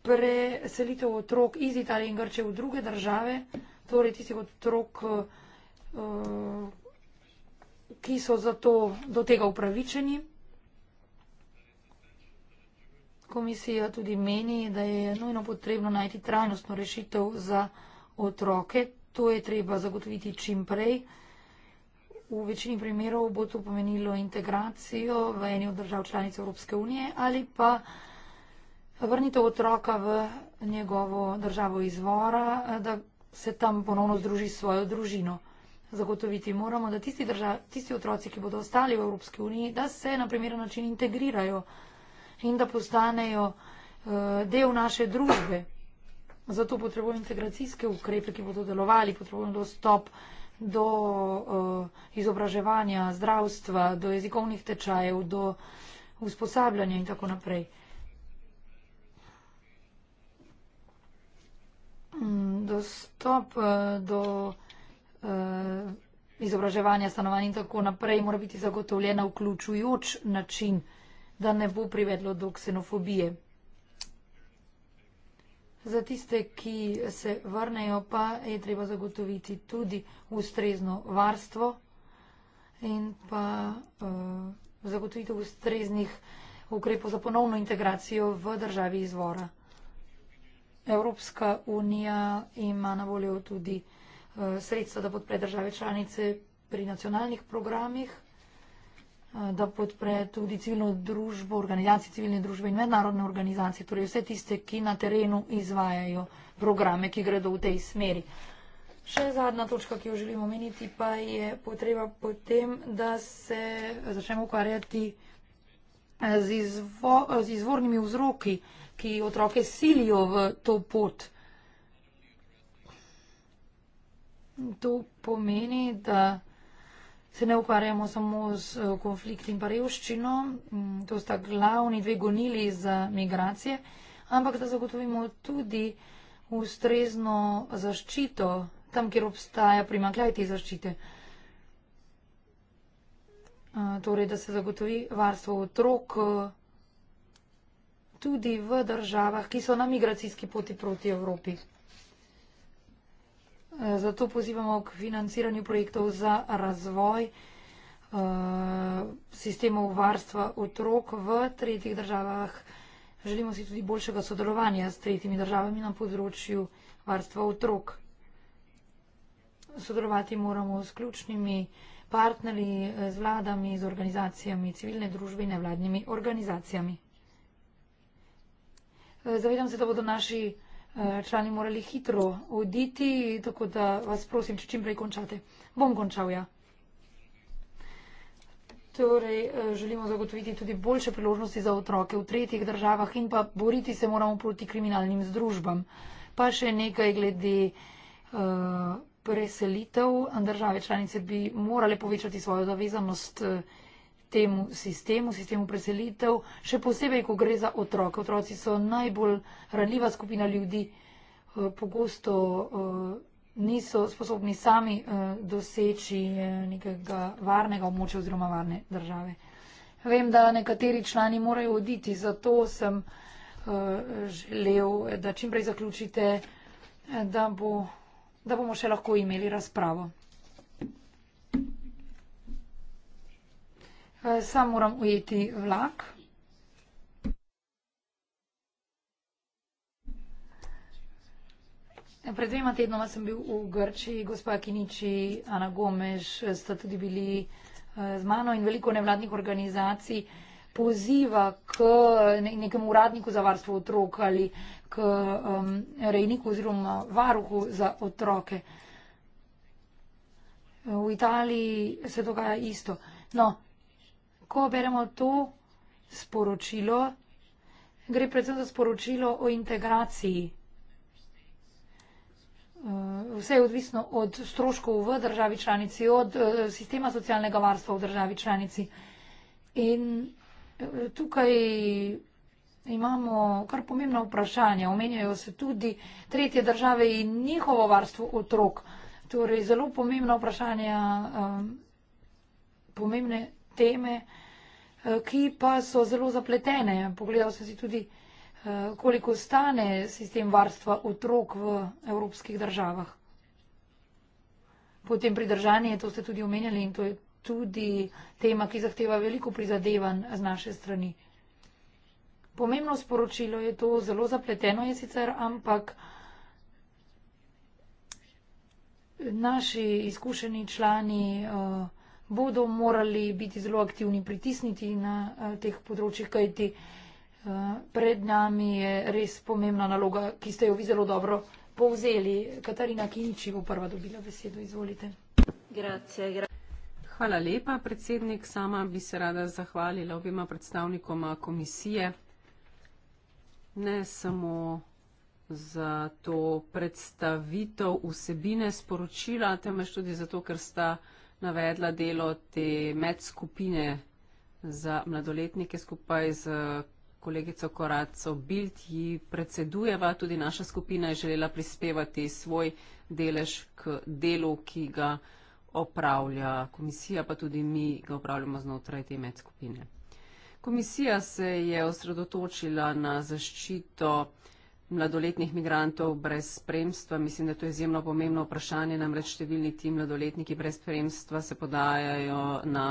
A: preselitev otrok iz Italije in Grče v druge države, torej tistih otrok, ki Eh, ki so zato do tega upravičeni. Komisija tudi meni, da je nujno potrebno najti trajnostno rešitev za otroke. To je treba zagotoviti čim prej. V večini primerov bo to pomenilo integracijo v eni od držav članic Evropske unije ali pa vrnitev otroka v njegovo državo izvora, da se tam ponovno združi s svojo družino. Zagotoviti moramo, da tisti, držav, tisti otroci, ki bodo ostali v Evropski uniji, da se na primeren način integrirajo in da postanejo eh, del naše družbe. Zato potrebujemo integracijske ukrepe, ki bodo delovali, potrebujemo dostop do eh, izobraževanja, zdravstva, do jezikovnih tečajev, do usposabljanja in tako naprej. Mm, dostop eh, do Eh, izobraževanja, stanovanja in tako naprej, mora biti zagotovljena vključujoč način, da ne bo privedlo do ksenofobije. Za tiste, ki se vrnejo, pa je treba zagotoviti tudi ustrezno varstvo in pa uh, zagotoviti ustreznih ukrepov za ponovno integracijo v državi izvora. Evropska unija ima na voljo tudi Eh, sredstva, da podpre države članice pri nacionalnih programih, eh, da podpre tudi civilno družbo, organizacije civilne družbe in mednarodne organizacije, torej vse tiste, ki na terenu izvajajo programe, ki gredo v tej smeri. Še zadnja točka, ki jo želim omeniti, pa je potreba potem, da se začnemo ukvarjati eh, z, izvo, z izvornimi vzroki, ki otroke silijo v to pot. To pomeni, da se ne ukvarjamo samo z eh, konflikti in pa revščino, mm, to sta glavni dve gonili za migracije, ampak da zagotovimo tudi ustrezno zaščito tam, kjer obstaja primankljaj te zaščite. Eh, torej, da se zagotovi varstvo otrok eh, tudi v državah, ki so na migracijski poti proti Evropi. Zato pozivamo k financiranju projektov za razvoj eh, sistemov varstva otrok v tretjih državah. Želimo si tudi boljšega sodelovanja s tretjimi državami na področju varstva otrok. Sodelovati moramo s ključnimi partnerji, eh, z vladami, z organizacijami civilne družbe in nevladnimi organizacijami. Eh, zavedam se, da bodo naši Eh, člani morali hitro oditi, tako da vas prosim, če čim prej končate. Bom končal, ja. Torej, eh, želimo zagotoviti tudi boljše priložnosti za otroke v tretjih državah in pa boriti se moramo proti kriminalnim združbam. Pa še nekaj glede uh, preselitev. Države članice bi morale povečati svojo zavezanost. Uh, temu sistemu, sistemu preselitev, še posebej, ko gre za otroke. Otroci so najbolj ranljiva skupina ljudi, eh, pogosto eh, niso sposobni sami eh, doseči nekega varnega območja oziroma varne države. Vem, da nekateri člani morajo oditi, zato sem želel, da čimprej zaključite, da, bo, da bomo še lahko imeli razpravo. Eh, sam moram ujeti vlak. Pred dvema tednoma sem bil v Grčiji, gospa Kiniči, Ana Gomeš sta tudi bili eh, z mano in veliko nevladnih organizacij poziva k nekemu uradniku za varstvo otrok ali k um, rejniku oziroma varuhu za otroke. V Italiji se dogaja isto. No, ko beremo to sporočilo, gre predvsem za sporočilo o integraciji. Eh, vse je odvisno od stroškov v državi članici, od eh, sistema socialnega varstva v državi članici. In eh, tukaj imamo kar pomembna vprašanja. Omenjajo se tudi tretje države in njihovo varstvo otrok. Torej, zelo pomembna vprašanja, pomembne teme, eh, ki pa so zelo zapletene. Pogledal sem si tudi, eh, koliko stane sistem varstva otrok v evropskih državah. Potem pridržanje, to ste tudi omenjali in to je tudi tema, ki zahteva veliko prizadevanj z naše strani. Pomembno sporočilo je to, zelo zapleteno je sicer, ampak naši izkušeni člani uh, bodo morali biti zelo aktivni, pritisniti na eh, teh področjih, kajti eh, pred nami je res pomembna naloga, ki ste jo vi zelo dobro povzeli. Katarina Kiniči bo prva dobila besedo. Izvolite. Grazie, gra
C: Hvala lepa, predsednik. Sama bi se rada zahvalila obima predstavnikoma komisije. Ne samo za to predstavitev vsebine sporočila, temveč tudi zato, ker sta navedla delo te medskupine za mladoletnike skupaj z kolegico Koraco Bild, ji predsedujeva, tudi naša skupina je želela prispevati svoj delež k delu, ki ga opravlja komisija, pa tudi mi ga opravljamo znotraj te medskupine. Komisija se je osredotočila na zaščito mladoletnih migrantov brez spremstva. Mislim, da to je izjemno pomembno vprašanje, namreč številni ti mladoletniki brez spremstva se podajajo na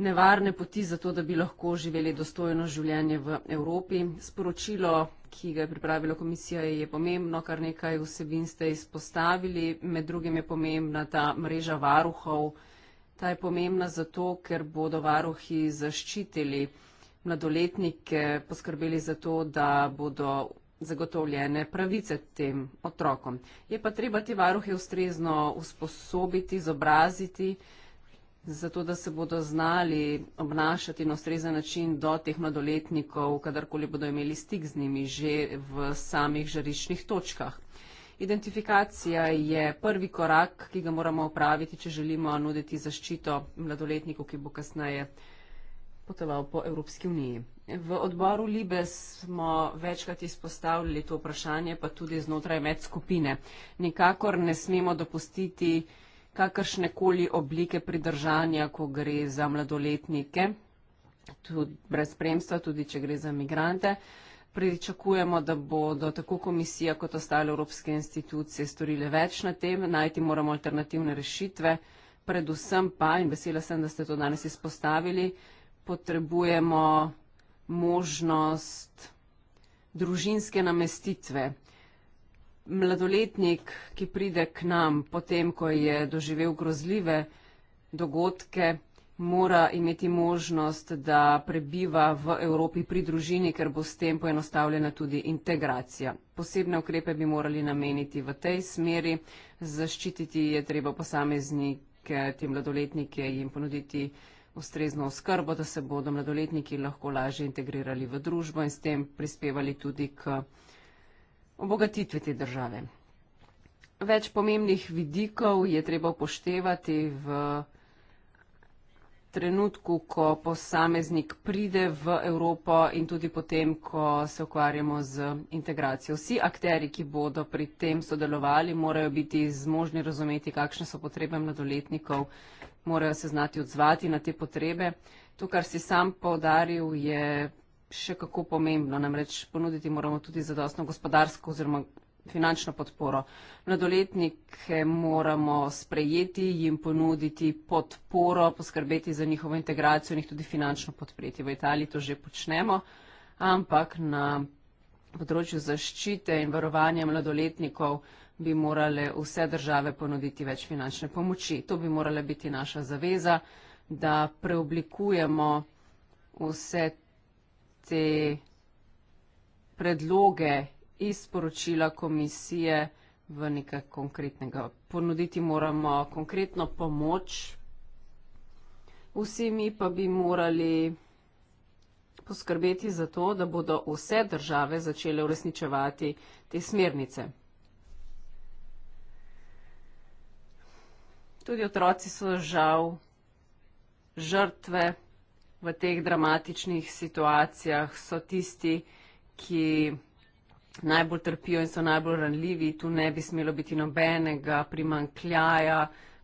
C: nevarne poti za to, da bi lahko živeli dostojno življenje v Evropi. Sporočilo, ki ga je pripravila komisija, je pomembno, kar nekaj vsebin ste izpostavili. Med drugim je pomembna ta mreža varuhov. Ta je pomembna zato, ker bodo varuhi zaščitili mladoletnike poskrbeli za to, da bodo zagotovljene pravice tem otrokom. Je pa treba te varuhe ustrezno usposobiti, izobraziti, zato da se bodo znali obnašati na ustrezen način do teh mladoletnikov, kadarkoli bodo imeli stik z njimi že v samih žariščnih točkah. Identifikacija je prvi korak, ki ga moramo upraviti, če želimo nuditi zaščito mladoletniku, ki bo kasneje potoval po Evropski uniji. V odboru Libes smo večkrat izpostavljali to vprašanje, pa tudi znotraj med skupine. Nikakor ne smemo dopustiti kakršne koli oblike pridržanja, ko gre za mladoletnike, tudi brez spremstva, tudi če gre za migrante. Pričakujemo, da bodo tako komisija kot ostale evropske institucije storile več na tem, najti moramo alternativne rešitve, predvsem pa, in vesela sem, da ste to danes izpostavili, potrebujemo možnost družinske namestitve. Mladoletnik, ki pride k nam potem, ko je doživel grozljive dogodke, mora imeti možnost, da prebiva v Evropi pri družini, ker bo s tem poenostavljena tudi integracija. Posebne ukrepe bi morali nameniti v tej smeri, zaščititi je treba posameznike, te mladoletnike, jim ponuditi ustrezno oskrbo, da se bodo mladoletniki lahko lažje integrirali v družbo in s tem prispevali tudi k obogatitvi te države. Več pomembnih vidikov je treba upoštevati v trenutku, ko posameznik pride v Evropo in tudi potem, ko se ukvarjamo z integracijo. Vsi akteri, ki bodo pri tem sodelovali, morajo biti zmožni razumeti, kakšne so potrebe mladoletnikov morajo se znati odzvati na te potrebe. To, kar si sam povdaril, je še kako pomembno. Namreč ponuditi moramo tudi zadostno gospodarsko oziroma finančno podporo. Mladoletnike moramo sprejeti, jim ponuditi podporo, poskrbeti za njihovo integracijo in jih tudi finančno podpreti. V Italiji to že počnemo, ampak na področju zaščite in varovanja mladoletnikov bi morale vse države ponuditi več finančne pomoči. To bi morala biti naša zaveza, da preoblikujemo vse te predloge iz poročila komisije v nekaj konkretnega. Ponuditi moramo konkretno pomoč, vsi mi pa bi morali poskrbeti za to, da bodo vse države začele uresničevati te smernice. Tudi otroci so žal žrtve v teh dramatičnih situacijah, so tisti, ki najbolj trpijo in so najbolj ranljivi. Tu ne bi smelo biti nobenega primankljaja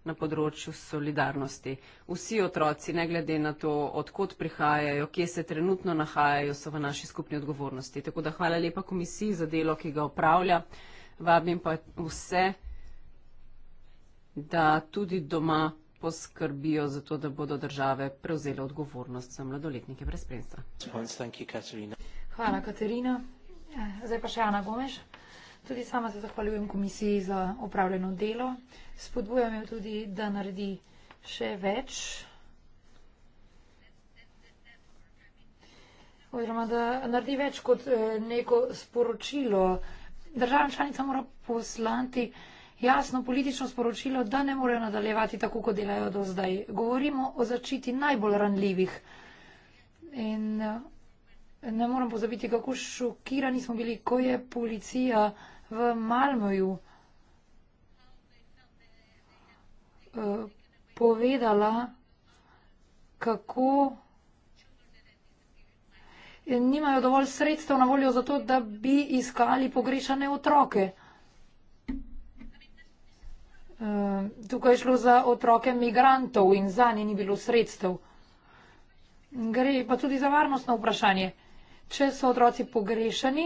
C: na področju solidarnosti. Vsi otroci, ne glede na to, odkot prihajajo, kje se trenutno nahajajo, so v naši skupni odgovornosti. Tako da hvala lepa komisiji za delo, ki ga opravlja. Vabim pa vse da tudi doma poskrbijo za to, da bodo države prevzele odgovornost za mladoletnike brez spremstva.
A: Hvala, Katerina. Eh, zdaj pa še Ana Gomeš. Tudi sama se zahvaljujem komisiji za opravljeno delo. Spodbujam jo tudi, da naredi še več. Oziroma, da naredi več kot eh, neko sporočilo. Državna članica mora poslati jasno politično sporočilo, da ne morejo nadaljevati tako, kot delajo do zdaj. Govorimo o začiti najbolj ranljivih. In eh, ne moram pozabiti, kako šokirani smo bili, ko je policija v Malmoju eh, povedala, kako nimajo dovolj sredstev na voljo za to, da bi iskali pogrešane otroke. Eh, tukaj je šlo za otroke migrantov in za nje ni bilo sredstev. Gre pa tudi za varnostno vprašanje. Če so otroci pogrešani,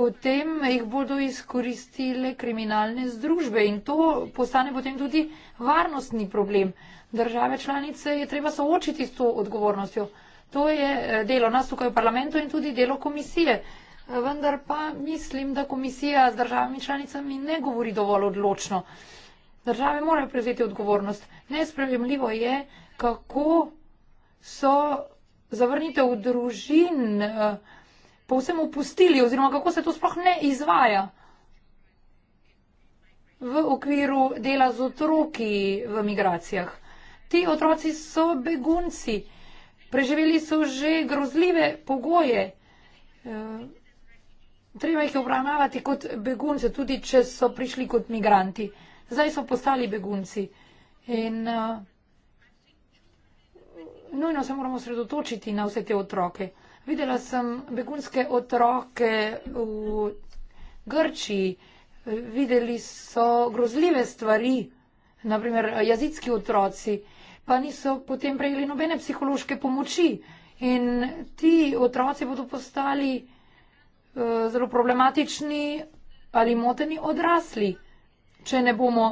A: potem jih bodo izkoristile kriminalne združbe in to postane potem tudi varnostni problem. Države članice je treba soočiti s to odgovornostjo. To je eh, delo nas tukaj v parlamentu in tudi delo komisije. Vendar pa mislim, da komisija z državami članicami ne govori dovolj odločno. Države morajo prevzeti odgovornost. Nespremljivo je, kako so zavrnitev družin eh, povsem upustili oziroma kako se to sploh ne izvaja v okviru dela z otroki v migracijah. Ti otroci so begunci, preživeli so že grozljive pogoje. Eh, treba jih obravnavati kot begunce, tudi če so prišli kot migranti zdaj so postali begunci. In uh, nujno se moramo sredotočiti na vse te otroke. Videla sem begunske otroke v Grčiji, videli so grozljive stvari, naprimer eh, jezitski otroci, pa niso potem prejeli nobene psihološke pomoči. In ti otroci bodo postali uh, zelo problematični ali moteni odrasli če ne bomo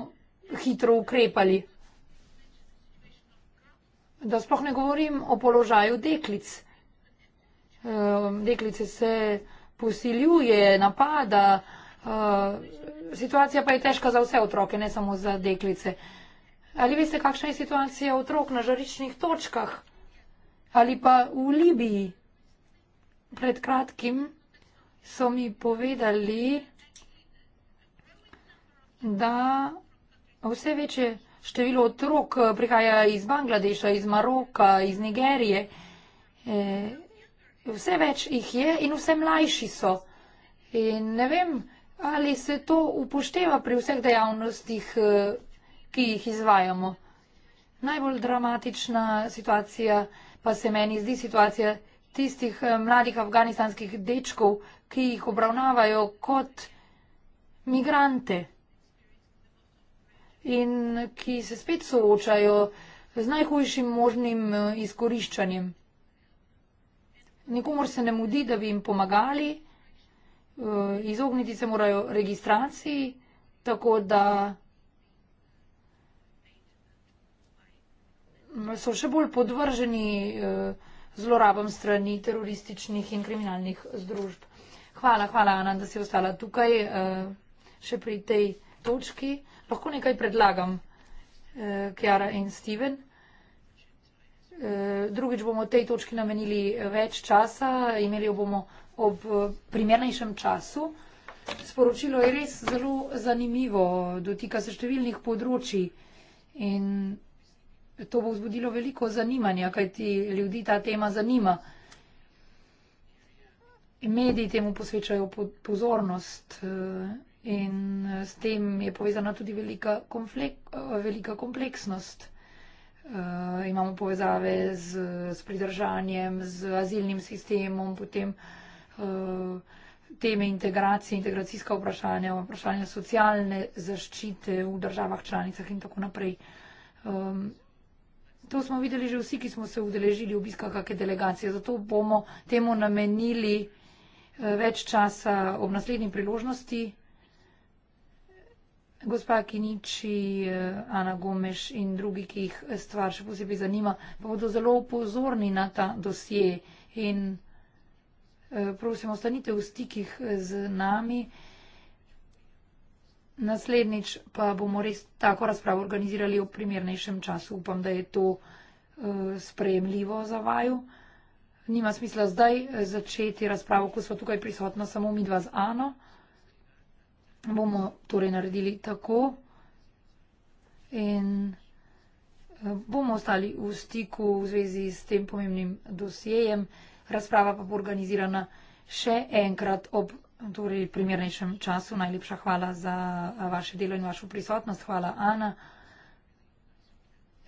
A: hitro ukrepali. Da sploh ne govorim o položaju deklic. Ehm, deklice se posiljuje, napada. Ehm, situacija pa je težka za vse otroke, ne samo za deklice. Ali veste, kakšna je situacija otrok na žaričnih točkah? Ali pa v Libiji? Pred kratkim so mi povedali, da vse večje število otrok eh, prihaja iz Bangladeša, iz Maroka, iz Nigerije. Eh, vse več jih je in vse mlajši so. In ne vem, ali se to upošteva pri vseh dejavnostih, eh, ki jih izvajamo. Najbolj dramatična situacija pa se meni zdi situacija tistih mladih afganistanskih dečkov, ki jih obravnavajo kot migrante in ki se spet soočajo z najhujšim možnim eh, izkoriščanjem. Nikomor se ne mudi, da bi jim pomagali, eh, izogniti se morajo registraciji, tako da mm, so še bolj podvrženi eh, zlorabam strani terorističnih in kriminalnih združb. Hvala, hvala, Ana, da si ostala tukaj še pri tej točki. Lahko nekaj predlagam, eh, Kjara in Steven. Eh, drugič bomo tej točki namenili več časa, imeli jo bomo ob eh, primernejšem času. Sporočilo je res zelo zanimivo, dotika se številnih področji in to bo vzbudilo veliko zanimanja, kajti ljudi ta tema zanima. Mediji temu posvečajo pozornost. Eh, In eh, s tem je povezana tudi velika, eh, velika kompleksnost. Uh, imamo povezave z, z pridržanjem, z azilnim sistemom, potem uh, teme integracije, integracijska vprašanja, vprašanja socialne zaščite v državah članicah in tako naprej. Um, to smo videli že vsi, ki smo se udeležili obiska kakšne delegacije. Zato bomo temu namenili uh, več časa ob naslednji priložnosti. Gospa Kiniči, eh, Ana Gomeš in drugi, ki jih eh, stvar še posebej zanima, pa bodo zelo upozorni na ta dosje in eh, prosim, ostanite v stikih z nami. Naslednjič pa bomo res tako razpravo organizirali v primernejšem času. Upam, da je to sprejemljivo za vaju. Nima smisla zdaj začeti razpravo, ko smo tukaj prisotna samo mi dva z Ano bomo torej naredili tako in eh, bomo ostali v stiku v zvezi s tem pomembnim dosjejem. Razprava pa bo organizirana še enkrat ob torej, primernejšem času. Najlepša hvala za eh, vaše delo in vašo prisotnost. Hvala, Ana.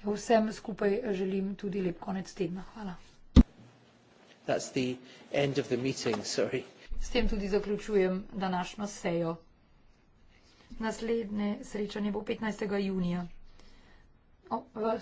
A: Vsem skupaj želim tudi lep konec tedna. Hvala. S tem tudi zaključujem današnjo sejo. Naslednje srečanje bo 15. junija. O, v